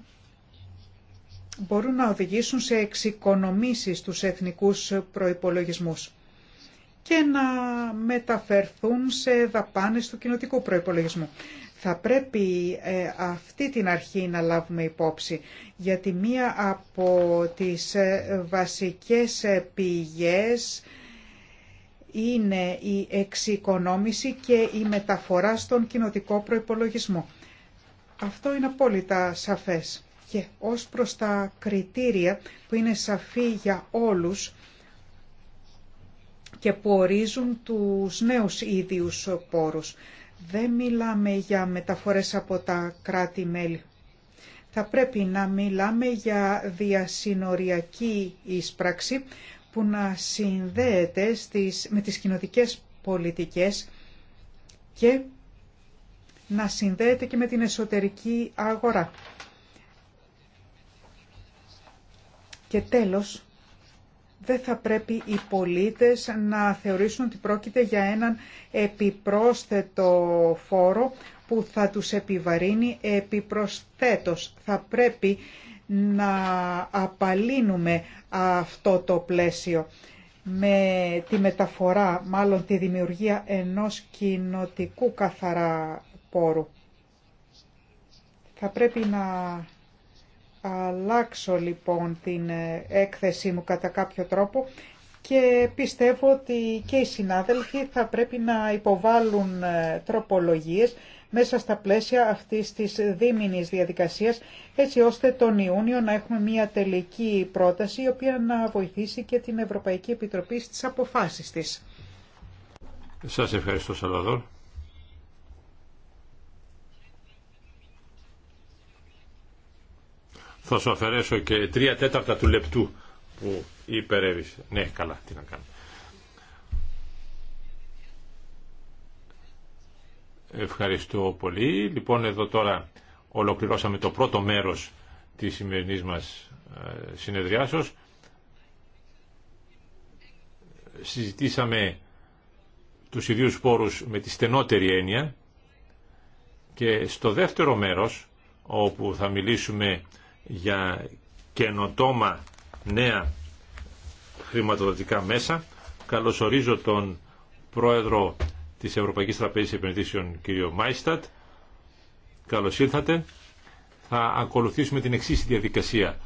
[SPEAKER 2] μπορούν να οδηγήσουν σε εξοικονομήσεις τους εθνικούς προϋπολογισμούς και να μεταφερθούν σε δαπάνες του κοινοτικού προϋπολογισμού. Θα πρέπει ε, αυτή την αρχή να λάβουμε υπόψη, γιατί μία από τις ε, βασικές ε, πηγές είναι η εξοικονόμηση και η μεταφορά στον κοινοτικό προϋπολογισμό. Αυτό είναι απόλυτα σαφές. Και ως προς τα κριτήρια που είναι σαφή για όλους και που ορίζουν τους νέους ίδιους πόρους. Δεν μιλάμε για μεταφορές από τα κράτη-μέλη. Θα πρέπει να μιλάμε για διασυνοριακή εισπράξη που να συνδέεται στις, με τις κοινοτικές πολιτικές και να συνδέεται και με την εσωτερική αγορά. Και τέλος, δεν θα πρέπει οι πολίτες να θεωρήσουν ότι πρόκειται για έναν επιπρόσθετο φόρο που θα τους επιβαρύνει επιπροσθέτως. Θα πρέπει να απαλύνουμε αυτό το πλαίσιο με τη μεταφορά, μάλλον τη δημιουργία ενός κοινοτικού καθαρά πόρου. Θα πρέπει να αλλάξω λοιπόν την ε, έκθεσή μου κατά κάποιο τρόπο και πιστεύω ότι και οι συνάδελφοι θα πρέπει να υποβάλουν ε, τροπολογίες μέσα στα πλαίσια αυτής της δίμηνης διαδικασίας, έτσι ώστε τον Ιούνιο να έχουμε μια τελική πρόταση, η οποία να βοηθήσει και την Ευρωπαϊκή Επιτροπή στις αποφάσεις της.
[SPEAKER 1] Σας ευχαριστώ, Σαλαδόν. Θα σου αφαιρέσω και τρία τέταρτα του λεπτού που υπερεύεις. Ναι, καλά, τι να κάνω. Ευχαριστώ πολύ. Λοιπόν, εδώ τώρα ολοκληρώσαμε το πρώτο μέρος της σημερινής μας ε, συνεδριάσεως. Συζητήσαμε τους ιδίους πόρους με τη στενότερη έννοια και στο δεύτερο μέρος όπου θα μιλήσουμε για καινοτόμα νέα χρηματοδοτικά μέσα. Καλωσορίζω τον πρόεδρο της Ευρωπαϊκής Τραπέζης Επενδύσεων, κ. Μάιστατ. Καλώς ήρθατε. Θα ακολουθήσουμε την εξής διαδικασία.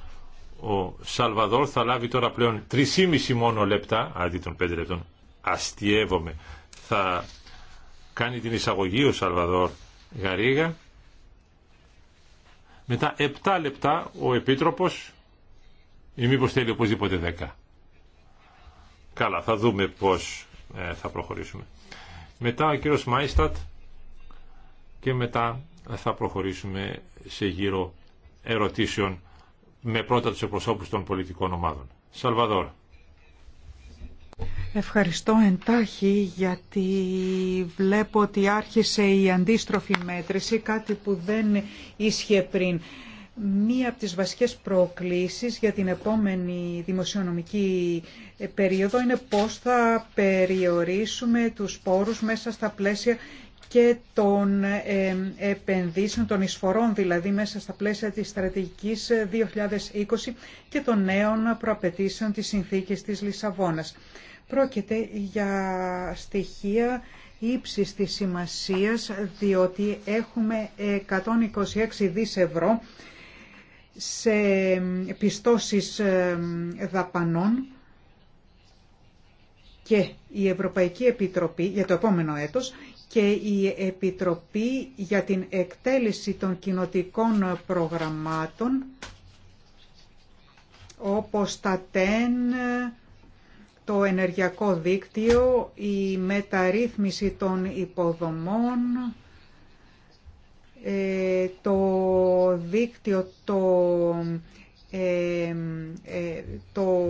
[SPEAKER 1] Ο Σαλβαδόρ θα λάβει τώρα πλέον 3,5 μόνο λεπτά, αντί των 5 λεπτών, Αστειεύομαι. Θα κάνει την εισαγωγή ο Σαλβαδόρ Γαρίγα μετά 7 λεπτά ο Επίτροπος ή μήπως θέλει οπωσδήποτε 10. Καλά, θα δούμε πώς ε, θα προχωρήσουμε. Μετά ο κύριος Μάιστατ και μετά θα προχωρήσουμε σε γύρο ερωτήσεων με πρώτα τους εκπροσώπους των πολιτικών ομάδων. Σαλβαδόρ.
[SPEAKER 2] Ευχαριστώ εντάχει γιατί βλέπω ότι άρχισε η αντίστροφη μέτρηση, κάτι που δεν ίσχυε πριν. Μία από τις βασικές προκλήσεις για την επόμενη δημοσιονομική περίοδο είναι πώς θα περιορίσουμε τους πόρους μέσα στα πλαίσια και των επενδύσεων, των εισφορών δηλαδή μέσα στα πλαίσια της στρατηγικής 2020 ε, και των νέων προαπαιτήσεων της συνθήκης της Λισαβόνας. Πρόκειται για στοιχεία ύψης της σημασίας διότι έχουμε 126 δις ευρώ σε πιστώσεις δαπανών και η Ευρωπαϊκή Επιτροπή για το επόμενο έτος και η Επιτροπή για την εκτέλεση των κοινοτικών προγραμμάτων όπως τα ΤΕΝ, το ενεργειακό δίκτυο, η μεταρρύθμιση των υποδομών, ε, το δίκτυο το, ε, ε, το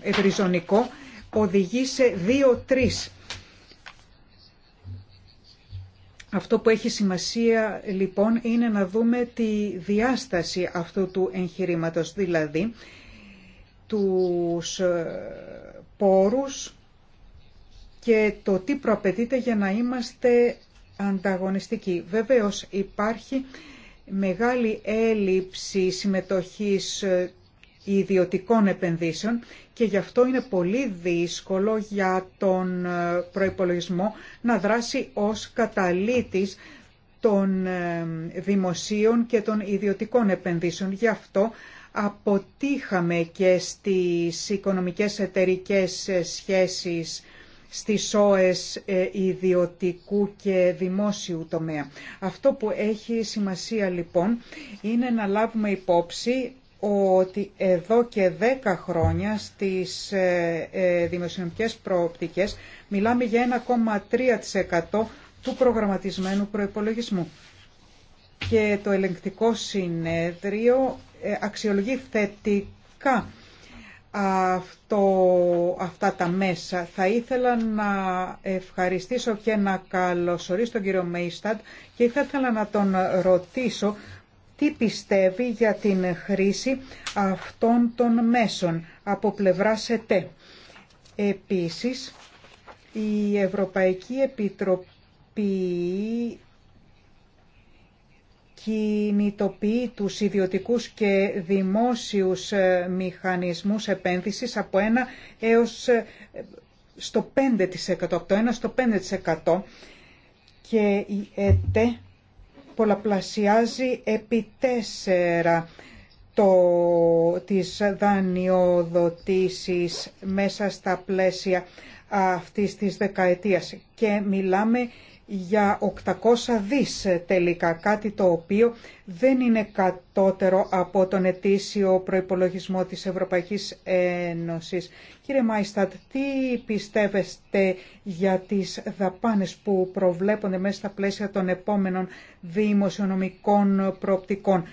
[SPEAKER 2] ευρυζωνικό οδηγεί σε 2-3 Αυτό που έχει σημασία λοιπόν είναι να δούμε τη διάσταση αυτού του εγχειρήματος, δηλαδή τους ε, πόρους και το τι προαπαιτείται για να είμαστε ανταγωνιστικοί. Βεβαίως υπάρχει μεγάλη έλλειψη συμμετοχής ε, ιδιωτικών επενδύσεων και γι' αυτό είναι πολύ δύσκολο για τον ε, προϋπολογισμό να δράσει ως καταλήτης των ε, δημοσίων και των ιδιωτικών επενδύσεων. Γι' αυτό αποτύχαμε και στις οικονομικές εταιρικές ε, σχέσεις στις ΣΟΕΣ ιδιωτικού και δημόσιου τομέα. Αυτό που έχει σημασία λοιπόν είναι να λάβουμε υπόψη ότι εδώ και 10 χρόνια στις ε, ε, δημοσιονομικές προοπτικές μιλάμε για 1,3% του προγραμματισμένου προϋπολογισμού. Και το ελεγκτικό συνέδριο ε, αξιολογεί θετικά αυτό, αυτά τα μέσα. Θα ήθελα να ευχαριστήσω και να καλωσορίσω τον κύριο Μέισταντ και θα ήθελα να τον ρωτήσω τι πιστεύει για την χρήση αυτών των μέσων από πλευρά ΣΕΤΕ. Επίσης, η Ευρωπαϊκή Επιτροπή κινητοποιεί τους ιδιωτικούς και δημόσιους ε, μηχανισμούς επένδυσης από ένα έως ε, στο 5%, το στο 5% και η ΕΤΕ πολλαπλασιάζει επί τέσσερα το, τις δανειοδοτήσεις μέσα στα πλαίσια αυτής της δεκαετίας και μιλάμε για 800 δις ε, τελικά, κάτι το οποίο δεν είναι κατώτερο από τον ετήσιο προϋπολογισμό της Ευρωπαϊκής Ένωσης. Κύριε Μάιστατ, τι πιστεύεστε για τις δαπάνες που προβλέπονται μέσα στα πλαίσια των επόμενων δημοσιονομικών προοπτικών.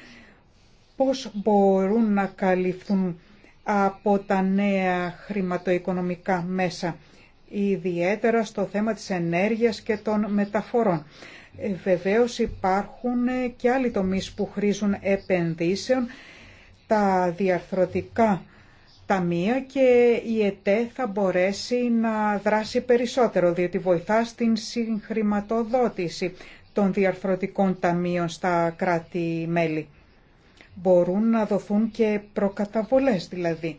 [SPEAKER 2] Πώς μπορούν να καλυφθούν από τα νέα χρηματοοικονομικά μέσα ιδιαίτερα στο θέμα της ενέργειας και των μεταφορών. Ε, βεβαίως υπάρχουν ε, και άλλοι τομείς που χρήζουν επενδύσεων, τα διαρθρωτικά ταμεία και η ΕΤΕ θα μπορέσει να δράσει περισσότερο, διότι βοηθά στην συγχρηματοδότηση των διαρθρωτικών ταμείων στα κράτη-μέλη. Μπορούν να δοθούν και προκαταβολές δηλαδή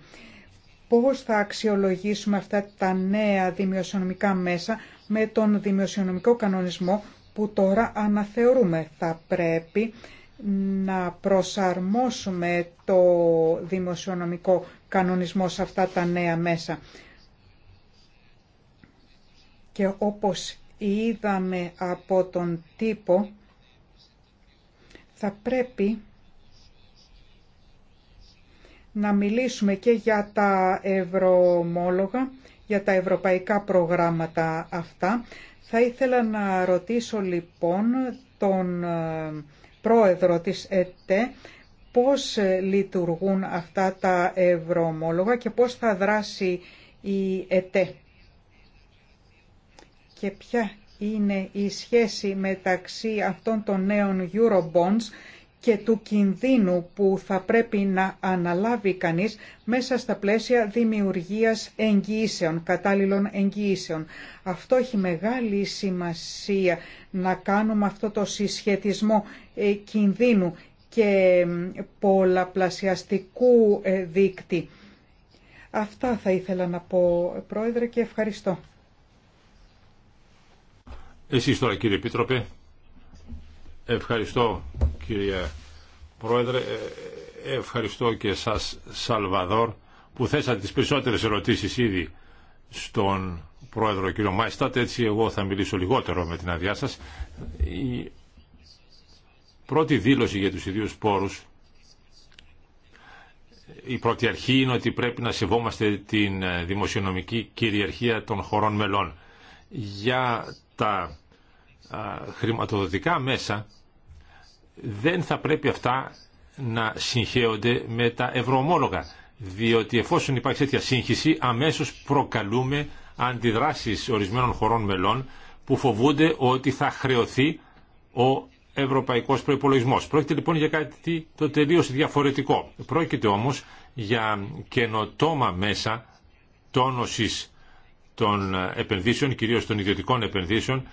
[SPEAKER 2] πώς θα αξιολογήσουμε αυτά τα νέα δημοσιονομικά μέσα με τον δημοσιονομικό κανονισμό που τώρα αναθεωρούμε. Θα πρέπει να προσαρμόσουμε το δημοσιονομικό κανονισμό σε αυτά τα νέα μέσα. Και όπως είδαμε από τον τύπο, θα πρέπει να μιλήσουμε και για τα ευρωομόλογα, για τα ευρωπαϊκά προγράμματα αυτά. Θα ήθελα να ρωτήσω λοιπόν τον ε, πρόεδρο της ΕΤΕ πώς ε, λειτουργούν αυτά τα ευρωομόλογα και πώς θα δράσει η ΕΤΕ και ποια είναι η σχέση μεταξύ αυτών των νέων Eurobonds και του κινδύνου που θα πρέπει να αναλάβει κανείς μέσα στα πλαίσια δημιουργίας εγγυήσεων, κατάλληλων εγγυήσεων. Αυτό έχει μεγάλη σημασία να κάνουμε αυτό το συσχετισμό ε, κινδύνου και πολλαπλασιαστικού ε, δίκτυ. Αυτά θα ήθελα να πω, Πρόεδρε, και ευχαριστώ.
[SPEAKER 1] Εσείς τώρα, κύριε Επίτροπε, ευχαριστώ κύριε Πρόεδρε. Ε, ε, ευχαριστώ και σας Σαλβαδόρ που θέσατε τις περισσότερες ερωτήσεις ήδη στον Πρόεδρο κύριο Μάιστατ. Έτσι εγώ θα μιλήσω λιγότερο με την αδειά σας. Η πρώτη δήλωση για τους ιδίους πόρους η πρώτη αρχή είναι ότι πρέπει να σεβόμαστε την ε, δημοσιονομική κυριαρχία των χωρών μελών. Για τα χρηματοδοτικά μέσα δεν θα πρέπει αυτά να συγχέονται με τα ευρωομόλογα, διότι εφόσον υπάρχει τέτοια σύγχυση, αμέσως προκαλούμε αντιδράσεις ορισμένων χωρών μελών που φοβούνται ότι θα χρεωθεί ο ευρωπαϊκός προϋπολογισμός. Πρόκειται λοιπόν για κάτι το τελείως διαφορετικό. Πρόκειται όμως για καινοτόμα μέσα τόνωση των επενδύσεων, κυρίως των ιδιωτικών επενδύσεων,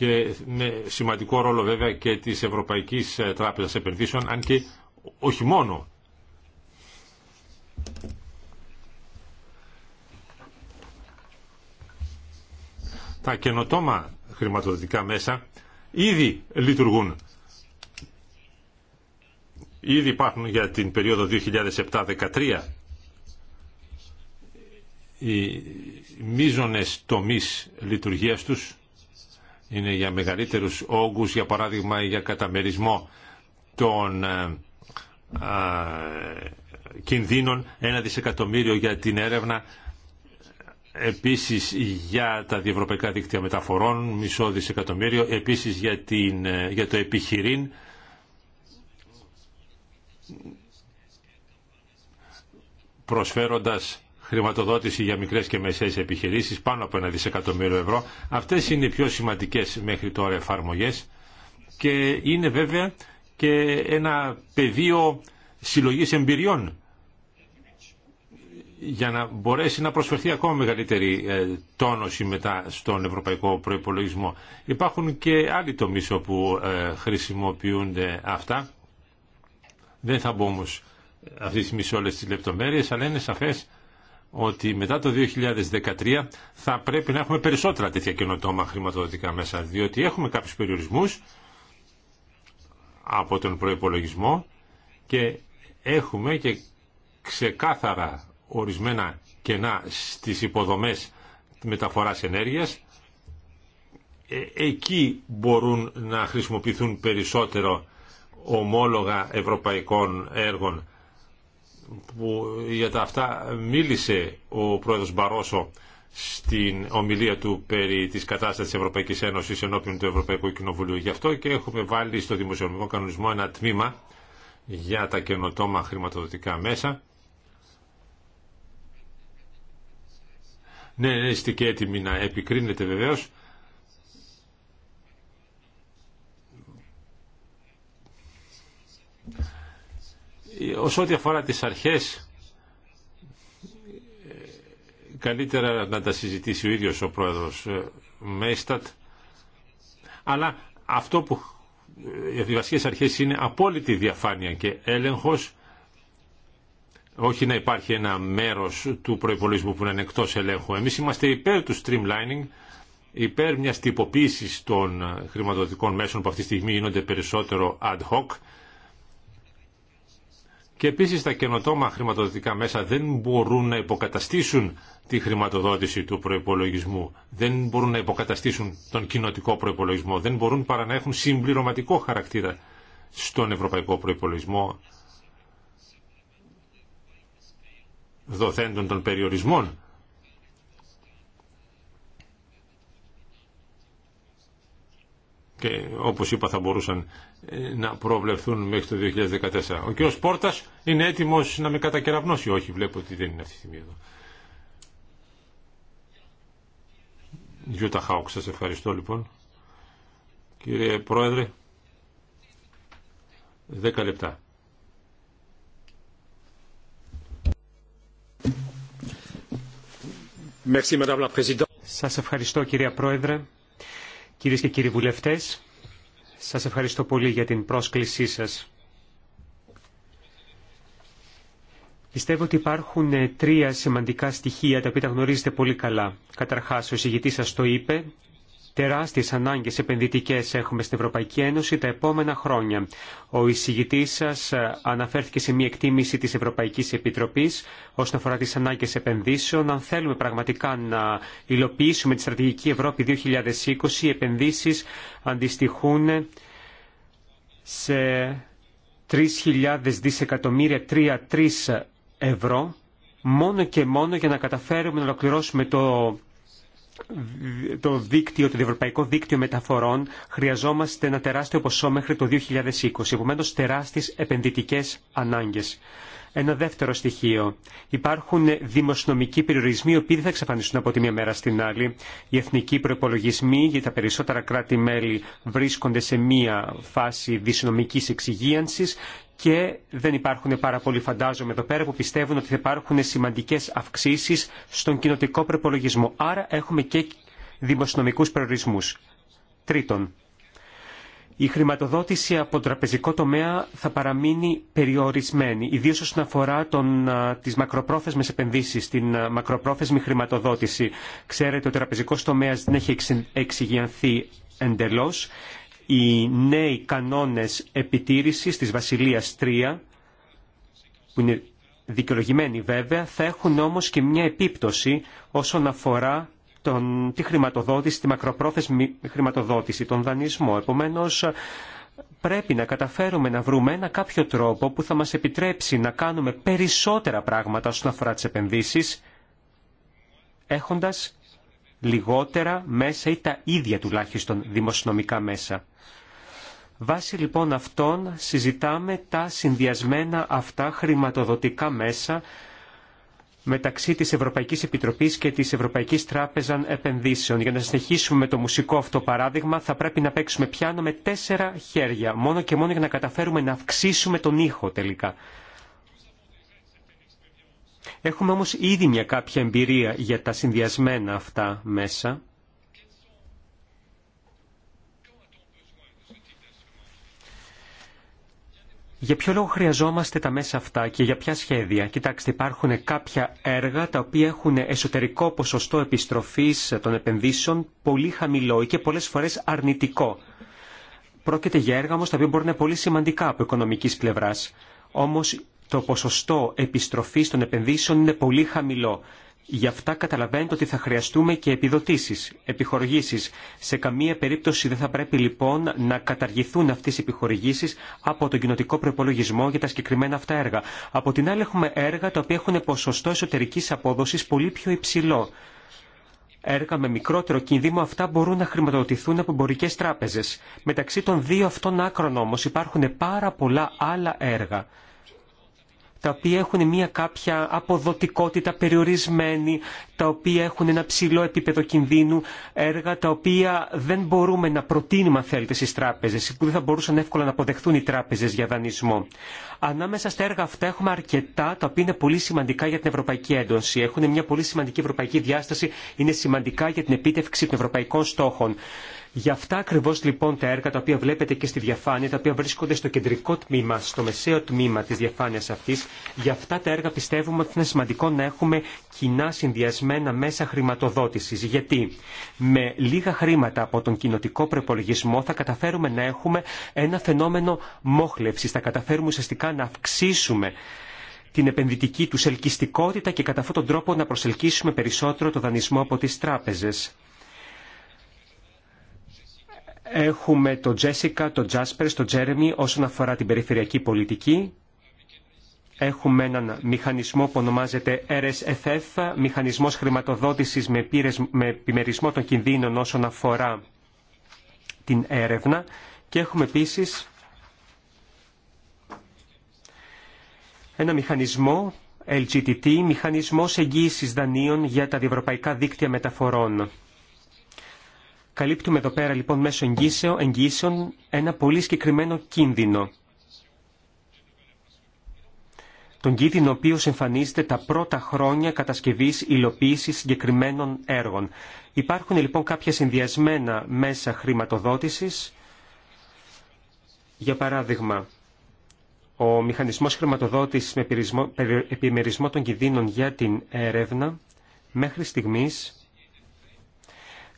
[SPEAKER 1] και με σημαντικό ρόλο βέβαια και της Ευρωπαϊκής ε, Τράπεζας Επενδύσεων, αν και όχι μόνο. Τα καινοτόμα χρηματοδοτικά μέσα ήδη λειτουργούν. Ήδη υπάρχουν για την περίοδο 2007-2013 οι μείζονες τομείς λειτουργίας τους είναι για μεγαλύτερους όγκους, για παράδειγμα για καταμερισμό των ε, κινδύνων, ένα δισεκατομμύριο για την έρευνα, επίσης για τα διευρωπαϊκά δίκτυα μεταφορών, μισό δισεκατομμύριο, επίσης για, ε, για το επιχειρήν, προσφέροντας χρηματοδότηση για μικρές και μεσαίες επιχειρήσεις πάνω από ένα δισεκατομμύριο ευρώ. Αυτές είναι οι πιο σημαντικές μέχρι τώρα εφαρμογές και είναι βέβαια και ένα πεδίο συλλογής εμπειριών για να μπορέσει να προσφερθεί ακόμα μεγαλύτερη ε, τόνωση μετά στον ευρωπαϊκό προϋπολογισμό. Υπάρχουν και άλλοι τομείς όπου ε, χρησιμοποιούνται αυτά. Δεν θα μπω όμως αυτή τη στιγμή σε όλες τις λεπτομέρειες, αλλά είναι σαφές ότι μετά το 2013 θα πρέπει να έχουμε περισσότερα τέτοια καινοτόμα χρηματοδοτικά μέσα, διότι έχουμε κάποιους περιορισμούς από τον προϋπολογισμό και έχουμε και ξεκάθαρα ορισμένα κενά στις υποδομές μεταφοράς ενέργειας. Ε, εκεί μπορούν να χρησιμοποιηθούν περισσότερο ομόλογα ευρωπαϊκών έργων που για τα αυτά μίλησε ο πρόεδρος Μπαρόσο στην ομιλία του περί της κατάστασης της Ευρωπαϊκής Ένωσης ενώπιον του Ευρωπαϊκού Κοινοβουλίου. Γι' αυτό και έχουμε βάλει στο δημοσιονομικό κανονισμό ένα τμήμα για τα καινοτόμα χρηματοδοτικά μέσα. Ναι, ναι, είστε και έτοιμοι να επικρίνετε βεβαίως. Ως ό,τι αφορά τις αρχές, καλύτερα να τα συζητήσει ο ίδιος ο πρόεδρος ε, Μέιστατ, αλλά αυτό που ε, οι βασικές αρχές είναι απόλυτη διαφάνεια και έλεγχος, όχι να υπάρχει ένα μέρος του προϋπολογισμού που να είναι εκτός ελέγχου. Εμείς είμαστε υπέρ του streamlining, υπέρ μιας τυποποίησης των ε, χρηματοδοτικών μέσων που αυτή τη στιγμή γίνονται περισσότερο ad hoc και επίσης τα καινοτόμα χρηματοδοτικά μέσα δεν μπορούν να υποκαταστήσουν τη χρηματοδότηση του προϋπολογισμού, δεν μπορούν να υποκαταστήσουν τον κοινοτικό προϋπολογισμό, δεν μπορούν παρά να έχουν συμπληρωματικό χαρακτήρα στον ευρωπαϊκό προϋπολογισμό δοθέντων των περιορισμών και όπως είπα θα μπορούσαν ε, να προβλεφθούν μέχρι το 2014. Ο κύριος Πόρτας είναι έτοιμος να με κατακεραυνώσει. Όχι, βλέπω ότι δεν είναι αυτή τη στιγμή εδώ. Γιούτα Χάουκ, σας ευχαριστώ λοιπόν. Κύριε Πρόεδρε, 10 λεπτά.
[SPEAKER 3] Σας ευχαριστώ κυρία Πρόεδρε. Κυρίες και κύριοι βουλευτές, σας ευχαριστώ πολύ για την πρόσκλησή σας. Πιστεύω ότι υπάρχουν ε, τρία σημαντικά στοιχεία τα οποία τα γνωρίζετε πολύ καλά. Καταρχάς, ο εισηγητής σας το είπε, τεράστιες ανάγκες επενδυτικέ έχουμε στην Ευρωπαϊκή Ένωση τα επόμενα χρόνια. Ο εισηγητή σας ε, αναφέρθηκε σε μια εκτίμηση της Ευρωπαϊκής Επιτροπής όσον αφορά τι ανάγκε επενδύσεων. Αν θέλουμε πραγματικά να υλοποιήσουμε τη στρατηγική Ευρώπη 2020, οι επενδύσεις αντιστοιχούν σε 3.000 δισεκατομμύρια 3-3 ευρώ μόνο και μόνο για να καταφέρουμε να ολοκληρώσουμε το το δίκτυο, το ευρωπαϊκό δίκτυο μεταφορών χρειαζόμαστε ένα τεράστιο ποσό μέχρι το 2020, επομένω τεράστιες επενδυτικές ανάγκες. Ένα δεύτερο στοιχείο. Υπάρχουν δημοσιονομικοί περιορισμοί, οι οποίοι δεν θα εξαφανιστούν από τη μία μέρα στην άλλη. Οι εθνικοί προπολογισμοί για τα περισσότερα κράτη-μέλη βρίσκονται σε μία φάση δυσνομική εξυγίανση και δεν υπάρχουν πάρα πολλοί φαντάζομαι εδώ πέρα που πιστεύουν ότι θα υπάρχουν σημαντικές αυξήσεις στον κοινοτικό προπολογισμό. Άρα έχουμε και δημοσιονομικούς προορισμούς. Τρίτον, η χρηματοδότηση από τον τραπεζικό τομέα θα παραμείνει περιορισμένη, ιδίως όσον αφορά τον, τις μακροπρόθεσμες επενδύσεις, την μακροπρόθεσμη χρηματοδότηση. Ξέρετε ότι ο τραπεζικός τομέας δεν έχει εξηγιανθεί εντελώς οι νέοι κανόνες επιτήρησης της Βασιλείας 3, που είναι δικαιολογημένοι βέβαια, θα έχουν όμως και μια επίπτωση όσον αφορά τον, τη χρηματοδότηση, τη μακροπρόθεσμη χρηματοδότηση, τον δανεισμό. Επομένως, πρέπει να καταφέρουμε να βρούμε ένα κάποιο τρόπο που θα μας επιτρέψει να κάνουμε περισσότερα πράγματα όσον αφορά τις επενδύσεις, έχοντας λιγότερα μέσα ή τα ίδια τουλάχιστον δημοσιονομικά μέσα. Βάσει λοιπόν αυτών συζητάμε τα συνδυασμένα αυτά χρηματοδοτικά μέσα μεταξύ της Ευρωπαϊκής Επιτροπής και της Ευρωπαϊκής Τράπεζας Επενδύσεων. Για να συνεχίσουμε με το μουσικό αυτό παράδειγμα θα πρέπει να παίξουμε πιάνο με τέσσερα χέρια, μόνο και μόνο για να καταφέρουμε να αυξήσουμε τον ήχο τελικά. Έχουμε όμως ήδη μια κάποια εμπειρία για τα συνδυασμένα αυτά μέσα. Για ποιο λόγο χρειαζόμαστε τα μέσα αυτά και για ποια σχέδια. Κοιτάξτε, υπάρχουν κάποια έργα τα οποία έχουν εσωτερικό ποσοστό επιστροφής των επενδύσεων πολύ χαμηλό και πολλές φορές αρνητικό. Πρόκειται για έργα όμως τα οποία μπορεί να είναι πολύ σημαντικά από οικονομικής πλευράς. Όμως το ποσοστό επιστροφής των επενδύσεων είναι πολύ χαμηλό. Γι' αυτά καταλαβαίνετε ότι θα χρειαστούμε και επιδοτήσεις, επιχορηγήσεις. Σε καμία περίπτωση δεν θα πρέπει λοιπόν να καταργηθούν αυτές οι επιχορηγήσεις από τον κοινοτικό προπολογισμό για τα συγκεκριμένα αυτά έργα. Από την άλλη έχουμε έργα τα οποία έχουν ποσοστό εσωτερικής απόδοσης πολύ πιο υψηλό. Έργα με μικρότερο κίνδυνο αυτά μπορούν να χρηματοδοτηθούν από εμπορικέ τράπεζες. Μεταξύ των δύο αυτών άκρων όμω υπάρχουν πάρα πολλά άλλα έργα τα οποία έχουν μια κάποια αποδοτικότητα περιορισμένη, τα οποία έχουν ένα ψηλό επίπεδο κινδύνου, έργα τα οποία δεν μπορούμε να προτείνουμε αν θέλετε στις τράπεζες που δεν θα μπορούσαν εύκολα να αποδεχθούν οι τράπεζες για δανεισμό. Ανάμεσα στα έργα αυτά έχουμε αρκετά τα οποία είναι πολύ σημαντικά για την Ευρωπαϊκή Ένωση. Έχουν μια πολύ σημαντική ευρωπαϊκή διάσταση, είναι σημαντικά για την επίτευξη των ευρωπαϊκών στόχων. Γι' αυτά ακριβώ λοιπόν τα έργα τα οποία βλέπετε και στη διαφάνεια, τα οποία βρίσκονται στο κεντρικό τμήμα, στο μεσαίο τμήμα τη διαφάνεια αυτή, γι' αυτά τα έργα πιστεύουμε ότι είναι σημαντικό να έχουμε κοινά συνδυασμένα μέσα χρηματοδότηση. Γιατί με λίγα χρήματα από τον κοινοτικό προπολογισμό θα καταφέρουμε να έχουμε ένα φαινόμενο μόχλευση, θα καταφέρουμε ουσιαστικά να αυξήσουμε την επενδυτική του ελκυστικότητα και κατά αυτόν τον τρόπο να προσελκύσουμε περισσότερο το δανεισμό από τι τράπεζε. Έχουμε το Τζέσικα, τον Τζάσπερ, το Τζέρεμι όσον αφορά την περιφερειακή πολιτική. Έχουμε έναν μηχανισμό που ονομάζεται RSFF, μηχανισμός χρηματοδότησης με, με επιμερισμό των κινδύνων όσον αφορά την έρευνα. Και έχουμε επίσης ένα μηχανισμό LGTT, μηχανισμός εγγύησης δανείων για τα διευρωπαϊκά δίκτυα μεταφορών. Καλύπτουμε εδώ πέρα λοιπόν μέσω εγγύσεων ένα πολύ συγκεκριμένο κίνδυνο. Τον κίνδυνο ο οποίο εμφανίζεται τα πρώτα χρόνια κατασκευής υλοποίησης συγκεκριμένων έργων. Υπάρχουν λοιπόν κάποια συνδυασμένα μέσα χρηματοδότησης. Για παράδειγμα, ο μηχανισμός χρηματοδότησης με επιμερισμό των κινδύνων για την έρευνα μέχρι στιγμής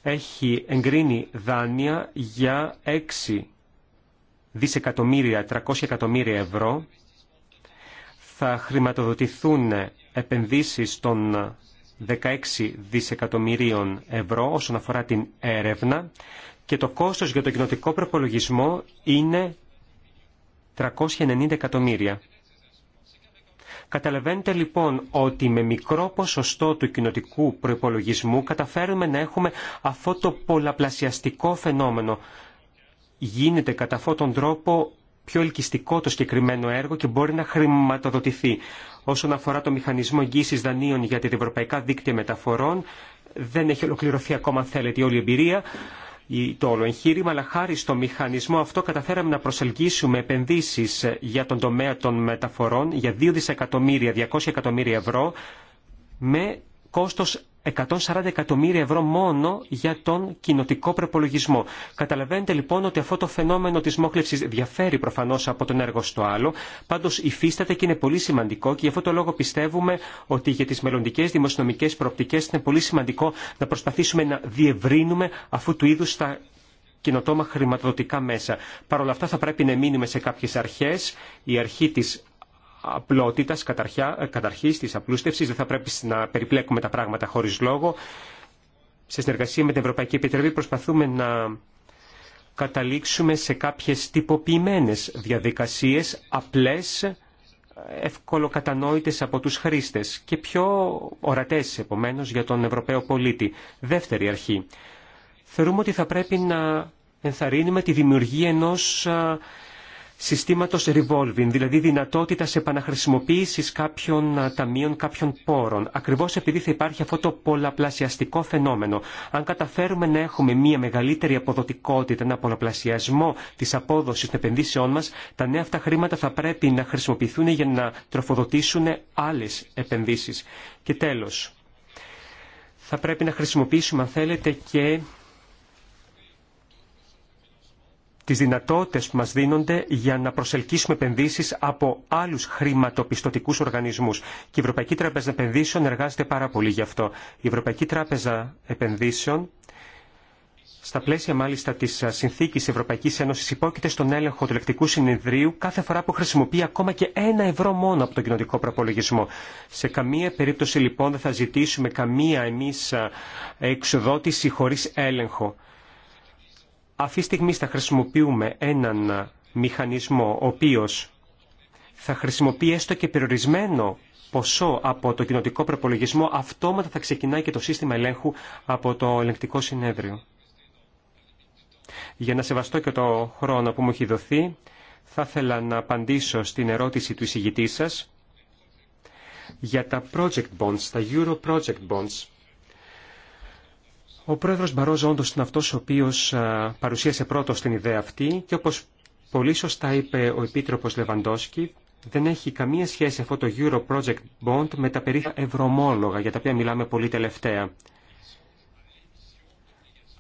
[SPEAKER 3] έχει εγκρίνει δάνεια για 6 δισεκατομμύρια, 300 εκατομμύρια ευρώ. Θα χρηματοδοτηθούν επενδύσεις των 16 δισεκατομμυρίων ευρώ όσον αφορά την έρευνα και το κόστος για τον κοινοτικό προπολογισμό είναι 390 εκατομμύρια. Καταλαβαίνετε λοιπόν ότι με μικρό ποσοστό του κοινοτικού προπολογισμού καταφέρουμε να έχουμε αυτό το πολλαπλασιαστικό φαινόμενο. Γίνεται κατά αυτόν τον τρόπο πιο ελκυστικό το συγκεκριμένο έργο και μπορεί να χρηματοδοτηθεί. Όσον αφορά το μηχανισμό εγγύησης δανείων για την ευρωπαϊκά δίκτυα μεταφορών, δεν έχει ολοκληρωθεί ακόμα, θέλετε, όλη η εμπειρία το όλο εγχείρημα, αλλά χάρη στο μηχανισμό αυτό καταφέραμε να προσελκύσουμε επενδύσεις ε, για τον τομέα των μεταφορών για 2 δισεκατομμύρια, 200 εκατομμύρια ευρώ με κόστος 140 εκατομμύρια ευρώ μόνο για τον κοινοτικό προπολογισμό. Καταλαβαίνετε λοιπόν ότι αυτό το φαινόμενο της μόχλευσης διαφέρει προφανώς από τον έργο στο άλλο, πάντως υφίσταται και είναι πολύ σημαντικό και γι' αυτό το λόγο πιστεύουμε ότι για τις μελλοντικές δημοσιονομικές προοπτικές είναι πολύ σημαντικό να προσπαθήσουμε να διευρύνουμε αφού του είδους τα κοινοτόμα χρηματοδοτικά μέσα. Παρ' όλα αυτά θα πρέπει να μείνουμε σε κάποιες αρχές, η αρχή της Απλότητα ε, καταρχής τη απλούστευση, Δεν θα πρέπει να περιπλέκουμε τα πράγματα χωρίς λόγο. Σε συνεργασία με την Ευρωπαϊκή Επιτροπή προσπαθούμε να καταλήξουμε σε κάποιες τυποποιημένες διαδικασίες, απλές, ευκολοκατανόητες από τους χρήστες και πιο ορατές επομένως για τον Ευρωπαίο πολίτη. Δεύτερη αρχή. Θεωρούμε ότι θα πρέπει να ενθαρρύνουμε τη δημιουργία ενός συστήματος revolving, δηλαδή δυνατότητας επαναχρησιμοποίησης κάποιων ταμείων, κάποιων πόρων, ακριβώς επειδή θα υπάρχει αυτό το πολλαπλασιαστικό φαινόμενο. Αν καταφέρουμε να έχουμε μια μεγαλύτερη αποδοτικότητα, ένα πολλαπλασιασμό της απόδοσης των επενδύσεών μας, τα νέα αυτά χρήματα θα πρέπει να χρησιμοποιηθούν για να τροφοδοτήσουν άλλες επενδύσεις. Και τέλος, θα πρέπει να χρησιμοποιήσουμε, αν θέλετε, και τις δυνατότητες που μας δίνονται για να προσελκύσουμε επενδύσεις από άλλους χρηματοπιστωτικούς οργανισμούς. Και η Ευρωπαϊκή Τράπεζα Επενδύσεων εργάζεται πάρα πολύ γι' αυτό. Η Ευρωπαϊκή Τράπεζα Επενδύσεων στα πλαίσια μάλιστα τη συνθήκη Ευρωπαϊκή Ένωση υπόκειται στον έλεγχο του λεκτικού συνεδρίου κάθε φορά που χρησιμοποιεί ακόμα και ένα ευρώ μόνο από τον κοινοτικό προπολογισμό. Σε καμία περίπτωση λοιπόν δεν θα ζητήσουμε καμία εμεί ε, εξοδότηση χωρί έλεγχο. Αυτή τη στιγμή θα χρησιμοποιούμε έναν μηχανισμό ο οποίος θα χρησιμοποιεί έστω και περιορισμένο ποσό από το κοινοτικό προπολογισμό, αυτόματα θα ξεκινάει και το σύστημα ελέγχου από το ελεγκτικό συνέδριο. Για να σεβαστώ και το χρόνο που μου έχει δοθεί, θα ήθελα να απαντήσω στην ερώτηση του εισηγητή σας για τα project bonds, τα euro project bonds. Ο πρόεδρος Μπαρόζο όντω είναι αυτός ο οποίος παρουσίασε πρώτος την ιδέα αυτή και όπως πολύ σωστά είπε ο επίτροπο Λεβαντόσκι, δεν έχει καμία σχέση αυτό το Euro Project Bond με τα περίφημα ευρωμόλογα για τα οποία μιλάμε πολύ τελευταία.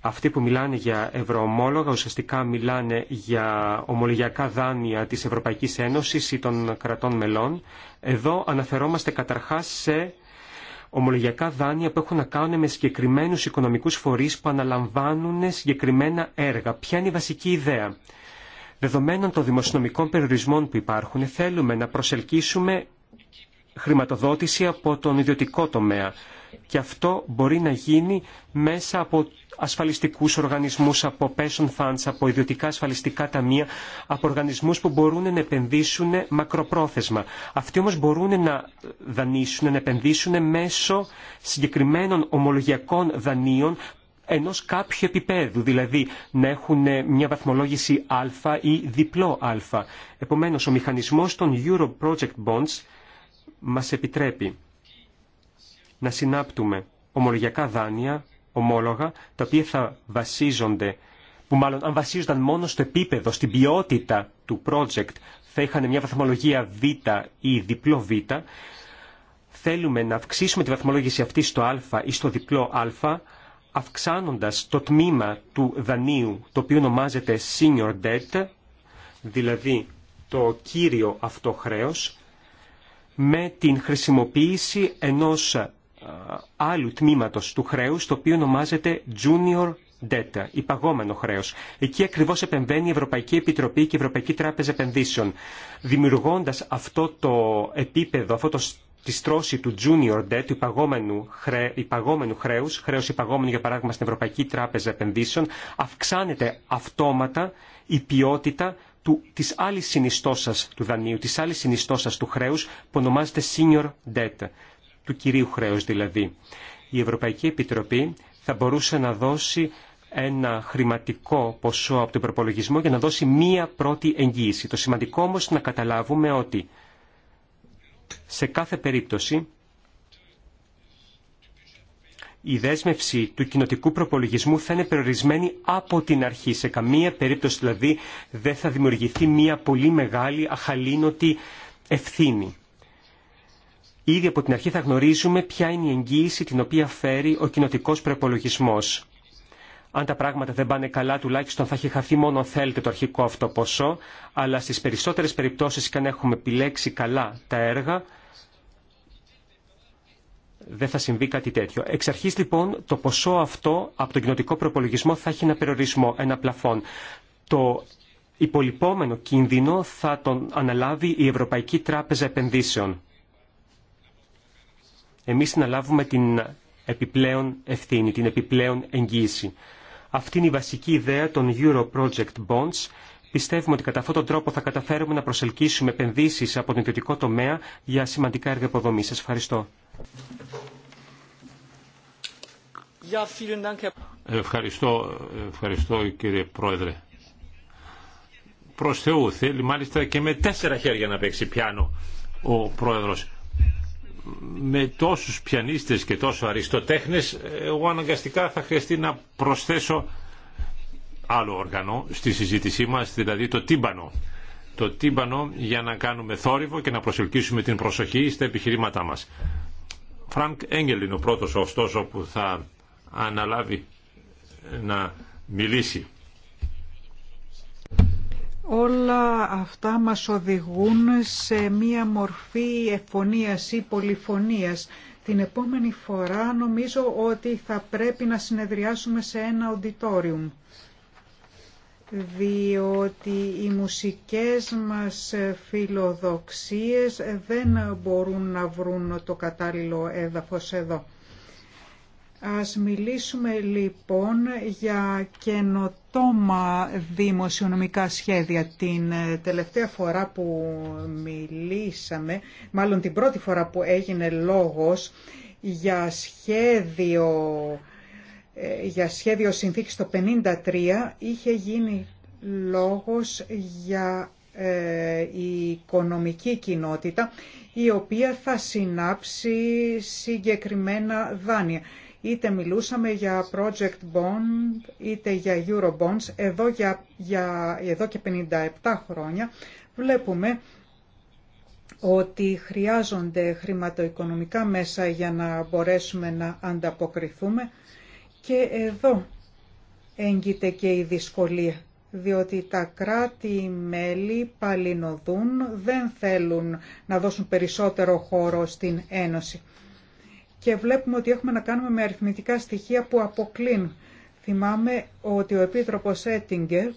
[SPEAKER 3] Αυτοί που μιλάνε για ευρωομόλογα ουσιαστικά μιλάνε για ομολογιακά δάνεια της Ευρωπαϊκής Ένωσης ή των κρατών μελών. Εδώ αναφερόμαστε καταρχάς σε ομολογιακά δάνεια που έχουν να κάνουν με συγκεκριμένου οικονομικού φορεί που αναλαμβάνουν συγκεκριμένα έργα. Ποια είναι η βασική ιδέα. Δεδομένων των δημοσιονομικών περιορισμών που υπάρχουν, θέλουμε να προσελκύσουμε χρηματοδότηση από τον ιδιωτικό τομέα και αυτό μπορεί να γίνει μέσα από ασφαλιστικούς οργανισμούς, από pension funds, από ιδιωτικά ασφαλιστικά ταμεία, από οργανισμούς που μπορούν να επενδύσουν μακροπρόθεσμα. Αυτοί όμως μπορούν να δανείσουν, να επενδύσουν μέσω συγκεκριμένων ομολογιακών δανείων ενός κάποιου επίπεδου, δηλαδή να έχουν μια βαθμολόγηση α ή διπλό α. Επομένως, ο μηχανισμός των Euro Project Bonds μας επιτρέπει να συνάπτουμε ομολογιακά δάνεια, ομόλογα, τα οποία θα βασίζονται, που μάλλον αν βασίζονταν μόνο στο επίπεδο, στην ποιότητα του project, θα είχαν μια βαθμολογία Β ή διπλό Β. Θέλουμε να αυξήσουμε τη βαθμολόγηση αυτή στο Α ή στο διπλό Α, αυξάνοντας το τμήμα του δανείου, το οποίο ονομάζεται senior debt, δηλαδή το κύριο αυτό χρέος, με την χρησιμοποίηση ενός ε, άλλου τμήματος του χρέους, το οποίο ονομάζεται Junior debt υπαγόμενο χρέος. Εκεί ακριβώς επεμβαίνει η Ευρωπαϊκή Επιτροπή και η Ευρωπαϊκή Τράπεζα Επενδύσεων, δημιουργώντας αυτό το επίπεδο, αυτό το τη στρώση του junior debt, του υπαγόμενου, χρέ, υπαγόμενου χρέους, χρέος υπαγόμενου για παράδειγμα στην Ευρωπαϊκή Τράπεζα Επενδύσεων, αυξάνεται αυτόματα η ποιότητα του, της άλλης σα του δανείου, της άλλης Συνιστόσα του χρέους που ονομάζεται senior debt του κυρίου χρέους δηλαδή. Η Ευρωπαϊκή Επιτροπή θα μπορούσε να δώσει ένα χρηματικό ποσό από τον προπολογισμό για να δώσει μία πρώτη εγγύηση. Το σημαντικό όμως να καταλάβουμε ότι σε κάθε περίπτωση η δέσμευση του κοινοτικού προπολογισμού θα είναι περιορισμένη από την αρχή. Σε καμία περίπτωση δηλαδή δεν θα δημιουργηθεί μία πολύ μεγάλη αχαλήνοτη ευθύνη. Ήδη από την αρχή θα γνωρίζουμε ποια είναι η εγγύηση την οποία φέρει ο κοινοτικό προπολογισμό. Αν τα πράγματα δεν πάνε καλά, τουλάχιστον θα έχει χαθεί μόνο αν θέλετε το αρχικό αυτό ποσό, αλλά στι περισσότερε περιπτώσει, και αν έχουμε επιλέξει καλά τα έργα, δεν θα συμβεί κάτι τέτοιο. Εξ αρχή λοιπόν το ποσό αυτό από τον κοινοτικό προπολογισμό θα έχει ένα περιορισμό, ένα πλαφόν. Το υπολοιπόμενο κίνδυνο θα τον αναλάβει η Ευρωπαϊκή Τράπεζα Επενδύσεων εμείς να λάβουμε την επιπλέον ευθύνη, την επιπλέον εγγύηση. Αυτή είναι η βασική ιδέα των Euro Project Bonds. Πιστεύουμε ότι κατά αυτόν τον τρόπο θα καταφέρουμε να προσελκύσουμε επενδύσει από τον ιδιωτικό τομέα για σημαντικά έργα υποδομή. Σα ευχαριστώ.
[SPEAKER 1] Ευχαριστώ, ευχαριστώ κύριε Πρόεδρε. Προς Θεού θέλει μάλιστα και με τέσσερα χέρια να παίξει πιάνο ο Πρόεδρος με τόσους πιανίστες και τόσο αριστοτέχνες εγώ αναγκαστικά θα χρειαστεί να προσθέσω άλλο όργανο στη συζήτησή μας, δηλαδή το τύμπανο. Το τύμπανο για να κάνουμε θόρυβο και να προσελκύσουμε την προσοχή στα επιχειρήματά μας. Φρανκ Έγγελ είναι ο πρώτος ωστόσο που θα αναλάβει να μιλήσει
[SPEAKER 2] όλα αυτά μας οδηγούν σε μία μορφή εφωνίας ή πολυφωνίας. Την επόμενη φορά νομίζω ότι θα πρέπει να συνεδριάσουμε σε ένα οντιτόριουμ διότι οι μουσικές μας φιλοδοξίες δεν μπορούν να βρουν το κατάλληλο έδαφος εδώ. Ας μιλήσουμε λοιπόν για καινοτόμα δημοσιονομικά σχέδια. Την ε, τελευταία φορά που μιλήσαμε, μάλλον την πρώτη φορά που έγινε λόγος για σχέδιο, ε, για σχέδιο συνθήκης το 53, είχε γίνει λόγος για ε, η οικονομική κοινότητα η οποία θα συνάψει συγκεκριμένα δάνεια Είτε μιλούσαμε για project bond, είτε για eurobonds. Εδώ, για, για, εδώ και 57 χρόνια βλέπουμε ότι χρειάζονται χρηματοοικονομικά μέσα για να μπορέσουμε να ανταποκριθούμε και εδώ έγκυται και η δυσκολία διότι τα κράτη-μέλη παλινοδούν, δεν θέλουν να δώσουν περισσότερο χώρο στην Ένωση και βλέπουμε ότι έχουμε να κάνουμε με αριθμητικά στοιχεία που αποκλίνουν. Θυμάμαι ότι ο Επίτροπος Έτιγκερ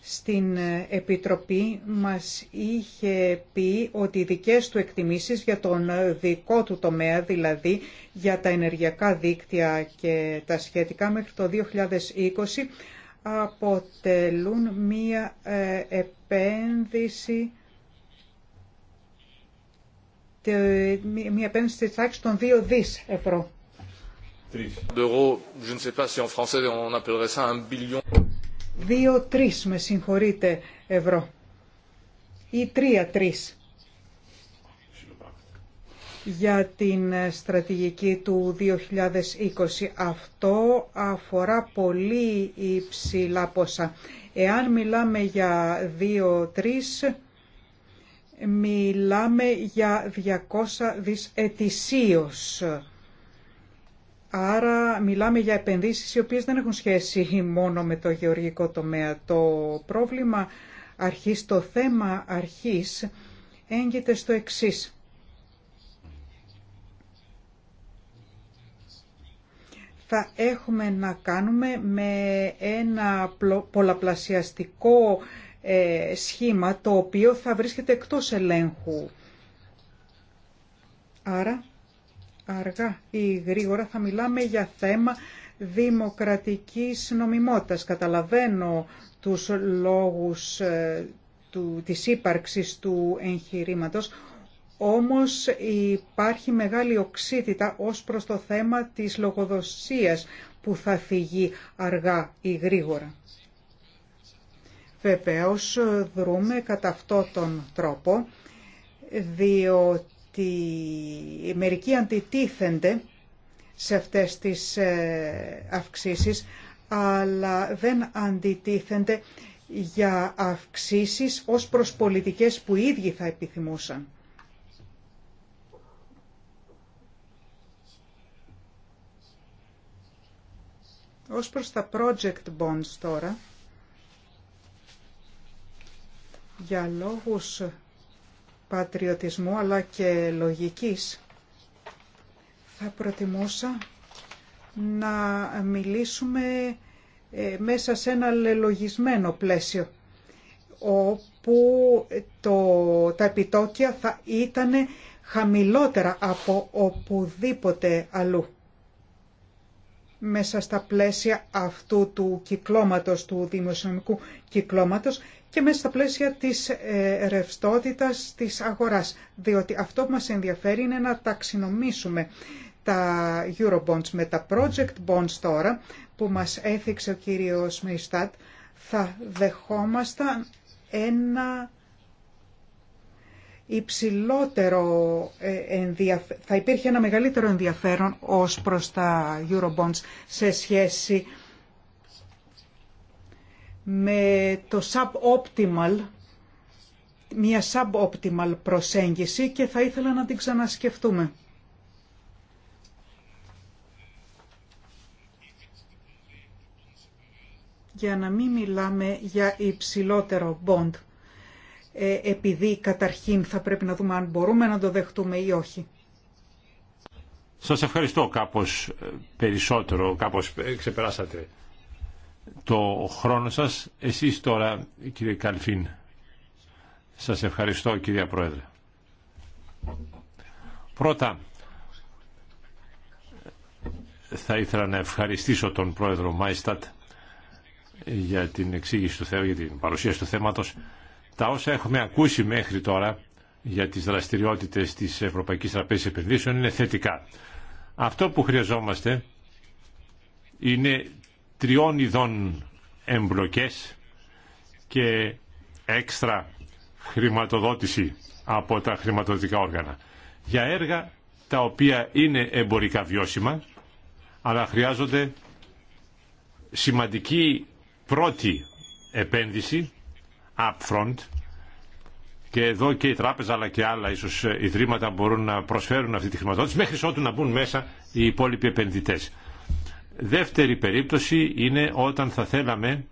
[SPEAKER 2] στην ε, Επιτροπή μας είχε πει ότι οι δικές του εκτιμήσεις για τον ε, δικό του τομέα, δηλαδή για τα ενεργειακά δίκτυα και τα σχετικά μέχρι το 2020, αποτελούν μία ε, επένδυση μια επένδυση της τάξης των 2 δις ευρώ. 2-3 με συγχωρείτε ευρώ. Ή 3-3. Για την ε, στρατηγική του 2020. Αυτό αφορά πολύ υψηλά ποσά. Εάν μιλάμε για 2-3... Μιλάμε για 200 δις ετησίως. Άρα μιλάμε για επενδύσεις οι οποίες δεν έχουν σχέση μόνο με το γεωργικό τομέα. Το πρόβλημα αρχής, το θέμα αρχής έγκυται στο εξής. Θα έχουμε να κάνουμε με ένα πολλαπλασιαστικό ε, σχήμα το οποίο θα βρίσκεται εκτός ελέγχου. Άρα, αργά ή γρήγορα θα μιλάμε για θέμα δημοκρατικής νομιμότητας. Καταλαβαίνω τους λόγους ε, του, της ύπαρξης του εγχειρήματος, όμως υπάρχει μεγάλη οξύτητα ως προς το θέμα της λογοδοσίας που θα φυγεί αργά ή γρήγορα. Βεβαίως δρούμε κατά αυτό τον τρόπο, διότι μερικοί αντιτίθενται σε αυτές τις ε, αυξήσεις, αλλά δεν αντιτίθενται για αυξήσεις ως προς πολιτικές που οι ίδιοι θα επιθυμούσαν. Ως προς τα project bonds τώρα, Για λόγους πατριωτισμού αλλά και λογικής θα προτιμούσα να μιλήσουμε ε, μέσα σε ένα λελογισμένο πλαίσιο όπου το, τα επιτόκια θα ήταν χαμηλότερα από οπουδήποτε αλλού μέσα στα πλαίσια αυτού του κυκλώματος, του δημοσιονομικού κυκλώματος και μέσα στα πλαίσια της ε, ρευστότητας της αγοράς. Διότι αυτό που μας ενδιαφέρει είναι να ταξινομήσουμε τα Eurobonds με τα Project Bonds τώρα που μας έθιξε ο κύριος Μεϊστάτ θα δεχόμασταν ένα υψηλότερο ε, θα υπήρχε ένα μεγαλύτερο ενδιαφέρον ως προς τα Eurobonds σε σχέση με το suboptimal, μια suboptimal προσέγγιση και θα ήθελα να την ξανασκεφτούμε. Για να μην μιλάμε για υψηλότερο bond. Ε, επειδή καταρχήν θα πρέπει να δούμε αν μπορούμε να το δεχτούμε ή όχι.
[SPEAKER 1] Σας ευχαριστώ κάπως ε, περισσότερο, κάπως ε, ξεπεράσατε το χρόνο σας. Εσείς τώρα, κύριε Καλφίν, σας ευχαριστώ κυρία Πρόεδρε. Πρώτα, θα ήθελα να ευχαριστήσω τον Πρόεδρο Μάιστατ για την εξήγηση του θεού για την παρουσίαση του θέματος. Τα όσα έχουμε ακούσει μέχρι τώρα για τις δραστηριότητες της Ευρωπαϊκής Τραπέζης Επενδύσεων είναι θετικά. Αυτό που χρειαζόμαστε είναι τριών ειδών εμπλοκές και έξτρα χρηματοδότηση από τα χρηματοδοτικά όργανα για έργα τα οποία είναι εμπορικά βιώσιμα αλλά χρειάζονται σημαντική πρώτη επένδυση upfront και εδώ και η τράπεζα αλλά και άλλα ίσως ε, ιδρύματα μπορούν να προσφέρουν αυτή τη χρηματοδότηση μέχρι ότου να μπουν μέσα οι υπόλοιποι επενδυτές. Δεύτερη περίπτωση είναι όταν θα θέλαμε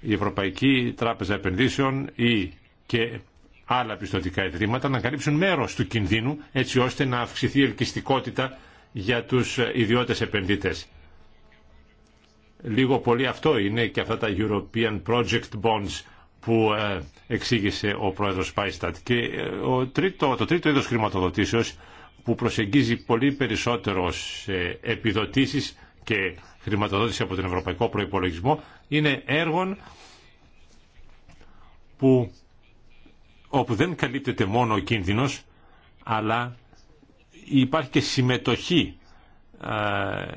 [SPEAKER 1] η Ευρωπαϊκή Τράπεζα Επενδύσεων ή και άλλα πιστοτικά ιδρύματα να καλύψουν μέρος του κινδύνου έτσι ώστε να αυξηθεί η ελκυστικότητα για τους ε, ιδιώτες επενδυτές. Λίγο πολύ αυτό είναι και αυτά τα European Project Bonds που ε, εξήγησε ο πρόεδρος Πάιστατ. Και ε, ο τρίτο, το τρίτο είδος χρηματοδοτήσεως που προσεγγίζει πολύ περισσότερο σε επιδοτήσεις και χρηματοδότηση από τον Ευρωπαϊκό Προϋπολογισμό είναι έργων που, όπου δεν καλύπτεται μόνο ο κίνδυνος αλλά υπάρχει και συμμετοχή ε,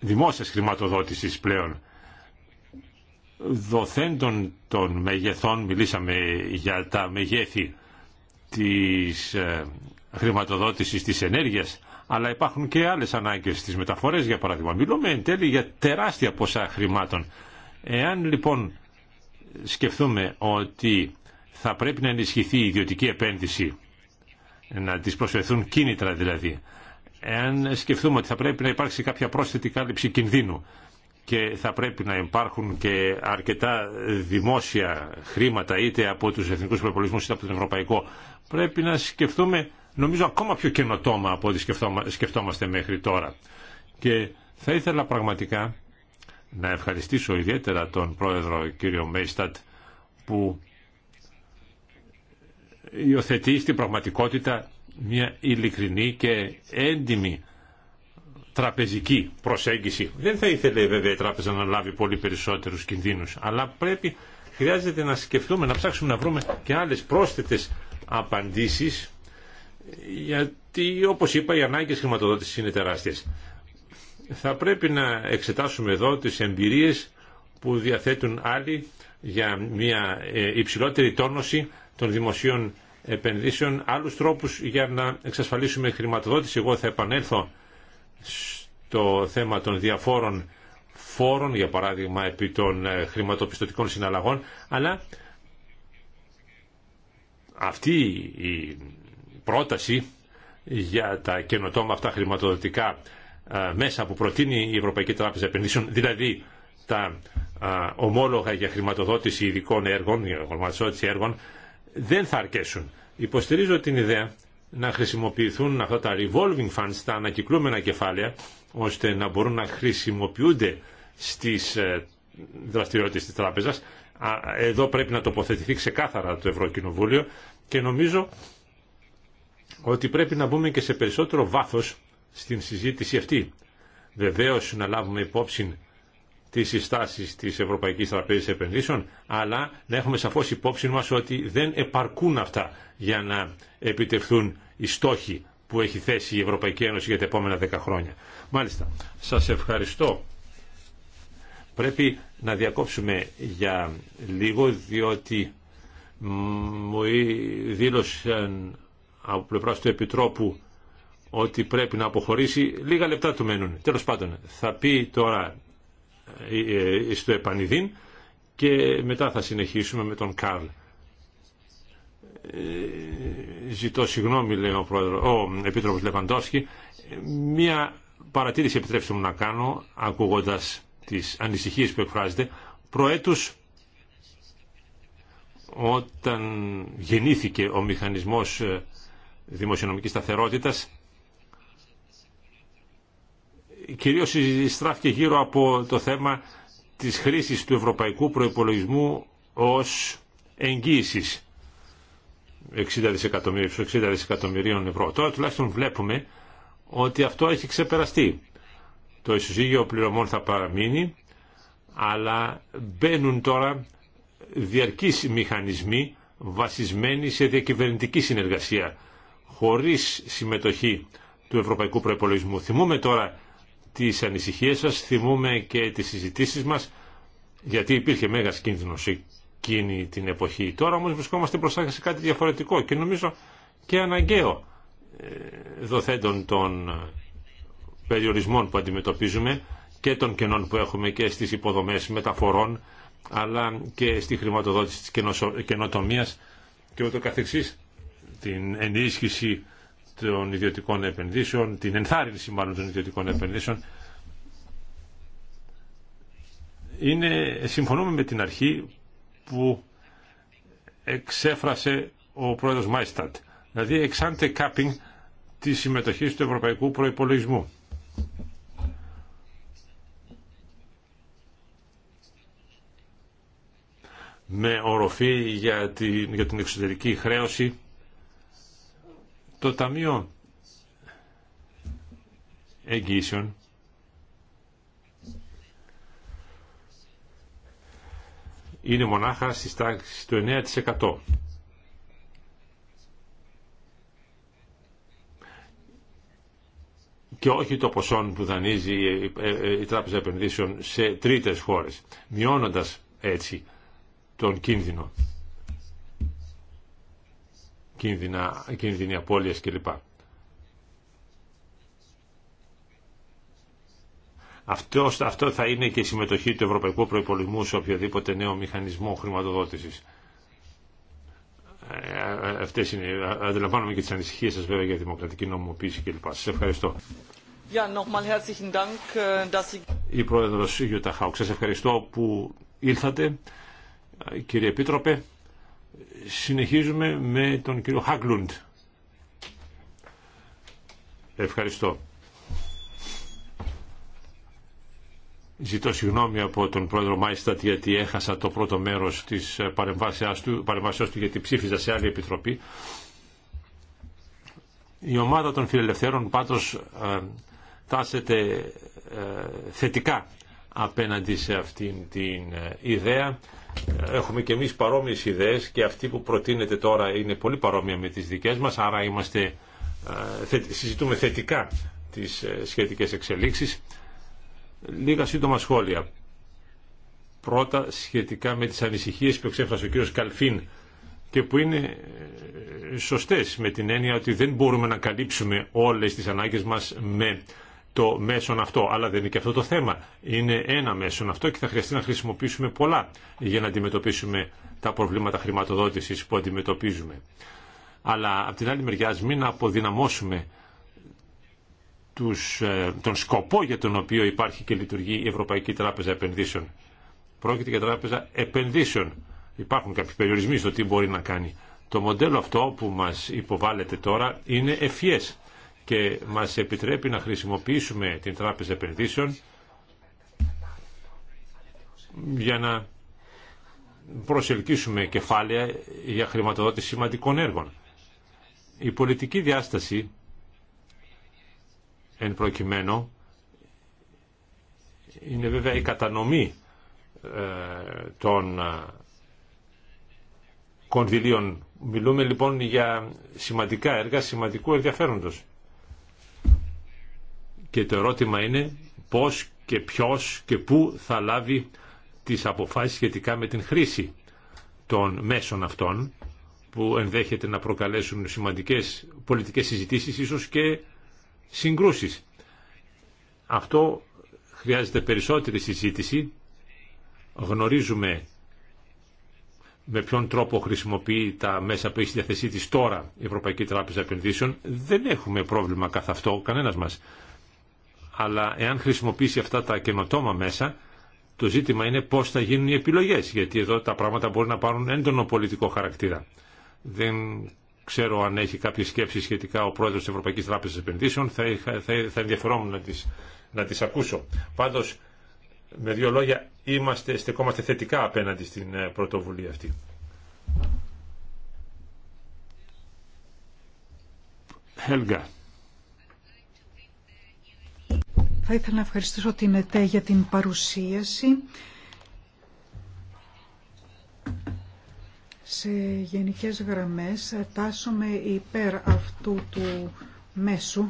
[SPEAKER 1] δημόσιας χρηματοδότησης πλέον δοθέντων των μεγεθών, μιλήσαμε για τα μεγέθη της ε, χρηματοδότησης της ενέργειας, αλλά υπάρχουν και άλλες ανάγκες στις μεταφορές, για παράδειγμα. Μιλούμε εν τέλει για τεράστια ποσά χρημάτων. Εάν λοιπόν σκεφτούμε ότι θα πρέπει να ενισχυθεί η ιδιωτική επένδυση, να τις προσφερθούν κίνητρα δηλαδή, εάν σκεφτούμε ότι θα πρέπει να υπάρξει κάποια πρόσθετη κάλυψη κινδύνου, και θα πρέπει να υπάρχουν και αρκετά δημόσια χρήματα είτε από τους εθνικούς προπολισμούς είτε από τον ευρωπαϊκό. Πρέπει να σκεφτούμε, νομίζω ακόμα πιο καινοτόμα από ό,τι σκεφτόμαστε μέχρι τώρα. Και θα ήθελα πραγματικά να ευχαριστήσω ιδιαίτερα τον πρόεδρο κύριο Μέιστατ που υιοθετεί στην πραγματικότητα μια ειλικρινή και έντιμη τραπεζική προσέγγιση. Δεν θα ήθελε βέβαια η τράπεζα να λάβει πολύ περισσότερους κινδύνους, αλλά πρέπει, χρειάζεται να σκεφτούμε, να ψάξουμε να βρούμε και άλλες πρόσθετες απαντήσεις, γιατί όπως είπα οι ανάγκες χρηματοδότησης είναι τεράστιες. Θα πρέπει να εξετάσουμε εδώ τις εμπειρίες που διαθέτουν άλλοι για μια ε, υψηλότερη τόνωση των δημοσίων επενδύσεων, άλλους τρόπους για να εξασφαλίσουμε χρηματοδότηση. Εγώ θα επανέλθω στο θέμα των διαφόρων φόρων, για παράδειγμα επί των ε, χρηματοπιστωτικών συναλλαγών, αλλά αυτή η πρόταση για τα καινοτόμα αυτά χρηματοδοτικά ε, μέσα που προτείνει η Ευρωπαϊκή Τράπεζα Επενδύσεων, δηλαδή τα ε, ομόλογα για χρηματοδότηση ειδικών έργων, για χρηματοδότηση έργων, δεν θα αρκέσουν. Υποστηρίζω την ιδέα να χρησιμοποιηθούν αυτά τα revolving funds, τα ανακυκλούμενα κεφάλαια, ώστε να μπορούν να χρησιμοποιούνται στις ε, δραστηριότητες της τράπεζας. Εδώ πρέπει να τοποθετηθεί ξεκάθαρα το Ευρωκοινοβούλιο και νομίζω ότι πρέπει να μπούμε και σε περισσότερο βάθος στην συζήτηση αυτή. Βεβαίως να λάβουμε υπόψη τις συστάσεις της Ευρωπαϊκής Τραπέζης Επενδύσεων, αλλά να έχουμε σαφώς υπόψη μας ότι δεν επαρκούν αυτά για να επιτευχθούν οι στόχοι που έχει θέσει η Ευρωπαϊκή Ένωση για τα επόμενα 10 χρόνια. Μάλιστα, σας ευχαριστώ. Πρέπει να διακόψουμε για λίγο, διότι μου δήλωσαν από πλευρά του Επιτρόπου ότι πρέπει να αποχωρήσει. Λίγα λεπτά του μένουν. Τέλος πάντων, θα πει τώρα ε, ε, στο Επανιδίν και μετά θα συνεχίσουμε με τον Καρλ. Ε, ζητώ συγγνώμη, λέει ο, ο Επίτροπος Λεβαντόσκη, μία παρατήρηση επιτρέψτε μου να κάνω, ακούγοντας τις ανησυχίες που εκφράζεται, προέτους όταν γεννήθηκε ο μηχανισμός δημοσιονομικής σταθερότητας κυρίως στράφηκε γύρω από το θέμα της χρήση του ευρωπαϊκού προϋπολογισμού ως εγγύηση 60 δισεκατομμυρίων, 60 δισεκατομμυρίων ευρώ. Τώρα τουλάχιστον βλέπουμε ότι αυτό έχει ξεπεραστεί. Το ισοζύγιο πληρωμών θα παραμείνει, αλλά μπαίνουν τώρα διαρκείς μηχανισμοί βασισμένοι σε διακυβερνητική συνεργασία, χωρίς συμμετοχή του Ευρωπαϊκού Προϋπολογισμού. Θυμούμε τώρα τις ανησυχίες σας, θυμούμε και τις συζητήσεις μας, γιατί υπήρχε μέγας κίνδυνος εκείνη την εποχή. Τώρα όμως βρισκόμαστε μπροστά σε κάτι διαφορετικό και νομίζω και αναγκαίο ε, δοθέντων των περιορισμών που αντιμετωπίζουμε και των κενών που έχουμε και στις υποδομές μεταφορών αλλά και στη χρηματοδότηση της καινοτομίας και ούτω καθεξής την ενίσχυση των ιδιωτικών επενδύσεων, την ενθάρρυνση μάλλον των ιδιωτικών επενδύσεων, είναι, συμφωνούμε με την αρχή που εξέφρασε ο πρόεδρος Μάιστατ, δηλαδή εξάντε κάπινγκ της συμμετοχής του ευρωπαϊκού προϋπολογισμού. με οροφή για την, για την εξωτερική χρέωση το Ταμείο Εγγύσεων είναι μονάχα στη στάξη του 9%. και όχι το ποσό που δανείζει ε, ε, η Τράπεζα Επενδύσεων σε τρίτες χώρες, μειώνοντας έτσι τον κίνδυνο κίνδυνα, κίνδυνοι απώλειας κλπ. Αυτό, αυτό θα είναι και η συμμετοχή του Ευρωπαϊκού Προϋπολογισμού σε οποιοδήποτε νέο μηχανισμό χρηματοδότησης. Ε, ε, αυτές είναι, ε, αντιλαμβάνομαι και τις ανησυχίες σας βέβαια για δημοκρατική νομοποίηση κλπ. Σας ευχαριστώ.
[SPEAKER 4] Ja, nochmal herzlichen Dank, äh, dass Sie...
[SPEAKER 1] Η Πρόεδρος Ιωτα Χάουξ, σας ευχαριστώ που ήλθατε. Κύριε Επίτροπε, Συνεχίζουμε με τον κύριο Χάγκλουντ. Ευχαριστώ. Ζητώ συγγνώμη από τον πρόεδρο Μάιστατ γιατί έχασα το πρώτο μέρος της παρεμβάσεως του, του γιατί ψήφιζα σε άλλη επιτροπή. Η ομάδα των φιλελευθέρων πάντως ε, τάσεται ε, θετικά απέναντι σε αυτήν την ε, ιδέα Έχουμε και εμείς παρόμοιες ιδέες και αυτή που προτείνεται τώρα είναι πολύ παρόμοια με τις δικές μας, άρα είμαστε, ε, συζητούμε θετικά τις ε, σχετικές εξελίξεις. Λίγα σύντομα σχόλια. Πρώτα σχετικά με τις ανησυχίες που εξέφρασε ο κ. Καλφίν και που είναι ε, σωστές με την έννοια ότι δεν μπορούμε να καλύψουμε όλες τις ανάγκες μας με το μέσον αυτό. Αλλά δεν είναι και αυτό το θέμα. Είναι ένα μέσον αυτό και θα χρειαστεί να χρησιμοποιήσουμε πολλά για να αντιμετωπίσουμε τα προβλήματα χρηματοδότησης που αντιμετωπίζουμε. Αλλά από την άλλη μεριά μην αποδυναμώσουμε τους, ε, τον σκοπό για τον οποίο υπάρχει και λειτουργεί η Ευρωπαϊκή Τράπεζα Επενδύσεων. Πρόκειται για τράπεζα επενδύσεων. Υπάρχουν κάποιοι περιορισμοί στο τι μπορεί να κάνει. Το μοντέλο αυτό που μας υποβάλλεται τώρα είναι ευφιέ και μας επιτρέπει να χρησιμοποιήσουμε την Τράπεζα Επενδύσεων για να προσελκύσουμε κεφάλαια για χρηματοδότηση σημαντικών έργων. Η πολιτική διάσταση εν προκειμένου είναι βέβαια η κατανομή ε, των ε, κονδυλίων. Μιλούμε λοιπόν για σημαντικά έργα σημαντικού ενδιαφέροντος και το ερώτημα είναι πώς και ποιος και πού θα λάβει τις αποφάσεις σχετικά με την χρήση των μέσων αυτών που ενδέχεται να προκαλέσουν σημαντικές πολιτικές συζητήσεις ίσως και συγκρούσεις. Αυτό χρειάζεται περισσότερη συζήτηση. Γνωρίζουμε με ποιον τρόπο χρησιμοποιεί τα μέσα που έχει στη διαθεσή της τώρα η Ευρωπαϊκή Τράπεζα Επενδύσεων. Δεν έχουμε πρόβλημα καθ' αυτό κανένας μας αλλά εάν χρησιμοποιήσει αυτά τα καινοτόμα μέσα, το ζήτημα είναι πώς θα γίνουν οι επιλογές, γιατί εδώ τα πράγματα μπορεί να πάρουν έντονο πολιτικό χαρακτήρα. Δεν ξέρω αν έχει κάποιες σκέψεις σχετικά ο πρόεδρος της Ευρωπαϊκής Τράπεζας Επενδύσεων, θα, θα, θα ενδιαφερόμουν να τις, να ακούσω. Πάντως, με δύο λόγια, είμαστε, στεκόμαστε θετικά απέναντι στην ε, πρωτοβουλία αυτή. Helga.
[SPEAKER 2] Θα ήθελα να ευχαριστήσω την ΕΤΕ για την παρουσίαση. Σε γενικές γραμμές τάσσομαι υπέρ αυτού του μέσου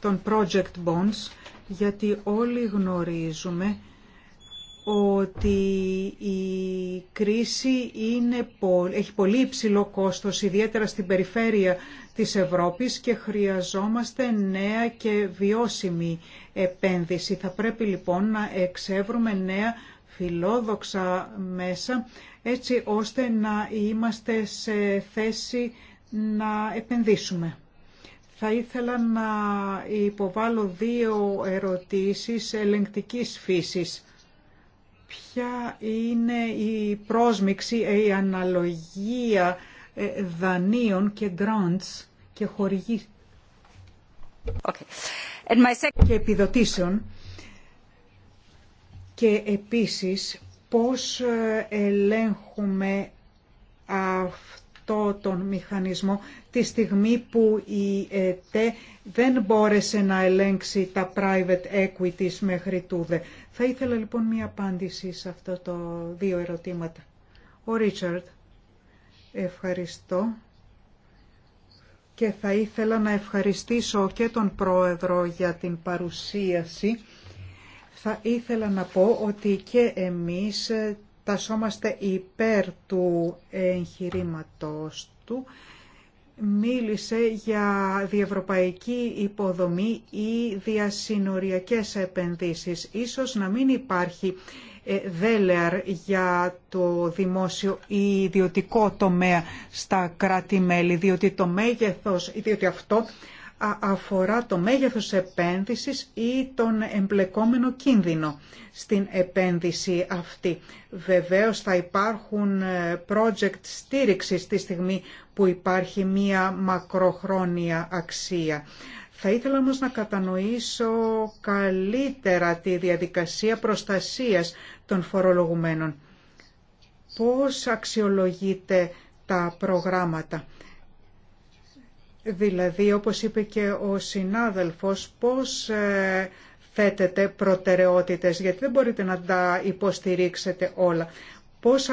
[SPEAKER 2] των project bonds γιατί όλοι γνωρίζουμε ότι η κρίση είναι, έχει πολύ υψηλό κόστος, ιδιαίτερα στην περιφέρεια της Ευρώπης και χρειαζόμαστε νέα και βιώσιμη επένδυση. Θα πρέπει λοιπόν να εξεύρουμε νέα φιλόδοξα μέσα έτσι ώστε να είμαστε σε θέση να επενδύσουμε. Θα ήθελα να υποβάλω δύο ερωτήσεις ελεγκτικής φύσης ποια είναι η πρόσμιξη, η αναλογία ε, δανείων και grants και χορηγή και επιδοτήσεων και επίσης πώς ε, ελέγχουμε αυτό αυτό τον μηχανισμό τη στιγμή που η ΕΤΕ δεν μπόρεσε να ελέγξει τα private equities μέχρι τούδε. Θα ήθελα λοιπόν μία απάντηση σε αυτό το δύο ερωτήματα. Ο Ρίτσαρντ, ευχαριστώ και θα ήθελα να ευχαριστήσω και τον Πρόεδρο για την παρουσίαση. Θα ήθελα να πω ότι και εμείς τασόμαστε υπέρ του εγχειρήματο του. Μίλησε για διευρωπαϊκή υποδομή ή διασυνοριακές επενδύσεις. Ίσως να μην υπάρχει ε, δέλεαρ για το δημόσιο ή ιδιωτικό τομέα στα κράτη-μέλη, διότι το μέγεθος, διότι αυτό αφορά το μέγεθος επένδυσης ή τον εμπλεκόμενο κίνδυνο στην επένδυση αυτή. Βεβαίως θα υπάρχουν ε, project στήριξη τη στιγμή που υπάρχει μία μακροχρόνια αξία. Θα ήθελα όμως να κατανοήσω καλύτερα τη διαδικασία προστασίας των φορολογουμένων. Πώς αξιολογείται τα προγράμματα Δηλαδή, όπως είπε και ο συνάδελφος, πώς ε, θέτετε προτεραιότητες, γιατί δεν μπορείτε να τα υποστηρίξετε όλα. Πώς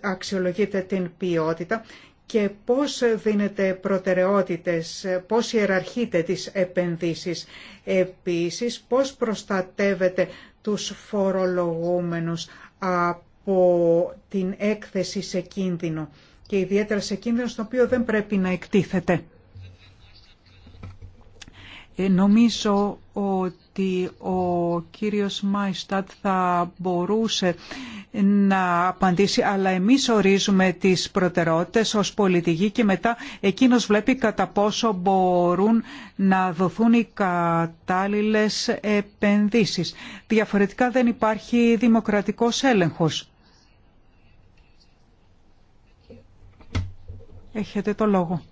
[SPEAKER 2] αξιολογείτε την ποιότητα και πώς δίνετε προτεραιότητες, πώς ιεραρχείτε τις επενδύσεις. Επίσης, πώς προστατεύετε τους φορολογούμενους από την έκθεση σε κίνδυνο και ιδιαίτερα σε κίνδυνο στο οποίο δεν πρέπει να εκτίθεται. Ε, νομίζω ότι ο κύριος Μάιστατ θα μπορούσε να απαντήσει, αλλά εμείς ορίζουμε τις προτεραιότητες ως πολιτικοί και μετά εκείνος βλέπει κατά πόσο μπορούν να δοθούν οι κατάλληλες επενδύσεις. Διαφορετικά δεν υπάρχει δημοκρατικός έλεγχος. Έχετε το λόγο.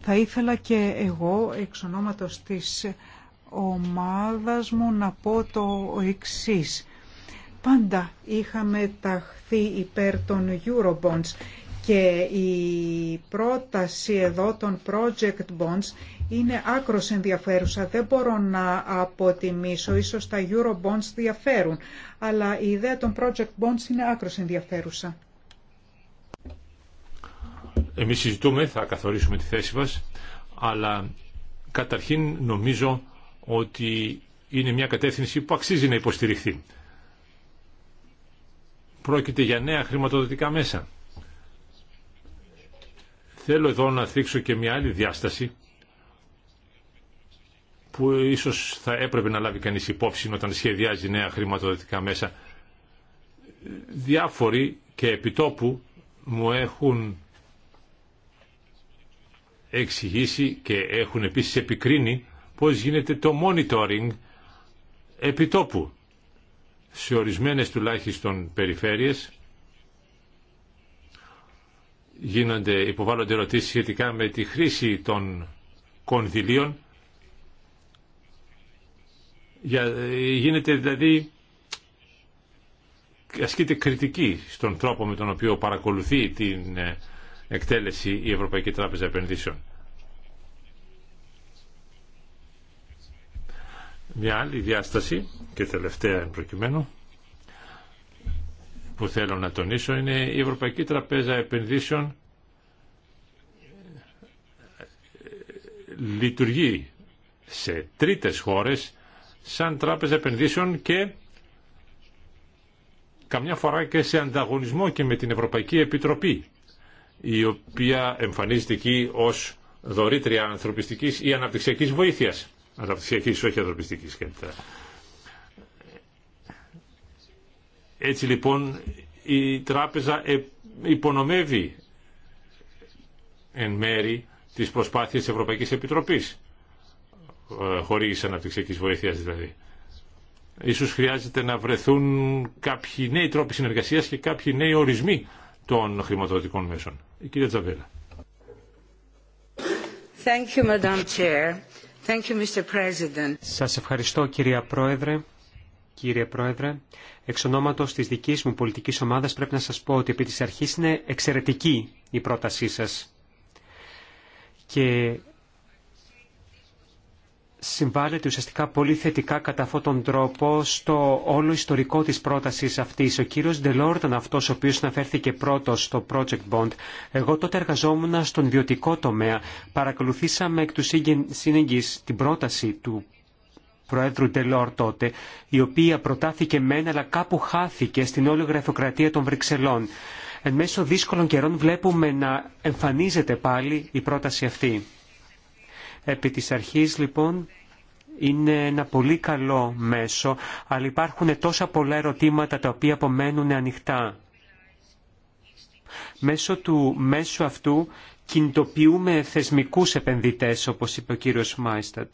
[SPEAKER 2] Θα ήθελα και εγώ, εξ ονόματος της ομάδας μου, να πω το εξής. Πάντα είχαμε ταχθεί υπέρ των Eurobonds και η πρόταση εδώ των project bonds είναι άκρος ενδιαφέρουσα. Δεν μπορώ να αποτιμήσω, ίσως τα Eurobonds διαφέρουν, αλλά η ιδέα των project bonds είναι άκρος ενδιαφέρουσα.
[SPEAKER 1] Εμείς συζητούμε, θα καθορίσουμε τη θέση μας, αλλά καταρχήν νομίζω ότι είναι μια κατεύθυνση που αξίζει να υποστηριχθεί. Πρόκειται για νέα χρηματοδοτικά μέσα. Θέλω εδώ να θίξω και μια άλλη διάσταση που ίσως θα έπρεπε να λάβει κανείς υπόψη όταν σχεδιάζει νέα χρηματοδοτικά μέσα. Διάφοροι και επιτόπου μου έχουν εξηγήσει και έχουν επίσης επικρίνει πώς γίνεται το monitoring επιτόπου σε ορισμένες τουλάχιστον περιφέρειες γίνονται, υποβάλλονται ερωτήσεις σχετικά με τη χρήση των κονδυλίων για, γίνεται δηλαδή ασκείται κριτική στον τρόπο με τον οποίο παρακολουθεί την ε, εκτέλεση η Ευρωπαϊκή Τράπεζα Επενδύσεων. Μια άλλη διάσταση και τελευταία εν προκειμένου που θέλω να τονίσω είναι η Ευρωπαϊκή Τραπέζα Επενδύσεων λειτουργεί σε τρίτες χώρες σαν τράπεζα επενδύσεων και καμιά φορά και σε ανταγωνισμό και με την Ευρωπαϊκή Επιτροπή η οποία εμφανίζεται εκεί ως δωρήτρια ανθρωπιστικής ή αναπτυξιακής βοήθειας. Αναπτυξιακής, όχι ανθρωπιστικής καλύτερα. Έτσι λοιπόν η αναπτυξιακης βοηθειας αναπτυξιακης οχι ανθρωπιστικης υπονομεύει εν μέρη τις προσπάθειες της Ευρωπαϊκής Επιτροπής ε, χορήγηση αναπτυξιακής βοήθειας δηλαδή. Ίσως χρειάζεται να βρεθούν κάποιοι νέοι τρόποι συνεργασίας και κάποιοι νέοι ορισμοί των χρηματοδοτικών μέσων. Η κυρία Τζαβέλα. Thank Σας ευχαριστώ κυρία Πρόεδρε.
[SPEAKER 3] Κύριε Πρόεδρε, εξ ονόματος της δικής μου πολιτικής ομάδας πρέπει να σας πω ότι επί της αρχής είναι εξαιρετική η πρότασή σας. Και συμβάλλεται ουσιαστικά πολύ θετικά κατά αυτόν τον τρόπο στο όλο ιστορικό της πρότασης αυτής. Ο κύριος Ντελόρ ήταν αυτός ο οποίος αναφέρθηκε πρώτος στο Project Bond. Εγώ τότε εργαζόμουν στον βιωτικό τομέα. Παρακολουθήσαμε εκ του σύνεγγυς την πρόταση του Προέδρου Ντελόρ τότε, η οποία προτάθηκε μεν αλλά κάπου χάθηκε στην όλη γραφειοκρατία των Βρυξελών. Εν μέσω δύσκολων καιρών βλέπουμε να εμφανίζεται πάλι η πρόταση αυτή. Επί της αρχής λοιπόν είναι ένα πολύ καλό μέσο, αλλά υπάρχουν τόσα πολλά ερωτήματα τα οποία απομένουν ανοιχτά. Μέσω του μέσου αυτού κινητοποιούμε θεσμικούς επενδυτές, όπως είπε ο κύριος Μάιστατ.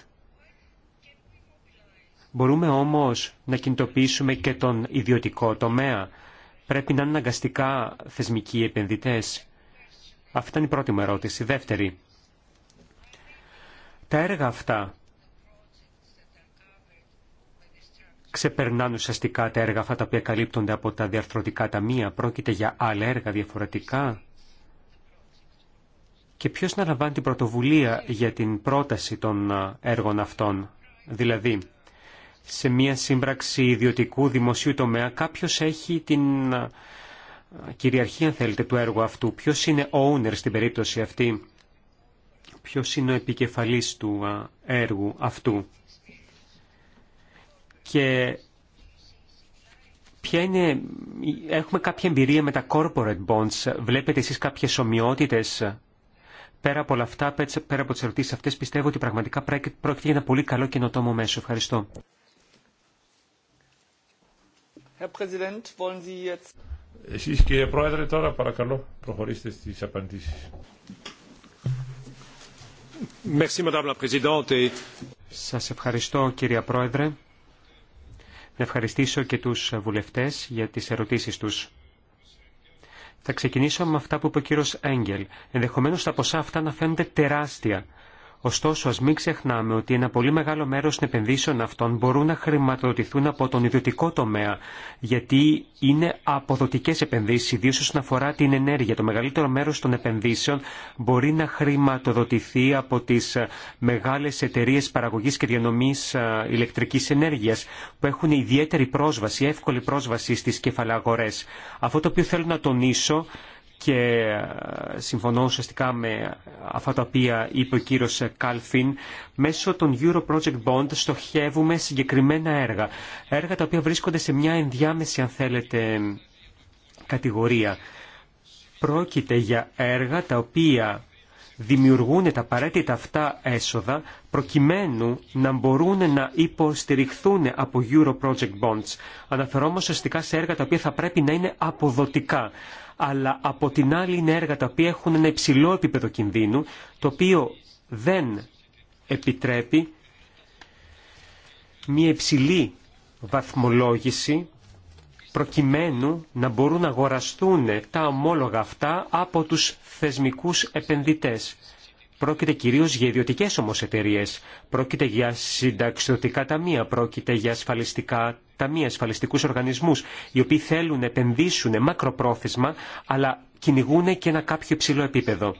[SPEAKER 3] Μπορούμε όμως να κινητοποιήσουμε και τον ιδιωτικό τομέα. Πρέπει να είναι αναγκαστικά θεσμικοί επενδυτές. Αυτή ήταν η πρώτη μου ερώτηση. Δεύτερη. Τα έργα αυτά ξεπερνάνε ουσιαστικά τα έργα αυτά τα οποία καλύπτονται από τα διαρθρωτικά ταμεία. Πρόκειται για άλλα έργα διαφορετικά. Και ποιος να λαμβάνει την πρωτοβουλία για την πρόταση των έργων αυτών. Δηλαδή, σε μια σύμπραξη ιδιωτικού δημοσίου τομέα κάποιος έχει την κυριαρχία, αν θέλετε, του έργου αυτού. Ποιος είναι owner στην περίπτωση αυτή ποιος είναι ο επικεφαλής του έργου αυτού και ποια έχουμε κάποια εμπειρία με τα corporate bonds, βλέπετε εσείς κάποιες ομοιότητες πέρα από όλα αυτά, πέρα από τις ερωτήσεις αυτές, πιστεύω ότι πραγματικά πρόκειται για ένα πολύ καλό καινοτόμο μέσο. Ευχαριστώ.
[SPEAKER 1] Εσείς κύριε Πρόεδρε τώρα παρακαλώ προχωρήστε στις απαντήσεις.
[SPEAKER 3] Σας ευχαριστώ κυρία Πρόεδρε. Να ευχαριστήσω και τους βουλευτές για τις ερωτήσεις τους. Θα ξεκινήσω με αυτά που είπε ο κύριος Έγγελ. Ενδεχομένως τα ποσά αυτά να φαίνονται τεράστια. Ωστόσο, ας μην ξεχνάμε ότι ένα πολύ μεγάλο μέρος των επενδύσεων αυτών μπορούν να χρηματοδοτηθούν από τον ιδιωτικό τομέα, γιατί είναι αποδοτικές επενδύσεις, ιδίως όσον αφορά την ενέργεια. Το μεγαλύτερο μέρος των επενδύσεων μπορεί να χρηματοδοτηθεί από τις ε, μεγάλες εταιρείες παραγωγής και διανομής ε, ηλεκτρικής ενέργειας, που έχουν ιδιαίτερη πρόσβαση, εύκολη πρόσβαση στις κεφαλαγορές. Αυτό το οποίο θέλω να τονίσω και ε, συμφωνώ ουσιαστικά με αυτά τα οποία είπε ο κύριος Κάλφιν, μέσω των Euro Project Bond στοχεύουμε συγκεκριμένα έργα. Έργα τα οποία βρίσκονται σε μια ενδιάμεση, αν θέλετε, κατηγορία. Πρόκειται για έργα τα οποία δημιουργούν τα απαραίτητα αυτά έσοδα προκειμένου να μπορούν να υποστηριχθούν από Euro Project Bonds. Αναφερόμαστε ουσιαστικά σε έργα τα οποία θα πρέπει να είναι αποδοτικά αλλά από την άλλη είναι έργα τα οποία έχουν ένα υψηλό επίπεδο κινδύνου, το οποίο δεν επιτρέπει μια υψηλή βαθμολόγηση προκειμένου να μπορούν να αγοραστούν τα ομόλογα αυτά από τους θεσμικούς επενδυτές. Πρόκειται κυρίως για ιδιωτικές όμως εταιρείες. Πρόκειται για συνταξιδοτικά ταμεία, πρόκειται για ασφαλιστικά ταμεία, ασφαλιστικού οργανισμού, οι οποίοι θέλουν να επενδύσουν μακροπρόθεσμα, αλλά κυνηγούν και ένα κάποιο υψηλό επίπεδο.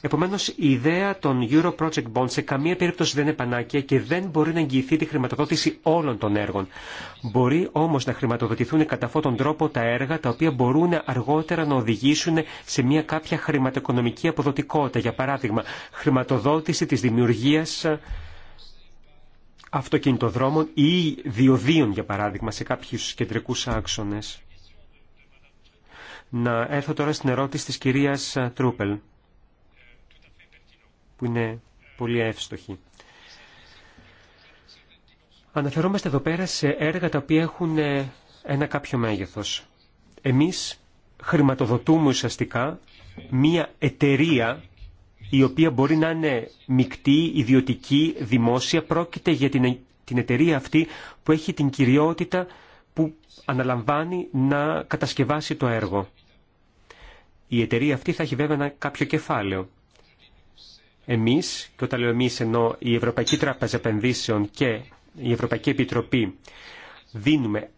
[SPEAKER 3] Επομένω, η ιδέα των Euro Project Bonds σε καμία περίπτωση δεν είναι πανάκια και δεν μπορεί να εγγυηθεί τη χρηματοδότηση όλων των έργων. Μπορεί όμω να χρηματοδοτηθούν κατά αυτόν τον τρόπο τα έργα τα οποία μπορούν αργότερα να οδηγήσουν σε μια κάποια χρηματοοικονομική αποδοτικότητα. Για παράδειγμα, χρηματοδότηση τη δημιουργία αυτοκινητοδρόμων ή διοδίων, για παράδειγμα, σε κάποιους κεντρικούς άξονες. Να έρθω τώρα στην ερώτηση της κυρίας Τρούπελ, που είναι πολύ εύστοχη. Αναφερόμαστε εδώ πέρα σε έργα τα οποία έχουν ε, ένα κάποιο μέγεθος. Εμείς χρηματοδοτούμε ουσιαστικά μία εταιρεία η οποία μπορεί να είναι μεικτή, ιδιωτική, δημόσια. Πρόκειται για την, την εταιρεία αυτή που έχει την κυριότητα που αναλαμβάνει να κατασκευάσει το έργο. Η εταιρεία αυτή θα έχει βέβαια κάποιο κεφάλαιο. Εμείς, και όταν λέω εμείς ενώ η Ευρωπαϊκή Τράπεζα Επενδύσεων και η Ευρωπαϊκή Επιτροπή δίνουμε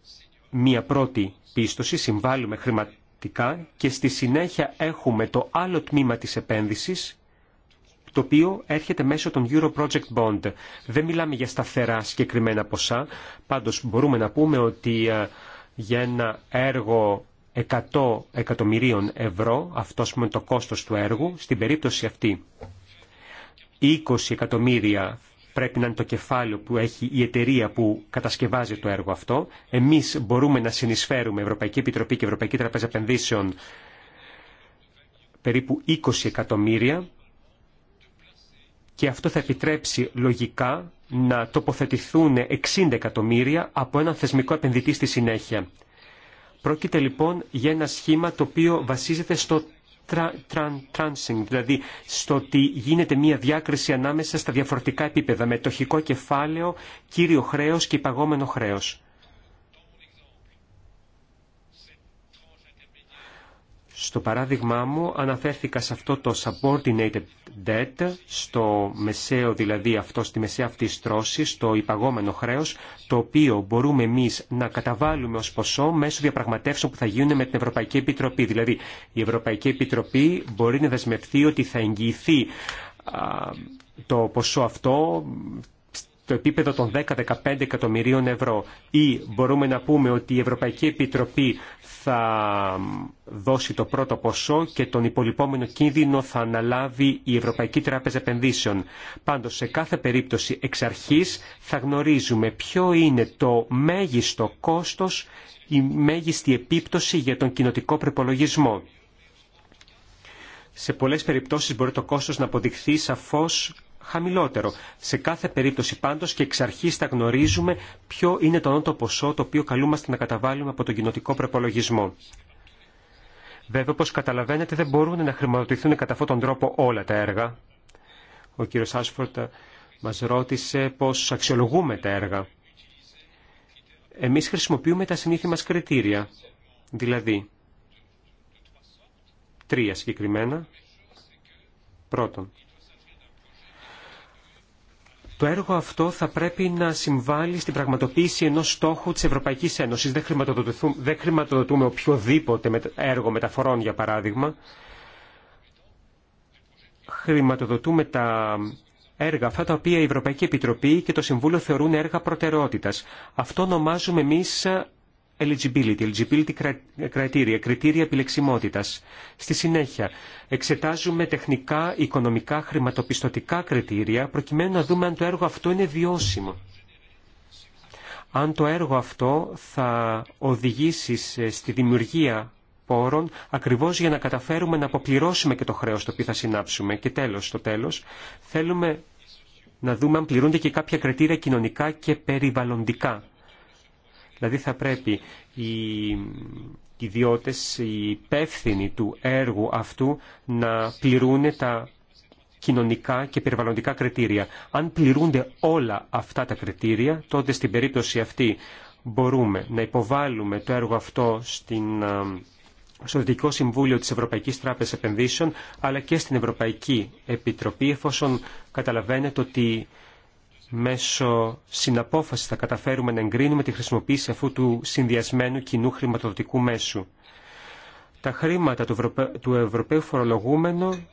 [SPEAKER 3] μία πρώτη πίστοση, συμβάλλουμε χρηματικά και στη συνέχεια έχουμε το άλλο τμήμα της επένδυσης το οποίο έρχεται μέσω των Euro Project Bond. Δεν μιλάμε για σταθερά συγκεκριμένα ποσά, πάντως μπορούμε να πούμε ότι ε, για ένα έργο 100 εκατομμυρίων ευρώ, αυτό πούμε το κόστος του έργου, στην περίπτωση αυτή 20 εκατομμύρια πρέπει να είναι το κεφάλαιο που έχει η εταιρεία που κατασκευάζει το έργο αυτό. Εμείς μπορούμε να συνεισφέρουμε Ευρωπαϊκή Επιτροπή και Ευρωπαϊκή Τραπέζα Επενδύσεων περίπου 20 εκατομμύρια και αυτό θα επιτρέψει λογικά να τοποθετηθούν 60 εκατομμύρια από έναν θεσμικό επενδυτή στη συνέχεια. Πρόκειται λοιπόν για ένα σχήμα το οποίο βασίζεται στο Transing, δηλαδή στο ότι γίνεται μια διάκριση ανάμεσα στα διαφορετικά επίπεδα, μετοχικό κεφάλαιο, κύριο χρέος και υπαγόμενο χρέος. Στο παράδειγμά μου αναφέρθηκα σε αυτό το subordinated debt, στο μεσαίο δηλαδή αυτό, στη μεσαία αυτή στρώση, στο υπαγόμενο χρέος, το οποίο μπορούμε εμείς να καταβάλουμε ως ποσό μέσω διαπραγματεύσεων που θα γίνουν με την Ευρωπαϊκή Επιτροπή. Δηλαδή η Ευρωπαϊκή Επιτροπή μπορεί να δεσμευτεί ότι θα εγγυηθεί το ποσό αυτό το επίπεδο των 10-15 εκατομμυρίων ευρώ ή μπορούμε να πούμε ότι η Ευρωπαϊκή Επιτροπή θα δώσει το πρώτο ποσό και τον υπολοιπόμενο κίνδυνο θα αναλάβει η Ευρωπαϊκή Τράπεζα Επενδύσεων. Πάντως σε κάθε περίπτωση εξ αρχής θα γνωρίζουμε ποιο είναι το μέγιστο κόστος, η μέγιστη επίπτωση για τον κοινοτικό προπολογισμό. Σε πολλές περιπτώσεις μπορεί το κόστος να αποδειχθεί σαφώς χαμηλότερο. Σε κάθε περίπτωση πάντως και εξ αρχής θα γνωρίζουμε ποιο είναι το νότο ποσό το οποίο καλούμαστε να καταβάλουμε από τον κοινοτικό προπολογισμό. Βέβαια, όπως καταλαβαίνετε, δεν μπορούν να χρηματοδοτηθούν κατά αυτόν τον τρόπο όλα τα έργα. Ο κύριος Άσφορτ μας ρώτησε πώς αξιολογούμε τα έργα. Εμείς χρησιμοποιούμε τα συνήθι μας κριτήρια, δηλαδή τρία συγκεκριμένα. Πρώτον, το έργο αυτό θα πρέπει να συμβάλλει στην πραγματοποίηση ενός στόχου της Ευρωπαϊκής Ένωσης. Δεν, χρηματοδοτούμε οποιοδήποτε έργο μεταφορών, για παράδειγμα. Χρηματοδοτούμε τα έργα αυτά τα οποία η Ευρωπαϊκή Επιτροπή και το Συμβούλιο θεωρούν έργα προτεραιότητας. Αυτό ονομάζουμε εμείς eligibility, eligibility criteria, κριτήρια επιλεξιμότητας. Στη συνέχεια, εξετάζουμε τεχνικά, οικονομικά, χρηματοπιστωτικά κριτήρια, προκειμένου να δούμε αν το έργο αυτό είναι βιώσιμο. Αν το έργο αυτό θα οδηγήσει στη δημιουργία πόρων, ακριβώς για να καταφέρουμε να αποπληρώσουμε και το χρέος το οποίο θα συνάψουμε. Και τέλος, στο τέλος, θέλουμε να δούμε αν πληρούνται και κάποια κριτήρια κοινωνικά και περιβαλλοντικά. Δηλαδή θα πρέπει οι ιδιώτες, οι υπεύθυνοι του έργου αυτού να πληρούν τα κοινωνικά και περιβαλλοντικά κριτήρια. Αν πληρούνται όλα αυτά τα κριτήρια, τότε στην περίπτωση αυτή μπορούμε να υποβάλουμε το έργο αυτό στην, στο Δυτικό Συμβούλιο της Ευρωπαϊκής Τράπεζας Επενδύσεων, αλλά και στην Ευρωπαϊκή Επιτροπή, εφόσον καταλαβαίνετε ότι μέσω συναπόφαση θα καταφέρουμε να εγκρίνουμε τη χρησιμοποίηση αυτού του συνδυασμένου κοινού χρηματοδοτικού μέσου. Τα χρήματα του, Ευρωπαίου, του φορολογούμενου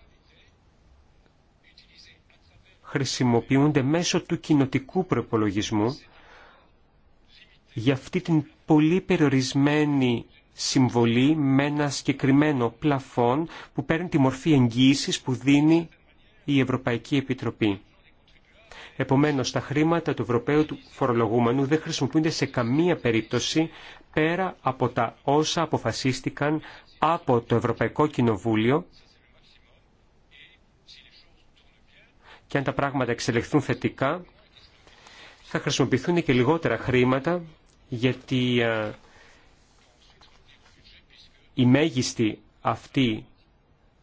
[SPEAKER 3] χρησιμοποιούνται μέσω του κοινοτικού προπολογισμού για αυτή την πολύ περιορισμένη συμβολή με ένα συγκεκριμένο πλαφόν που παίρνει τη μορφή εγγύησης που δίνει η Ευρωπαϊκή Επιτροπή. Επομένως, τα χρήματα του Ευρωπαίου του φορολογούμενου δεν χρησιμοποιούνται σε καμία περίπτωση πέρα από τα όσα αποφασίστηκαν από το Ευρωπαϊκό Κοινοβούλιο και αν τα πράγματα εξελιχθούν θετικά θα χρησιμοποιηθούν και λιγότερα χρήματα γιατί ε, η μέγιστη αυτή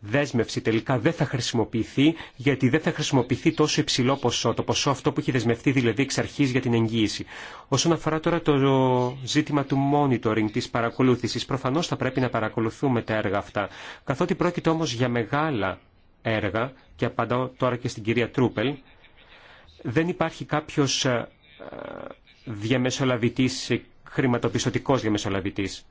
[SPEAKER 3] δέσμευση τελικά δεν θα χρησιμοποιηθεί γιατί δεν θα χρησιμοποιηθεί τόσο υψηλό ποσό, το ποσό αυτό που έχει δεσμευτεί δηλαδή εξ αρχής για την εγγύηση. Όσον αφορά τώρα το ζήτημα του monitoring, της παρακολούθησης, προφανώς θα πρέπει να παρακολουθούμε τα έργα αυτά. Καθότι πρόκειται όμως για μεγάλα έργα, και απαντάω τώρα και στην κυρία Τρούπελ, δεν υπάρχει κάποιος ε, ε, διαμεσολαβητής, ε, χρηματοπιστωτικός διαμεσολαβητής.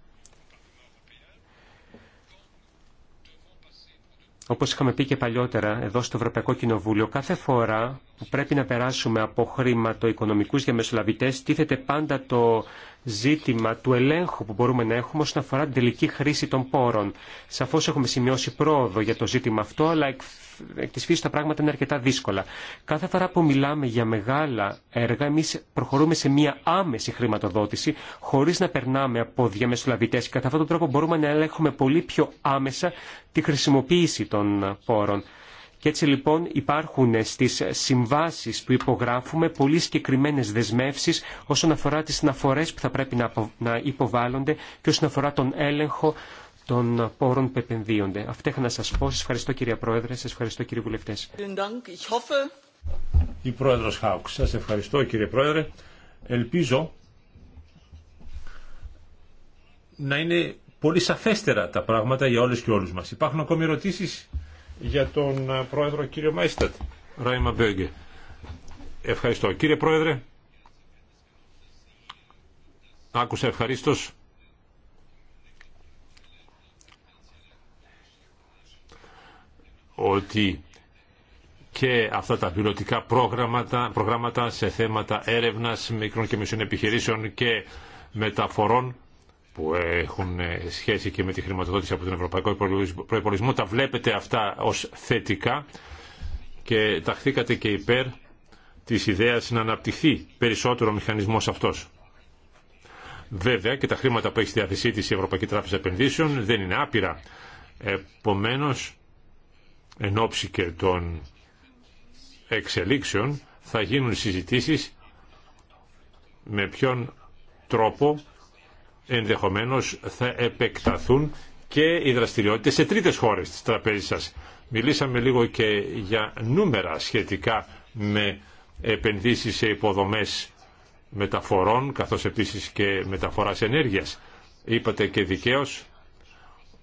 [SPEAKER 3] Όπω είχαμε πει και παλιότερα εδώ στο Ευρωπαϊκό Κοινοβούλιο, κάθε φορά που πρέπει να περάσουμε από για διαμεσολαβητέ, τίθεται πάντα το ζήτημα του ελέγχου που μπορούμε να έχουμε όσον αφορά την τελική χρήση των πόρων. Σαφώ έχουμε σημειώσει πρόοδο για το ζήτημα αυτό, αλλά εκ της φύσης τα πράγματα είναι αρκετά δύσκολα. Κάθε φορά που μιλάμε για μεγάλα έργα, εμείς προχωρούμε σε μια άμεση χρηματοδότηση, χωρίς να περνάμε από διαμεσολαβητές. Κατά αυτόν τον τρόπο μπορούμε να ελέγχουμε πολύ πιο άμεσα τη χρησιμοποίηση των πόρων. Και έτσι λοιπόν υπάρχουν στις συμβάσεις που υπογράφουμε πολύ συγκεκριμένες δεσμεύσεις όσον αφορά τις αναφορές που θα πρέπει να υποβάλλονται και όσον αφορά τον έλεγχο των πόρων που επενδύονται. Αυτά είχα να σας πω. Σας ευχαριστώ κυρία Πρόεδρε, Σα ευχαριστώ κύριε βουλευτές.
[SPEAKER 1] Η Πρόεδρος Χάουκ, σας ευχαριστώ κύριε Πρόεδρε. Ελπίζω να είναι πολύ σαφέστερα τα πράγματα για όλες και όλους μας. Υπάρχουν ακόμη ερωτήσεις για τον ε, Πρόεδρο κύριο Μάιστατ. Ράιμα Μπέγκε. Ευχαριστώ. Κύριε Πρόεδρε, άκουσα ευχαρίστως ότι και αυτά τα πιλωτικά προγράμματα, προγράμματα σε θέματα έρευνας μικρών και μεσών επιχειρήσεων και μεταφορών που έχουν σχέση και με τη χρηματοδότηση από τον Ευρωπαϊκό Προϋπολογισμό τα βλέπετε αυτά ως θετικά και ταχθήκατε και υπέρ της ιδέας να αναπτυχθεί περισσότερο ο μηχανισμός αυτός. Βέβαια και τα χρήματα που έχει στη διάθεσή της η Ευρωπαϊκή Τράπεζα Επενδύσεων δεν είναι άπειρα. Επομένως εν ώψη και των εξελίξεων θα γίνουν συζητήσεις με ποιον τρόπο ενδεχομένως θα επεκταθούν και οι δραστηριότητες σε τρίτες χώρες της τραπέζης σας. Μιλήσαμε λίγο και για νούμερα σχετικά με επενδύσεις σε υποδομές μεταφορών καθώς επίσης και μεταφοράς ενέργειας. Είπατε και δικαίως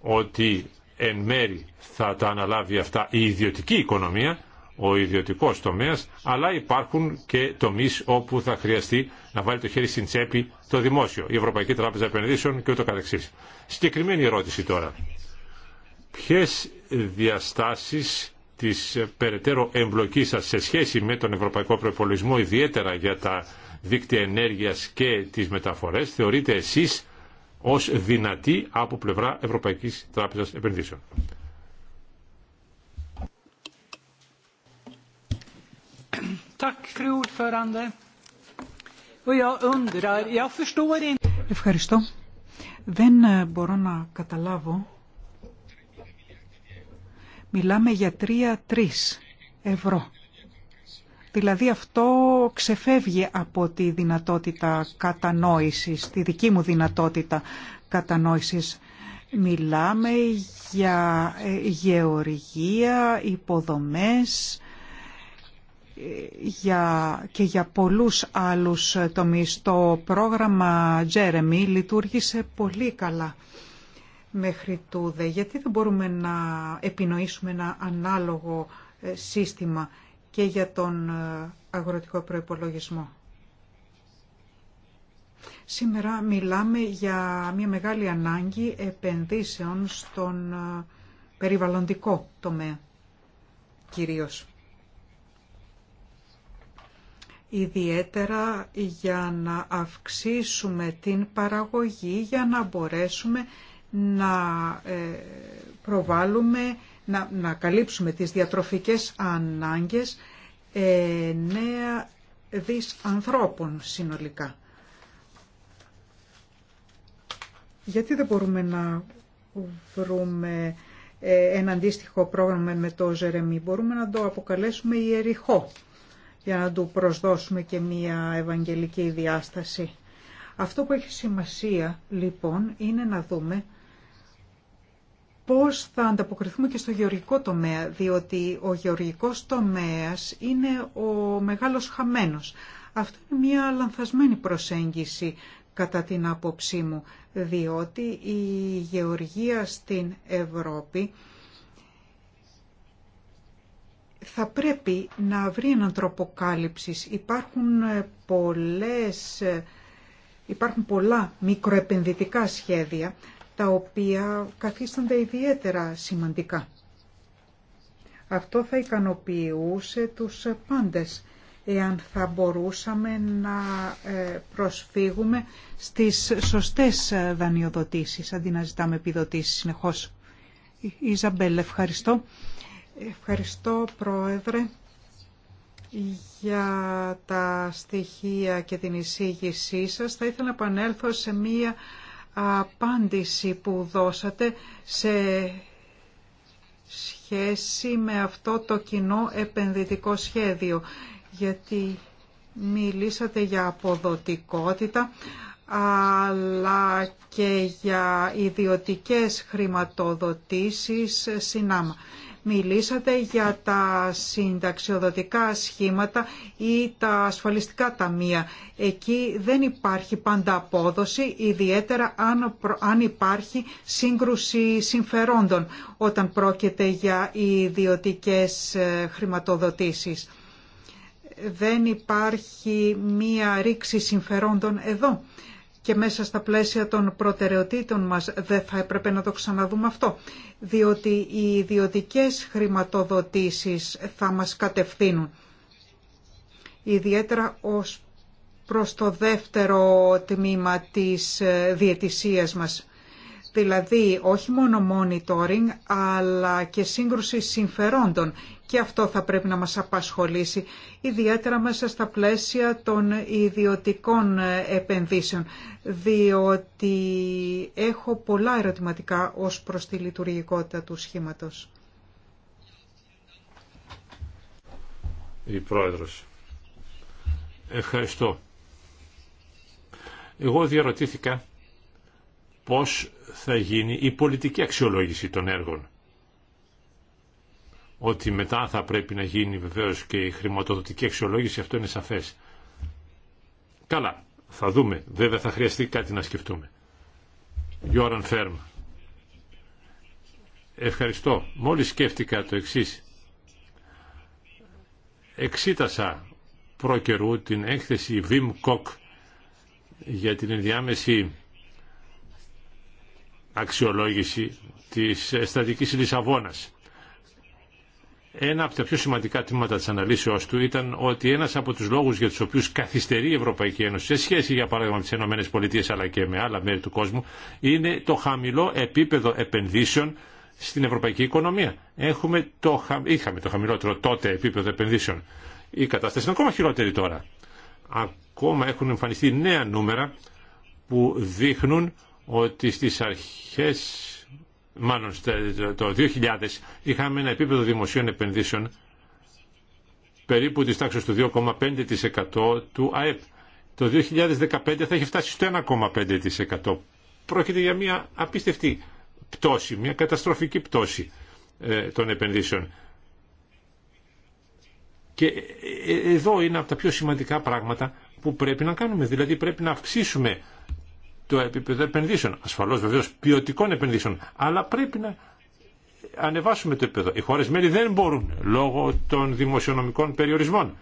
[SPEAKER 1] ότι εν μέρη θα τα αναλάβει αυτά η ιδιωτική οικονομία, ο ιδιωτικός τομέας, αλλά υπάρχουν και τομείς όπου θα χρειαστεί να βάλει το χέρι στην τσέπη το δημόσιο, η Ευρωπαϊκή Τράπεζα Επενδύσεων και ούτω καθεξής. Συγκεκριμένη ερώτηση τώρα. Ποιες διαστάσεις της περαιτέρω εμπλοκής σας σε σχέση με τον Ευρωπαϊκό Προπολογισμό, ιδιαίτερα για τα δίκτυα ενέργειας και τις μεταφορές, θεωρείτε εσείς ως δυνατή από πλευρά Ευρωπαϊκής Τράπεζας Επενδύσεων.
[SPEAKER 2] Ευχαριστώ. Δεν ε, μπορώ να καταλάβω. Μιλάμε για 3-3 ευρώ. Δηλαδή αυτό ξεφεύγει από τη δυνατότητα κατανόησης, τη δική μου δυνατότητα κατανόησης. Μιλάμε για ε, γεωργία, υποδομές ε, και για πολλούς άλλους τομείς. Το πρόγραμμα Jeremy λειτουργήσε πολύ καλά μέχρι τούδε. Γιατί δεν μπορούμε να επινοήσουμε ένα ανάλογο ε, σύστημα και για τον ε, αγροτικό προϋπολογισμό. Σήμερα μιλάμε για μια μεγάλη ανάγκη επενδύσεων στον ε, περιβαλλοντικό τομέα κυρίως. Ιδιαίτερα για να αυξήσουμε την παραγωγή, για να μπορέσουμε να ε, προβάλλουμε να, να καλύψουμε τις διατροφικές ανάγκες ε, νέα δις ανθρώπων συνολικά. Γιατί δεν μπορούμε να βρούμε ε, ένα αντίστοιχο πρόγραμμα με το Ζερεμί. Μπορούμε να το αποκαλέσουμε ιεριχό για να του προσδώσουμε και μία ευαγγελική διάσταση. Αυτό που έχει σημασία λοιπόν είναι να δούμε πώς θα ανταποκριθούμε και στο γεωργικό τομέα, διότι ο γεωργικός τομέας είναι ο μεγάλος χαμένος. Αυτό είναι μια λανθασμένη προσέγγιση κατά την άποψή μου, διότι η γεωργία στην Ευρώπη θα πρέπει να βρει έναν τρόπο κάλυψης. Υπάρχουν, ε, πολλές, ε, υπάρχουν πολλά μικροεπενδυτικά σχέδια τα οποία καθίστανται ιδιαίτερα σημαντικά. Αυτό θα ικανοποιούσε τους πάντες εάν θα μπορούσαμε να ε, προσφύγουμε στις σωστές ε, δανειοδοτήσεις, αντί να ζητάμε επιδοτήσεις συνεχώς. Ιζαμπέλ, ευχαριστώ. Ευχαριστώ, Πρόεδρε, για τα στοιχεία και την εισήγησή σας. Θα ήθελα να επανέλθω σε μία απάντηση που δώσατε σε σχέση με αυτό το κοινό επενδυτικό σχέδιο, γιατί μιλήσατε για αποδοτικότητα, αλλά και για ιδιωτικές χρηματοδοτήσεις συνάμα. Μιλήσατε για τα συνταξιοδοτικά σχήματα ή τα ασφαλιστικά ταμεία. Εκεί δεν υπάρχει πάντα απόδοση, ιδιαίτερα αν υπάρχει σύγκρουση συμφερόντων όταν πρόκειται για ιδιωτικές ε, χρηματοδοτήσεις. Δεν υπάρχει μία ρήξη συμφερόντων εδώ και μέσα στα πλαίσια των προτεραιοτήτων μας δεν θα έπρεπε να το ξαναδούμε αυτό, διότι οι ιδιωτικέ χρηματοδοτήσεις θα μας κατευθύνουν. Ιδιαίτερα ως προς το δεύτερο τμήμα της ε, διετησίας μας δηλαδή όχι μόνο monitoring αλλά και σύγκρουση συμφερόντων και αυτό θα πρέπει να μας απασχολήσει ιδιαίτερα μέσα στα πλαίσια των ιδιωτικών επενδύσεων διότι έχω πολλά ερωτηματικά ως προς τη λειτουργικότητα του σχήματος.
[SPEAKER 1] Η Πρόεδρος. Ευχαριστώ. Εγώ διαρωτήθηκα πώς θα γίνει η πολιτική αξιολόγηση των έργων. Ότι μετά θα πρέπει να γίνει βεβαίως και η χρηματοδοτική αξιολόγηση, αυτό είναι σαφές. Καλά, θα δούμε. Βέβαια θα χρειαστεί κάτι να σκεφτούμε. Γιώραν Φέρμ. Ευχαριστώ. Μόλις σκέφτηκα το εξής. Εξήτασα προκαιρού την έκθεση Βιμ Κοκ για την ενδιάμεση αξιολόγηση της στρατικής Λισαβόνας. Ένα από τα πιο σημαντικά τμήματα της αναλύσεώς του ήταν ότι ένας από τους λόγους για τους οποίους καθυστερεί η Ευρωπαϊκή Ένωση σε σχέση για παράδειγμα με τις ΗΠΑ αλλά και με άλλα μέρη του κόσμου είναι το χαμηλό επίπεδο επενδύσεων στην ευρωπαϊκή οικονομία. Έχουμε το, είχαμε το χαμηλότερο τότε επίπεδο επενδύσεων. Η κατάσταση είναι ακόμα χειρότερη τώρα. Ακόμα έχουν εμφανιστεί νέα νούμερα που δείχνουν ότι στις αρχές, μάλλον το 2000, είχαμε ένα επίπεδο δημοσίων επενδύσεων περίπου της τάξης του 2,5% του ΑΕΠ. Το 2015 θα έχει φτάσει στο 1,5%. Πρόκειται για μια απίστευτη πτώση, μια καταστροφική πτώση ε, των επενδύσεων. Και ε, ε, εδώ είναι από τα πιο σημαντικά πράγματα που πρέπει να κάνουμε. Δηλαδή πρέπει να αυξήσουμε το επίπεδο επενδύσεων. Ασφαλώ βεβαίω ποιοτικών επενδύσεων. Αλλά πρέπει να ανεβάσουμε το επίπεδο. Οι χώρε μέλη δεν μπορούν λόγω των δημοσιονομικών περιορισμών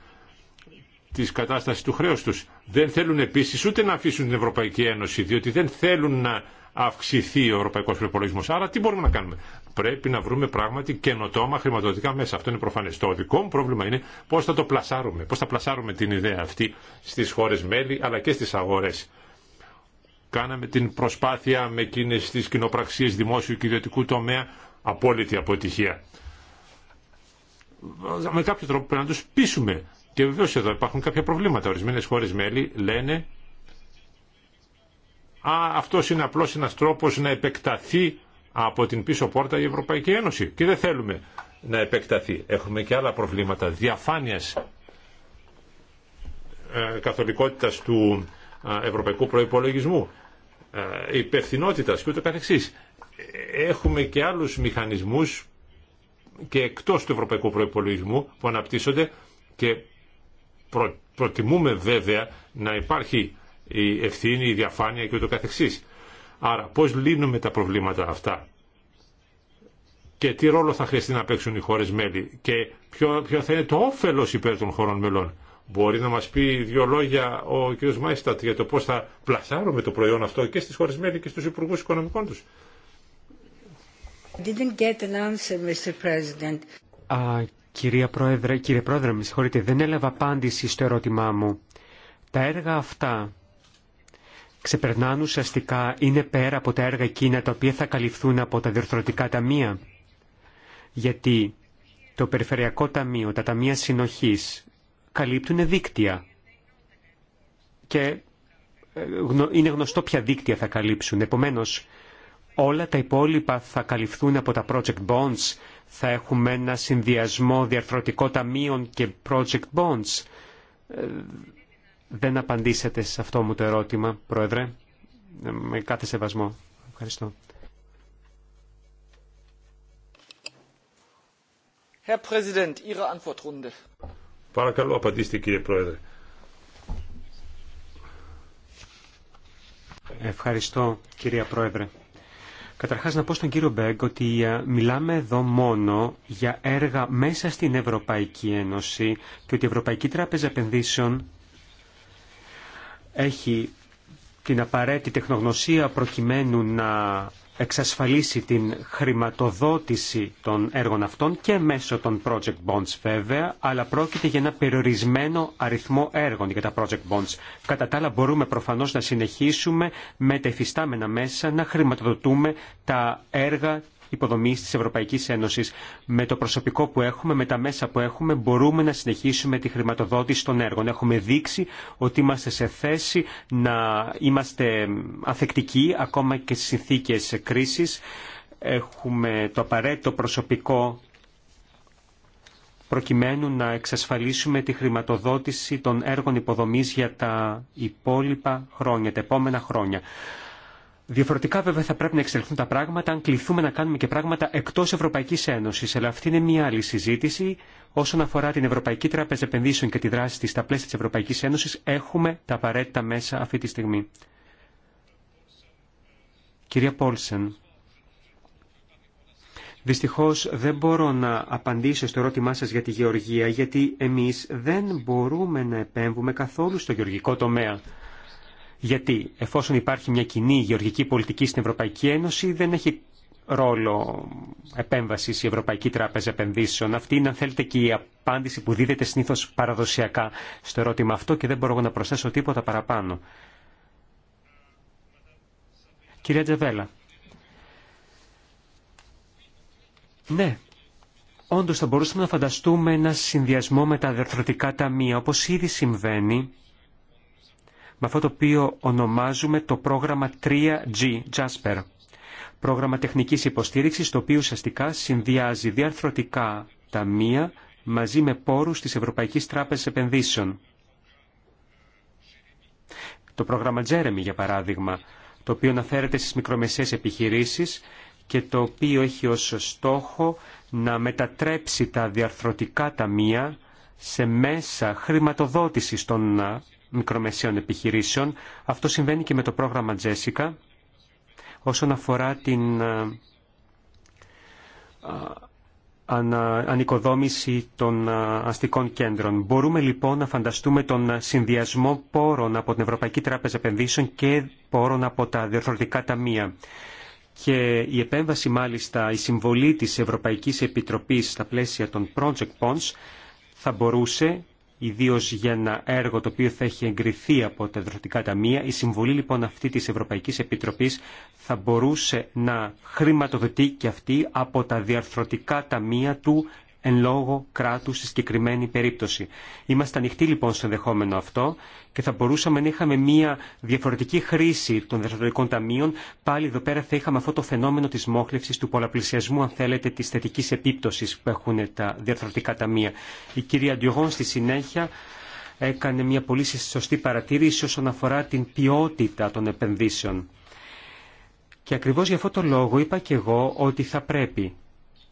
[SPEAKER 1] τη κατάσταση του χρέου του. Δεν θέλουν επίση ούτε να αφήσουν την Ευρωπαϊκή Ένωση, διότι δεν θέλουν να αυξηθεί ο ευρωπαϊκό προπολογισμό. Άρα τι μπορούμε να κάνουμε. Πρέπει να βρούμε πράγματι καινοτόμα χρηματοδοτικά μέσα. Αυτό είναι προφανέ. Το δικό μου πρόβλημα είναι πώ θα το πλασάρουμε. Πώ θα πλασάρουμε την ιδέα αυτή στι χώρε μέλη αλλά και στι αγορέ κάναμε την προσπάθεια με εκείνες τις κοινοπραξίες δημόσιου και ιδιωτικού τομέα απόλυτη αποτυχία. Με κάποιο τρόπο πρέπει να τους πείσουμε. Και βεβαίως εδώ υπάρχουν κάποια προβλήματα. Ορισμένες χώρες μέλη λένε «Α, αυτός είναι απλώς ένας τρόπος να επεκταθεί από την πίσω πόρτα η Ευρωπαϊκή Ένωση και δεν θέλουμε να επεκταθεί. Έχουμε και άλλα προβλήματα διαφάνειας ε, καθολικότητας του ευρωπαϊκού προϋπολογισμού, υπευθυνότητα και ούτω καθεξής. Έχουμε και άλλους μηχανισμούς και εκτός του ευρωπαϊκού προϋπολογισμού που αναπτύσσονται και προτιμούμε βέβαια να υπάρχει η ευθύνη, η διαφάνεια και ούτω καθεξής. Άρα πώς λύνουμε τα προβλήματα αυτά και τι ρόλο θα χρειαστεί να παίξουν οι χώρες μέλη και ποιο, ποιο θα είναι το όφελος υπέρ των χωρών μελών. Μπορεί να μας πει δύο λόγια ο κ. Μάιστατ για το πώς θα πλασάρουμε το προϊόν αυτό και στις χώρες μέλη και στους υπουργούς οικονομικών τους.
[SPEAKER 3] κυρία Πρόεδρε, κύριε Πρόεδρε, με συγχωρείτε, δεν έλαβα απάντηση στο ερώτημά μου. Τα έργα αυτά ξεπερνάνε ουσιαστικά, είναι πέρα από τα έργα εκείνα τα οποία θα καλυφθούν από τα διορθωτικά ταμεία. Γιατί το Περιφερειακό Ταμείο, τα Ταμεία Συνοχής, καλύπτουν δίκτυα. Και ε, είναι γνωστό ποια δίκτυα θα καλύψουν. Επομένως, όλα τα υπόλοιπα θα καλυφθούν από τα project bonds. Θα έχουμε ένα συνδυασμό διαρθρωτικών ταμείων και project bonds. Ε, δεν απαντήσατε σε αυτό μου το ερώτημα, Πρόεδρε. Ε, με
[SPEAKER 1] κάθε σεβασμό. Ευχαριστώ.
[SPEAKER 4] Herr Präsident, Ihre Antwortrunde.
[SPEAKER 1] Παρακαλώ απαντήστε κύριε Πρόεδρε. Ευχαριστώ
[SPEAKER 3] κύριε Πρόεδρε. Καταρχάς να πω στον κύριο Μπέγκ ότι ε, μιλάμε εδώ μόνο για έργα μέσα στην Ευρωπαϊκή Ένωση και ότι η Ευρωπαϊκή Τράπεζα Επενδύσεων έχει την απαραίτητη τεχνογνωσία προκειμένου να εξασφαλίσει την χρηματοδότηση των έργων αυτών και μέσω των project bonds βέβαια, αλλά πρόκειται για ένα περιορισμένο αριθμό έργων για τα project bonds. Κατά τα άλλα μπορούμε προφανώς να συνεχίσουμε με τα εφιστάμενα μέσα να χρηματοδοτούμε τα έργα υποδομή τη Ευρωπαϊκή Ένωση. Με το προσωπικό που έχουμε, με τα μέσα που έχουμε, μπορούμε να συνεχίσουμε τη χρηματοδότηση των έργων. Έχουμε δείξει ότι είμαστε σε θέση να είμαστε αθεκτικοί ακόμα και στι συνθήκε κρίση. Έχουμε το απαραίτητο προσωπικό προκειμένου να εξασφαλίσουμε τη χρηματοδότηση των έργων υποδομής για τα υπόλοιπα χρόνια, τα επόμενα χρόνια. Διαφορετικά βέβαια θα πρέπει να εξελιχθούν τα πράγματα αν κληθούμε να κάνουμε και πράγματα εκτός Ευρωπαϊκής Ένωσης. Αλλά αυτή είναι μια άλλη συζήτηση. Όσον αφορά την Ευρωπαϊκή Τράπεζα Επενδύσεων και τη δράση της στα πλαίσια της Ευρωπαϊκής Ένωσης, έχουμε τα απαραίτητα μέσα αυτή τη στιγμή. Κυρία Πόλσεν, δυστυχώς δεν μπορώ να απαντήσω στο ερώτημά σας για τη γεωργία, γιατί εμείς δεν μπορούμε να επέμβουμε καθόλου στο γεωργικό τομέα. Γιατί εφόσον υπάρχει μια κοινή γεωργική πολιτική στην Ευρωπαϊκή Ένωση δεν έχει ρόλο επέμβαση η Ευρωπαϊκή Τράπεζα Επενδύσεων. Αυτή είναι, αν θέλετε, και η απάντηση που δίδεται συνήθω παραδοσιακά στο ερώτημα αυτό και δεν μπορώ να προσθέσω τίποτα παραπάνω. Κυρία Τζεβέλα. Ναι, όντω θα μπορούσαμε να φανταστούμε ένα συνδυασμό με τα διαρθρωτικά ταμεία, όπω ήδη συμβαίνει με αυτό το οποίο ονομάζουμε το πρόγραμμα 3G, Jasper. Πρόγραμμα τεχνικής υποστήριξης, το οποίο ουσιαστικά συνδυάζει διαρθρωτικά ταμεία μαζί με πόρους της Ευρωπαϊκής Τράπεζας Επενδύσεων. Το πρόγραμμα Jeremy, για παράδειγμα, το οποίο αναφέρεται στις μικρομεσαίες επιχειρήσεις και το οποίο έχει ως στόχο να μετατρέψει τα διαρθρωτικά ταμεία σε μέσα χρηματοδότησης των μικρομεσαίων επιχειρήσεων. Αυτό συμβαίνει και με το πρόγραμμα Jessica όσον αφορά την ε, ανοικοδόμηση των ε, αστικών κέντρων. Μπορούμε λοιπόν να φανταστούμε τον συνδυασμό πόρων από την Ευρωπαϊκή Τράπεζα Επενδύσεων και πόρων από τα διορθωτικά ταμεία. Και η επέμβαση μάλιστα, η συμβολή της Ευρωπαϊκής Επιτροπής στα πλαίσια των Project Bonds θα μπορούσε ιδίω για ένα έργο το οποίο θα έχει εγκριθεί από τα δροτικά ταμεία. Η συμβολή λοιπόν αυτή της Ευρωπαϊκής Επιτροπής θα μπορούσε να χρηματοδοτεί και αυτή από τα διαρθρωτικά ταμεία του εν λόγω κράτου στη συγκεκριμένη περίπτωση. Είμαστε ανοιχτοί λοιπόν στο ενδεχόμενο αυτό και θα μπορούσαμε να είχαμε μια διαφορετική χρήση των δραστηριοτικών ταμείων. Πάλι εδώ πέρα θα είχαμε αυτό το φαινόμενο τη μόχλευση, του πολλαπλησιασμού, αν θέλετε, τη θετική επίπτωση που έχουν τα διαρθρωτικά ταμεία. Η κυρία Ντιογόν στη συνέχεια έκανε μια πολύ σωστή παρατήρηση όσον αφορά την ποιότητα των επενδύσεων. Και ακριβώς για αυτό το λόγο είπα και εγώ ότι θα πρέπει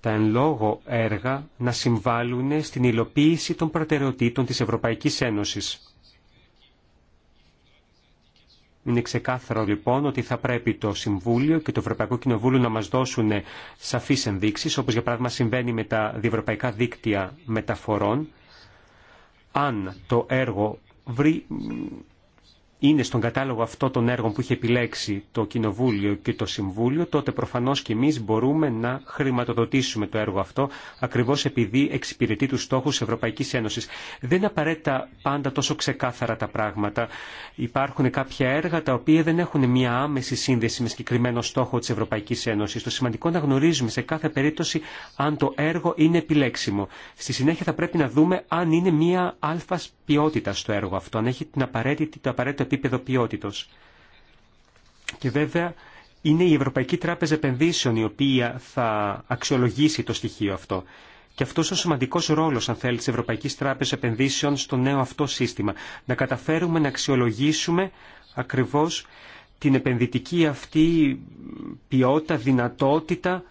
[SPEAKER 3] τα εν λόγω έργα να συμβάλλουν στην υλοποίηση των προτεραιοτήτων της Ευρωπαϊκής Ένωσης. Είναι ξεκάθαρο λοιπόν ότι θα πρέπει το Συμβούλιο και το Ευρωπαϊκό Κοινοβούλιο να μας δώσουν σαφείς ενδείξεις, όπως για παράδειγμα συμβαίνει με τα διευρωπαϊκά δίκτυα μεταφορών, αν το έργο βρει είναι στον κατάλογο αυτό των έργων που είχε επιλέξει το Κοινοβούλιο και το Συμβούλιο, τότε προφανώς και εμείς μπορούμε να χρηματοδοτήσουμε το έργο αυτό, ακριβώς επειδή εξυπηρετεί τους στόχους Ευρωπαϊκής Ένωσης. Δεν είναι απαραίτητα πάντα τόσο ξεκάθαρα τα πράγματα. Υπάρχουν κάποια έργα τα οποία δεν έχουν μια άμεση σύνδεση με συγκεκριμένο στόχο της Ευρωπαϊκής Ένωσης. Το σημαντικό να γνωρίζουμε σε κάθε περίπτωση αν το έργο είναι επιλέξιμο. Στη συνέχεια θα πρέπει να δούμε αν είναι μια αλφα ποιότητα στο έργο αυτό, αν έχει την απαραίτητη, το απαραίτητο επίπεδο ποιότητος. Και βέβαια είναι η Ευρωπαϊκή Τράπεζα Επενδύσεων η οποία θα αξιολογήσει το στοιχείο αυτό. Και αυτό ο σημαντικό ρόλο, αν θέλει, τη Ευρωπαϊκή Τράπεζα Επενδύσεων στο νέο αυτό σύστημα. Να καταφέρουμε να αξιολογήσουμε ακριβώ την επενδυτική αυτή ποιότητα, δυνατότητα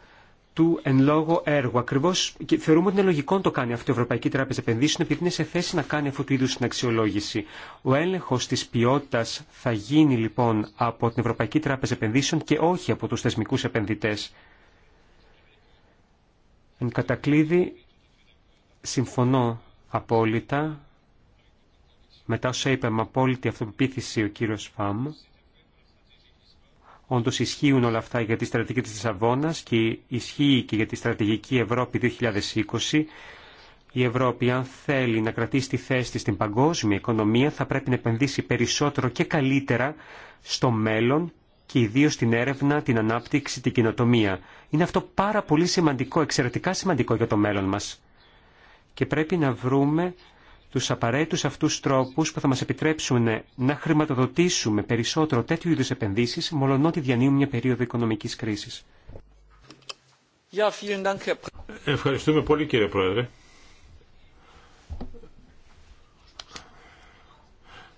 [SPEAKER 3] του εν λόγω έργου. Ακριβώ και θεωρούμε ότι είναι λογικό να το κάνει αυτή η Ευρωπαϊκή Τράπεζα Επενδύσεων, επειδή είναι σε θέση να κάνει αυτού του είδου την αξιολόγηση. Ο έλεγχο τη ποιότητα θα γίνει λοιπόν από την Ευρωπαϊκή Τράπεζα Επενδύσεων και όχι από του θεσμικού επενδυτέ. Εν κατακλείδη, συμφωνώ απόλυτα. Μετά όσα είπε με απόλυτη αυτοπεποίθηση ο κύριος Φαμ, Όντω ισχύουν όλα αυτά για τη στρατηγική τη Λισαβόνα και ισχύει και για τη στρατηγική Ευρώπη 2020. Η Ευρώπη, αν θέλει να κρατήσει τη θέση της στην παγκόσμια οικονομία, θα πρέπει να επενδύσει περισσότερο και καλύτερα στο μέλλον και ιδίω στην έρευνα, την ανάπτυξη, την κοινοτομία. Είναι αυτό πάρα πολύ σημαντικό, εξαιρετικά σημαντικό για το μέλλον μα. Και πρέπει να βρούμε τους απαραίτητους αυτούς τρόπους που θα μας επιτρέψουν να χρηματοδοτήσουμε περισσότερο τέτοιου είδους επενδύσεις, μολονότι διανύουμε μια περίοδο οικονομικής κρίσης. Ευχαριστούμε
[SPEAKER 1] πολύ κύριε Πρόεδρε.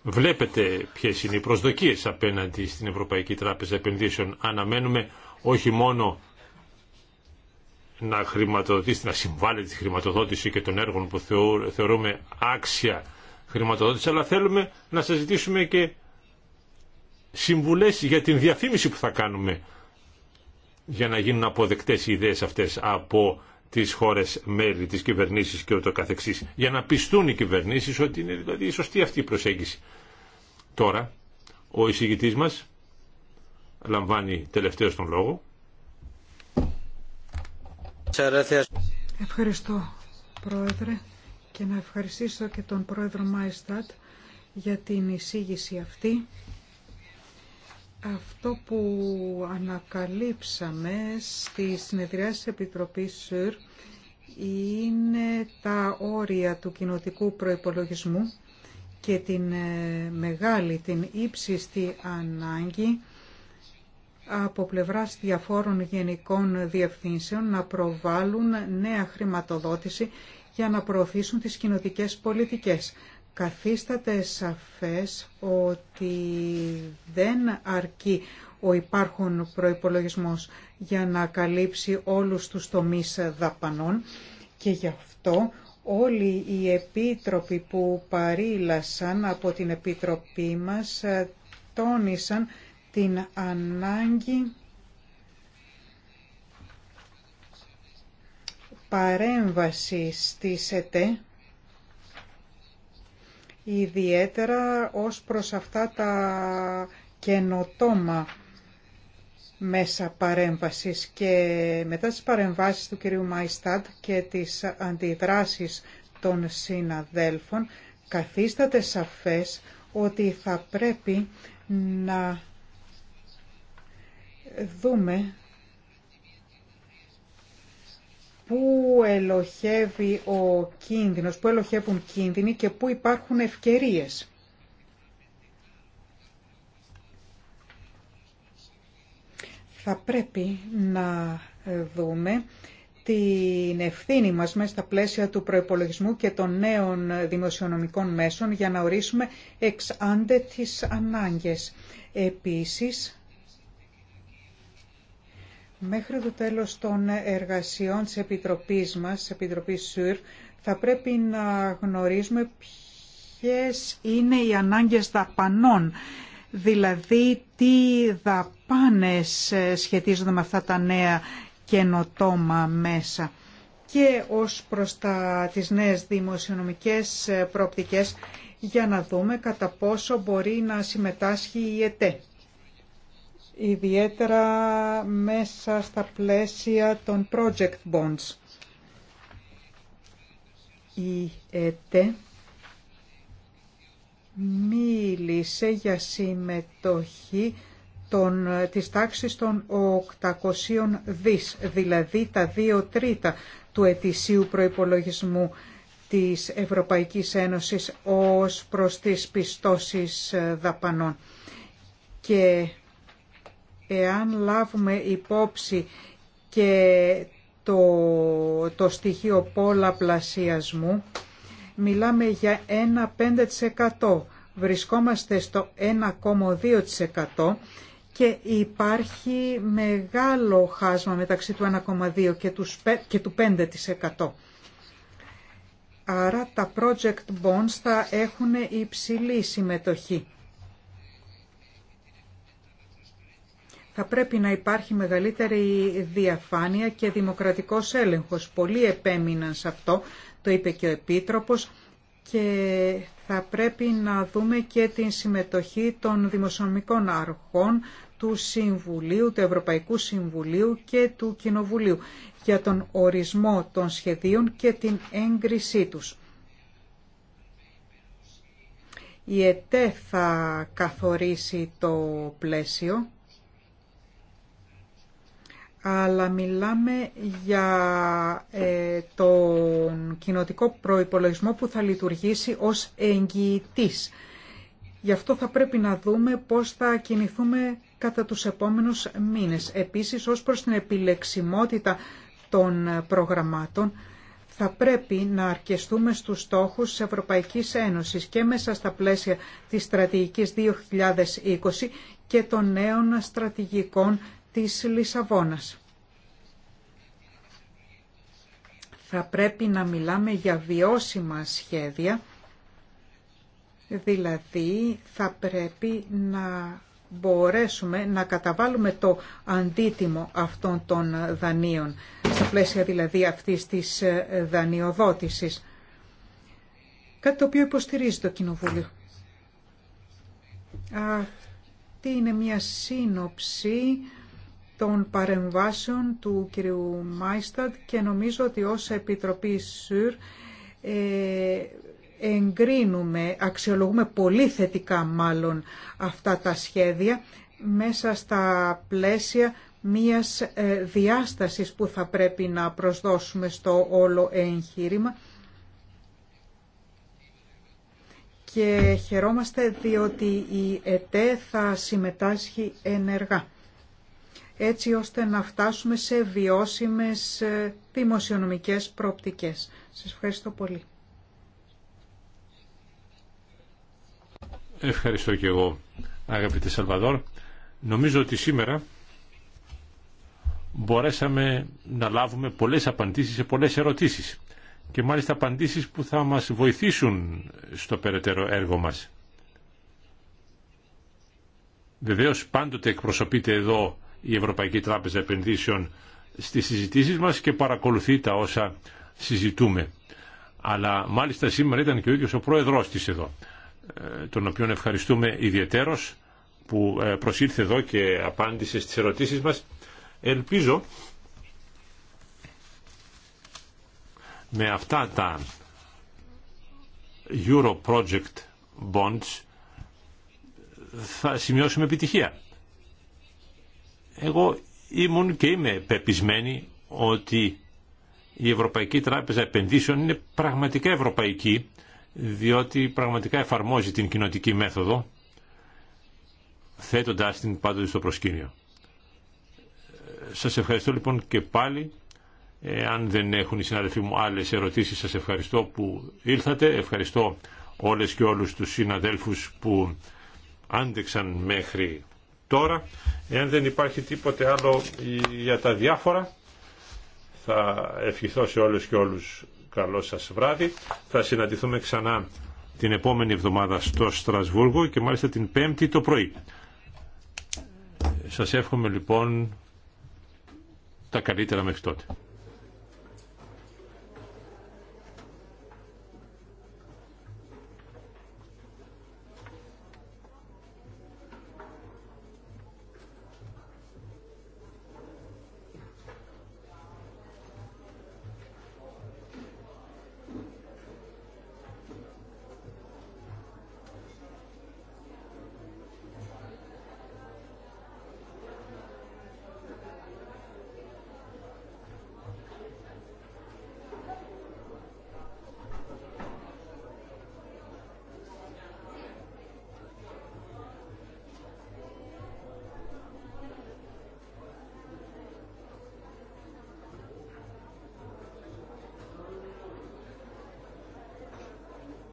[SPEAKER 1] Βλέπετε ποιες είναι οι προσδοκίες απέναντι στην Ευρωπαϊκή Τράπεζα Επενδύσεων. Αναμένουμε όχι μόνο να χρηματοδοτήσει, να συμβάλλει τη χρηματοδότηση και των έργων που θεωρούμε άξια χρηματοδότηση, αλλά θέλουμε να σας ζητήσουμε και συμβουλές για την διαφήμιση που θα κάνουμε για να γίνουν αποδεκτές οι ιδέες αυτές από τις χώρες μέλη, τις κυβερνήσεις και ούτω καθεξής, για να πιστούν οι κυβερνήσεις ότι είναι δηλαδή η σωστή αυτή η προσέγγιση. Τώρα, ο εισηγητής μας λαμβάνει τελευταίο τον λόγο.
[SPEAKER 2] Ευχαριστώ, Πρόεδρε, και να ευχαριστήσω και τον Πρόεδρο Μάιστατ για την εισήγηση αυτή. Αυτό που ανακαλύψαμε στη συνεδριά της Επιτροπής ΣΥΡ είναι τα όρια του κοινοτικού προϋπολογισμού και την ε, μεγάλη, την ύψιστη ανάγκη από πλευράς διαφόρων γενικών διευθύνσεων να προβάλλουν νέα χρηματοδότηση για να προωθήσουν τις κοινοτικές πολιτικές. Καθίσταται σαφές ότι δεν αρκεί ο υπάρχον προϋπολογισμός για να καλύψει όλους τους τομείς δαπανών και γι' αυτό όλοι οι επίτροποι που παρήλασαν από την Επιτροπή μας τόνισαν την ανάγκη παρέμβαση στη ΕΤΕ, ιδιαίτερα ως προς αυτά τα καινοτόμα μέσα παρέμβασης και μετά τις παρεμβάσεις του κυρίου Μαϊστάτ και τις αντιδράσεις των συναδέλφων καθίσταται σαφές ότι θα πρέπει να δούμε πού ελοχεύει ο κίνδυνος, πού ελοχεύουν κίνδυνοι και πού υπάρχουν ευκαιρίες. Θα πρέπει να δούμε την ευθύνη μας μέσα στα πλαίσια του προϋπολογισμού και των νέων δημοσιονομικών μέσων για να ορίσουμε εξάντε άντε τις ανάγκες. Επίσης, Μέχρι το τέλος των εργασιών της Επιτροπής μας, Επιτροπής ΣΥΡ, θα πρέπει να γνωρίζουμε ποιες είναι οι ανάγκες δαπανών, δηλαδή τι δαπάνες σχετίζονται με αυτά τα νέα καινοτόμα μέσα. Και ως προς τα, τις νέες δημοσιονομικές προοπτικές για να δούμε κατά πόσο μπορεί να συμμετάσχει η ΕΤΕ ιδιαίτερα μέσα στα πλαίσια των project bonds. Η ΕΤΕ μίλησε για συμμετοχή των, της τάξης των 800 δις, δηλαδή τα δύο τρίτα του ετησίου προϋπολογισμού της Ευρωπαϊκής Ένωσης ως προς τις πιστώσεις ε, δαπανών. Και εάν λάβουμε υπόψη και το, το στοιχείο πολλαπλασιασμού, μιλάμε για 1,5%. Βρισκόμαστε στο 1,2% και υπάρχει μεγάλο χάσμα μεταξύ του 1,2% και του 5%. Άρα τα project bonds θα έχουν υψηλή συμμετοχή. Θα πρέπει να υπάρχει μεγαλύτερη διαφάνεια και δημοκρατικός έλεγχος. πολύ επέμειναν σε αυτό, το είπε και ο Επίτροπος, και θα πρέπει να δούμε και την συμμετοχή των δημοσιονομικών αρχών του Συμβουλίου, του Ευρωπαϊκού Συμβουλίου και του Κοινοβουλίου για τον ορισμό των σχεδίων και την έγκρισή τους. Η ΕΤΕ θα καθορίσει το πλαίσιο αλλά μιλάμε για ε, τον κοινοτικό προϋπολογισμό που θα λειτουργήσει ως εγγυητής. Γι' αυτό θα πρέπει να δούμε πώς θα κινηθούμε κατά τους επόμενους μήνες. Επίσης, ως προς την επιλεξιμότητα των προγραμμάτων, θα πρέπει να αρκεστούμε στους στόχους της Ευρωπαϊκής Ένωσης και μέσα στα πλαίσια της στρατηγικής 2020 και των νέων στρατηγικών της Λισαβόνας. Θα πρέπει να μιλάμε για βιώσιμα σχέδια, δηλαδή θα πρέπει να μπορέσουμε να καταβάλουμε το αντίτιμο αυτών των δανείων, στα πλαίσια δηλαδή αυτής της ε, δανειοδότησης, κάτι το οποίο υποστηρίζει το Κοινοβούλιο. Αυτή είναι μια σύνοψη των παρεμβάσεων του κ. Μάιστατ και νομίζω ότι ως Επιτροπή ΣΥΡ ε, εγκρίνουμε, αξιολογούμε πολύ θετικά μάλλον αυτά τα σχέδια μέσα στα πλαίσια μίας ε, διάστασης που θα πρέπει να προσδώσουμε στο όλο εγχείρημα και χαιρόμαστε διότι η ΕΤΕ θα συμμετάσχει ενεργά έτσι ώστε να φτάσουμε σε βιώσιμες ε, δημοσιονομικές προοπτικές. Σας ευχαριστώ πολύ.
[SPEAKER 1] Ευχαριστώ και εγώ αγαπητέ Σαλβαδόρ. Νομίζω ότι σήμερα μπορέσαμε να λάβουμε πολλές απαντήσεις σε πολλές ερωτήσεις και μάλιστα απαντήσεις που θα μας βοηθήσουν στο περαιτέρω έργο μας. Βεβαίως πάντοτε εκπροσωπείται εδώ η Ευρωπαϊκή Τράπεζα Επενδύσεων στις συζητήσεις μας και παρακολουθεί τα όσα συζητούμε. Αλλά μάλιστα σήμερα ήταν και ο ίδιος ο πρόεδρός της εδώ, ε, τον οποίον ευχαριστούμε ιδιαίτερος που ε, προσήλθε εδώ και απάντησε στις ερωτήσεις μας. Ελπίζω με αυτά τα Euro Project Bonds θα σημειώσουμε επιτυχία. Εγώ ήμουν και είμαι πεπισμένη ότι η Ευρωπαϊκή Τράπεζα Επενδύσεων είναι πραγματικά ευρωπαϊκή, διότι πραγματικά εφαρμόζει την κοινοτική μέθοδο, θέτοντας την πάντοτε στο προσκήνιο. Σας ευχαριστώ λοιπόν και πάλι. Ε, αν δεν έχουν οι συναδελφοί μου άλλες ερωτήσεις, σας ευχαριστώ που ήλθατε. Ευχαριστώ όλες και όλους τους συναδέλφους που άντεξαν μέχρι Τώρα, εάν δεν υπάρχει τίποτε άλλο για τα διάφορα, θα ευχηθώ σε όλους και όλους καλό σας βράδυ. Θα συναντηθούμε ξανά την επόμενη εβδομάδα στο Στρασβούργο και μάλιστα την Πέμπτη το πρωί. Σας εύχομαι λοιπόν τα καλύτερα μέχρι τότε.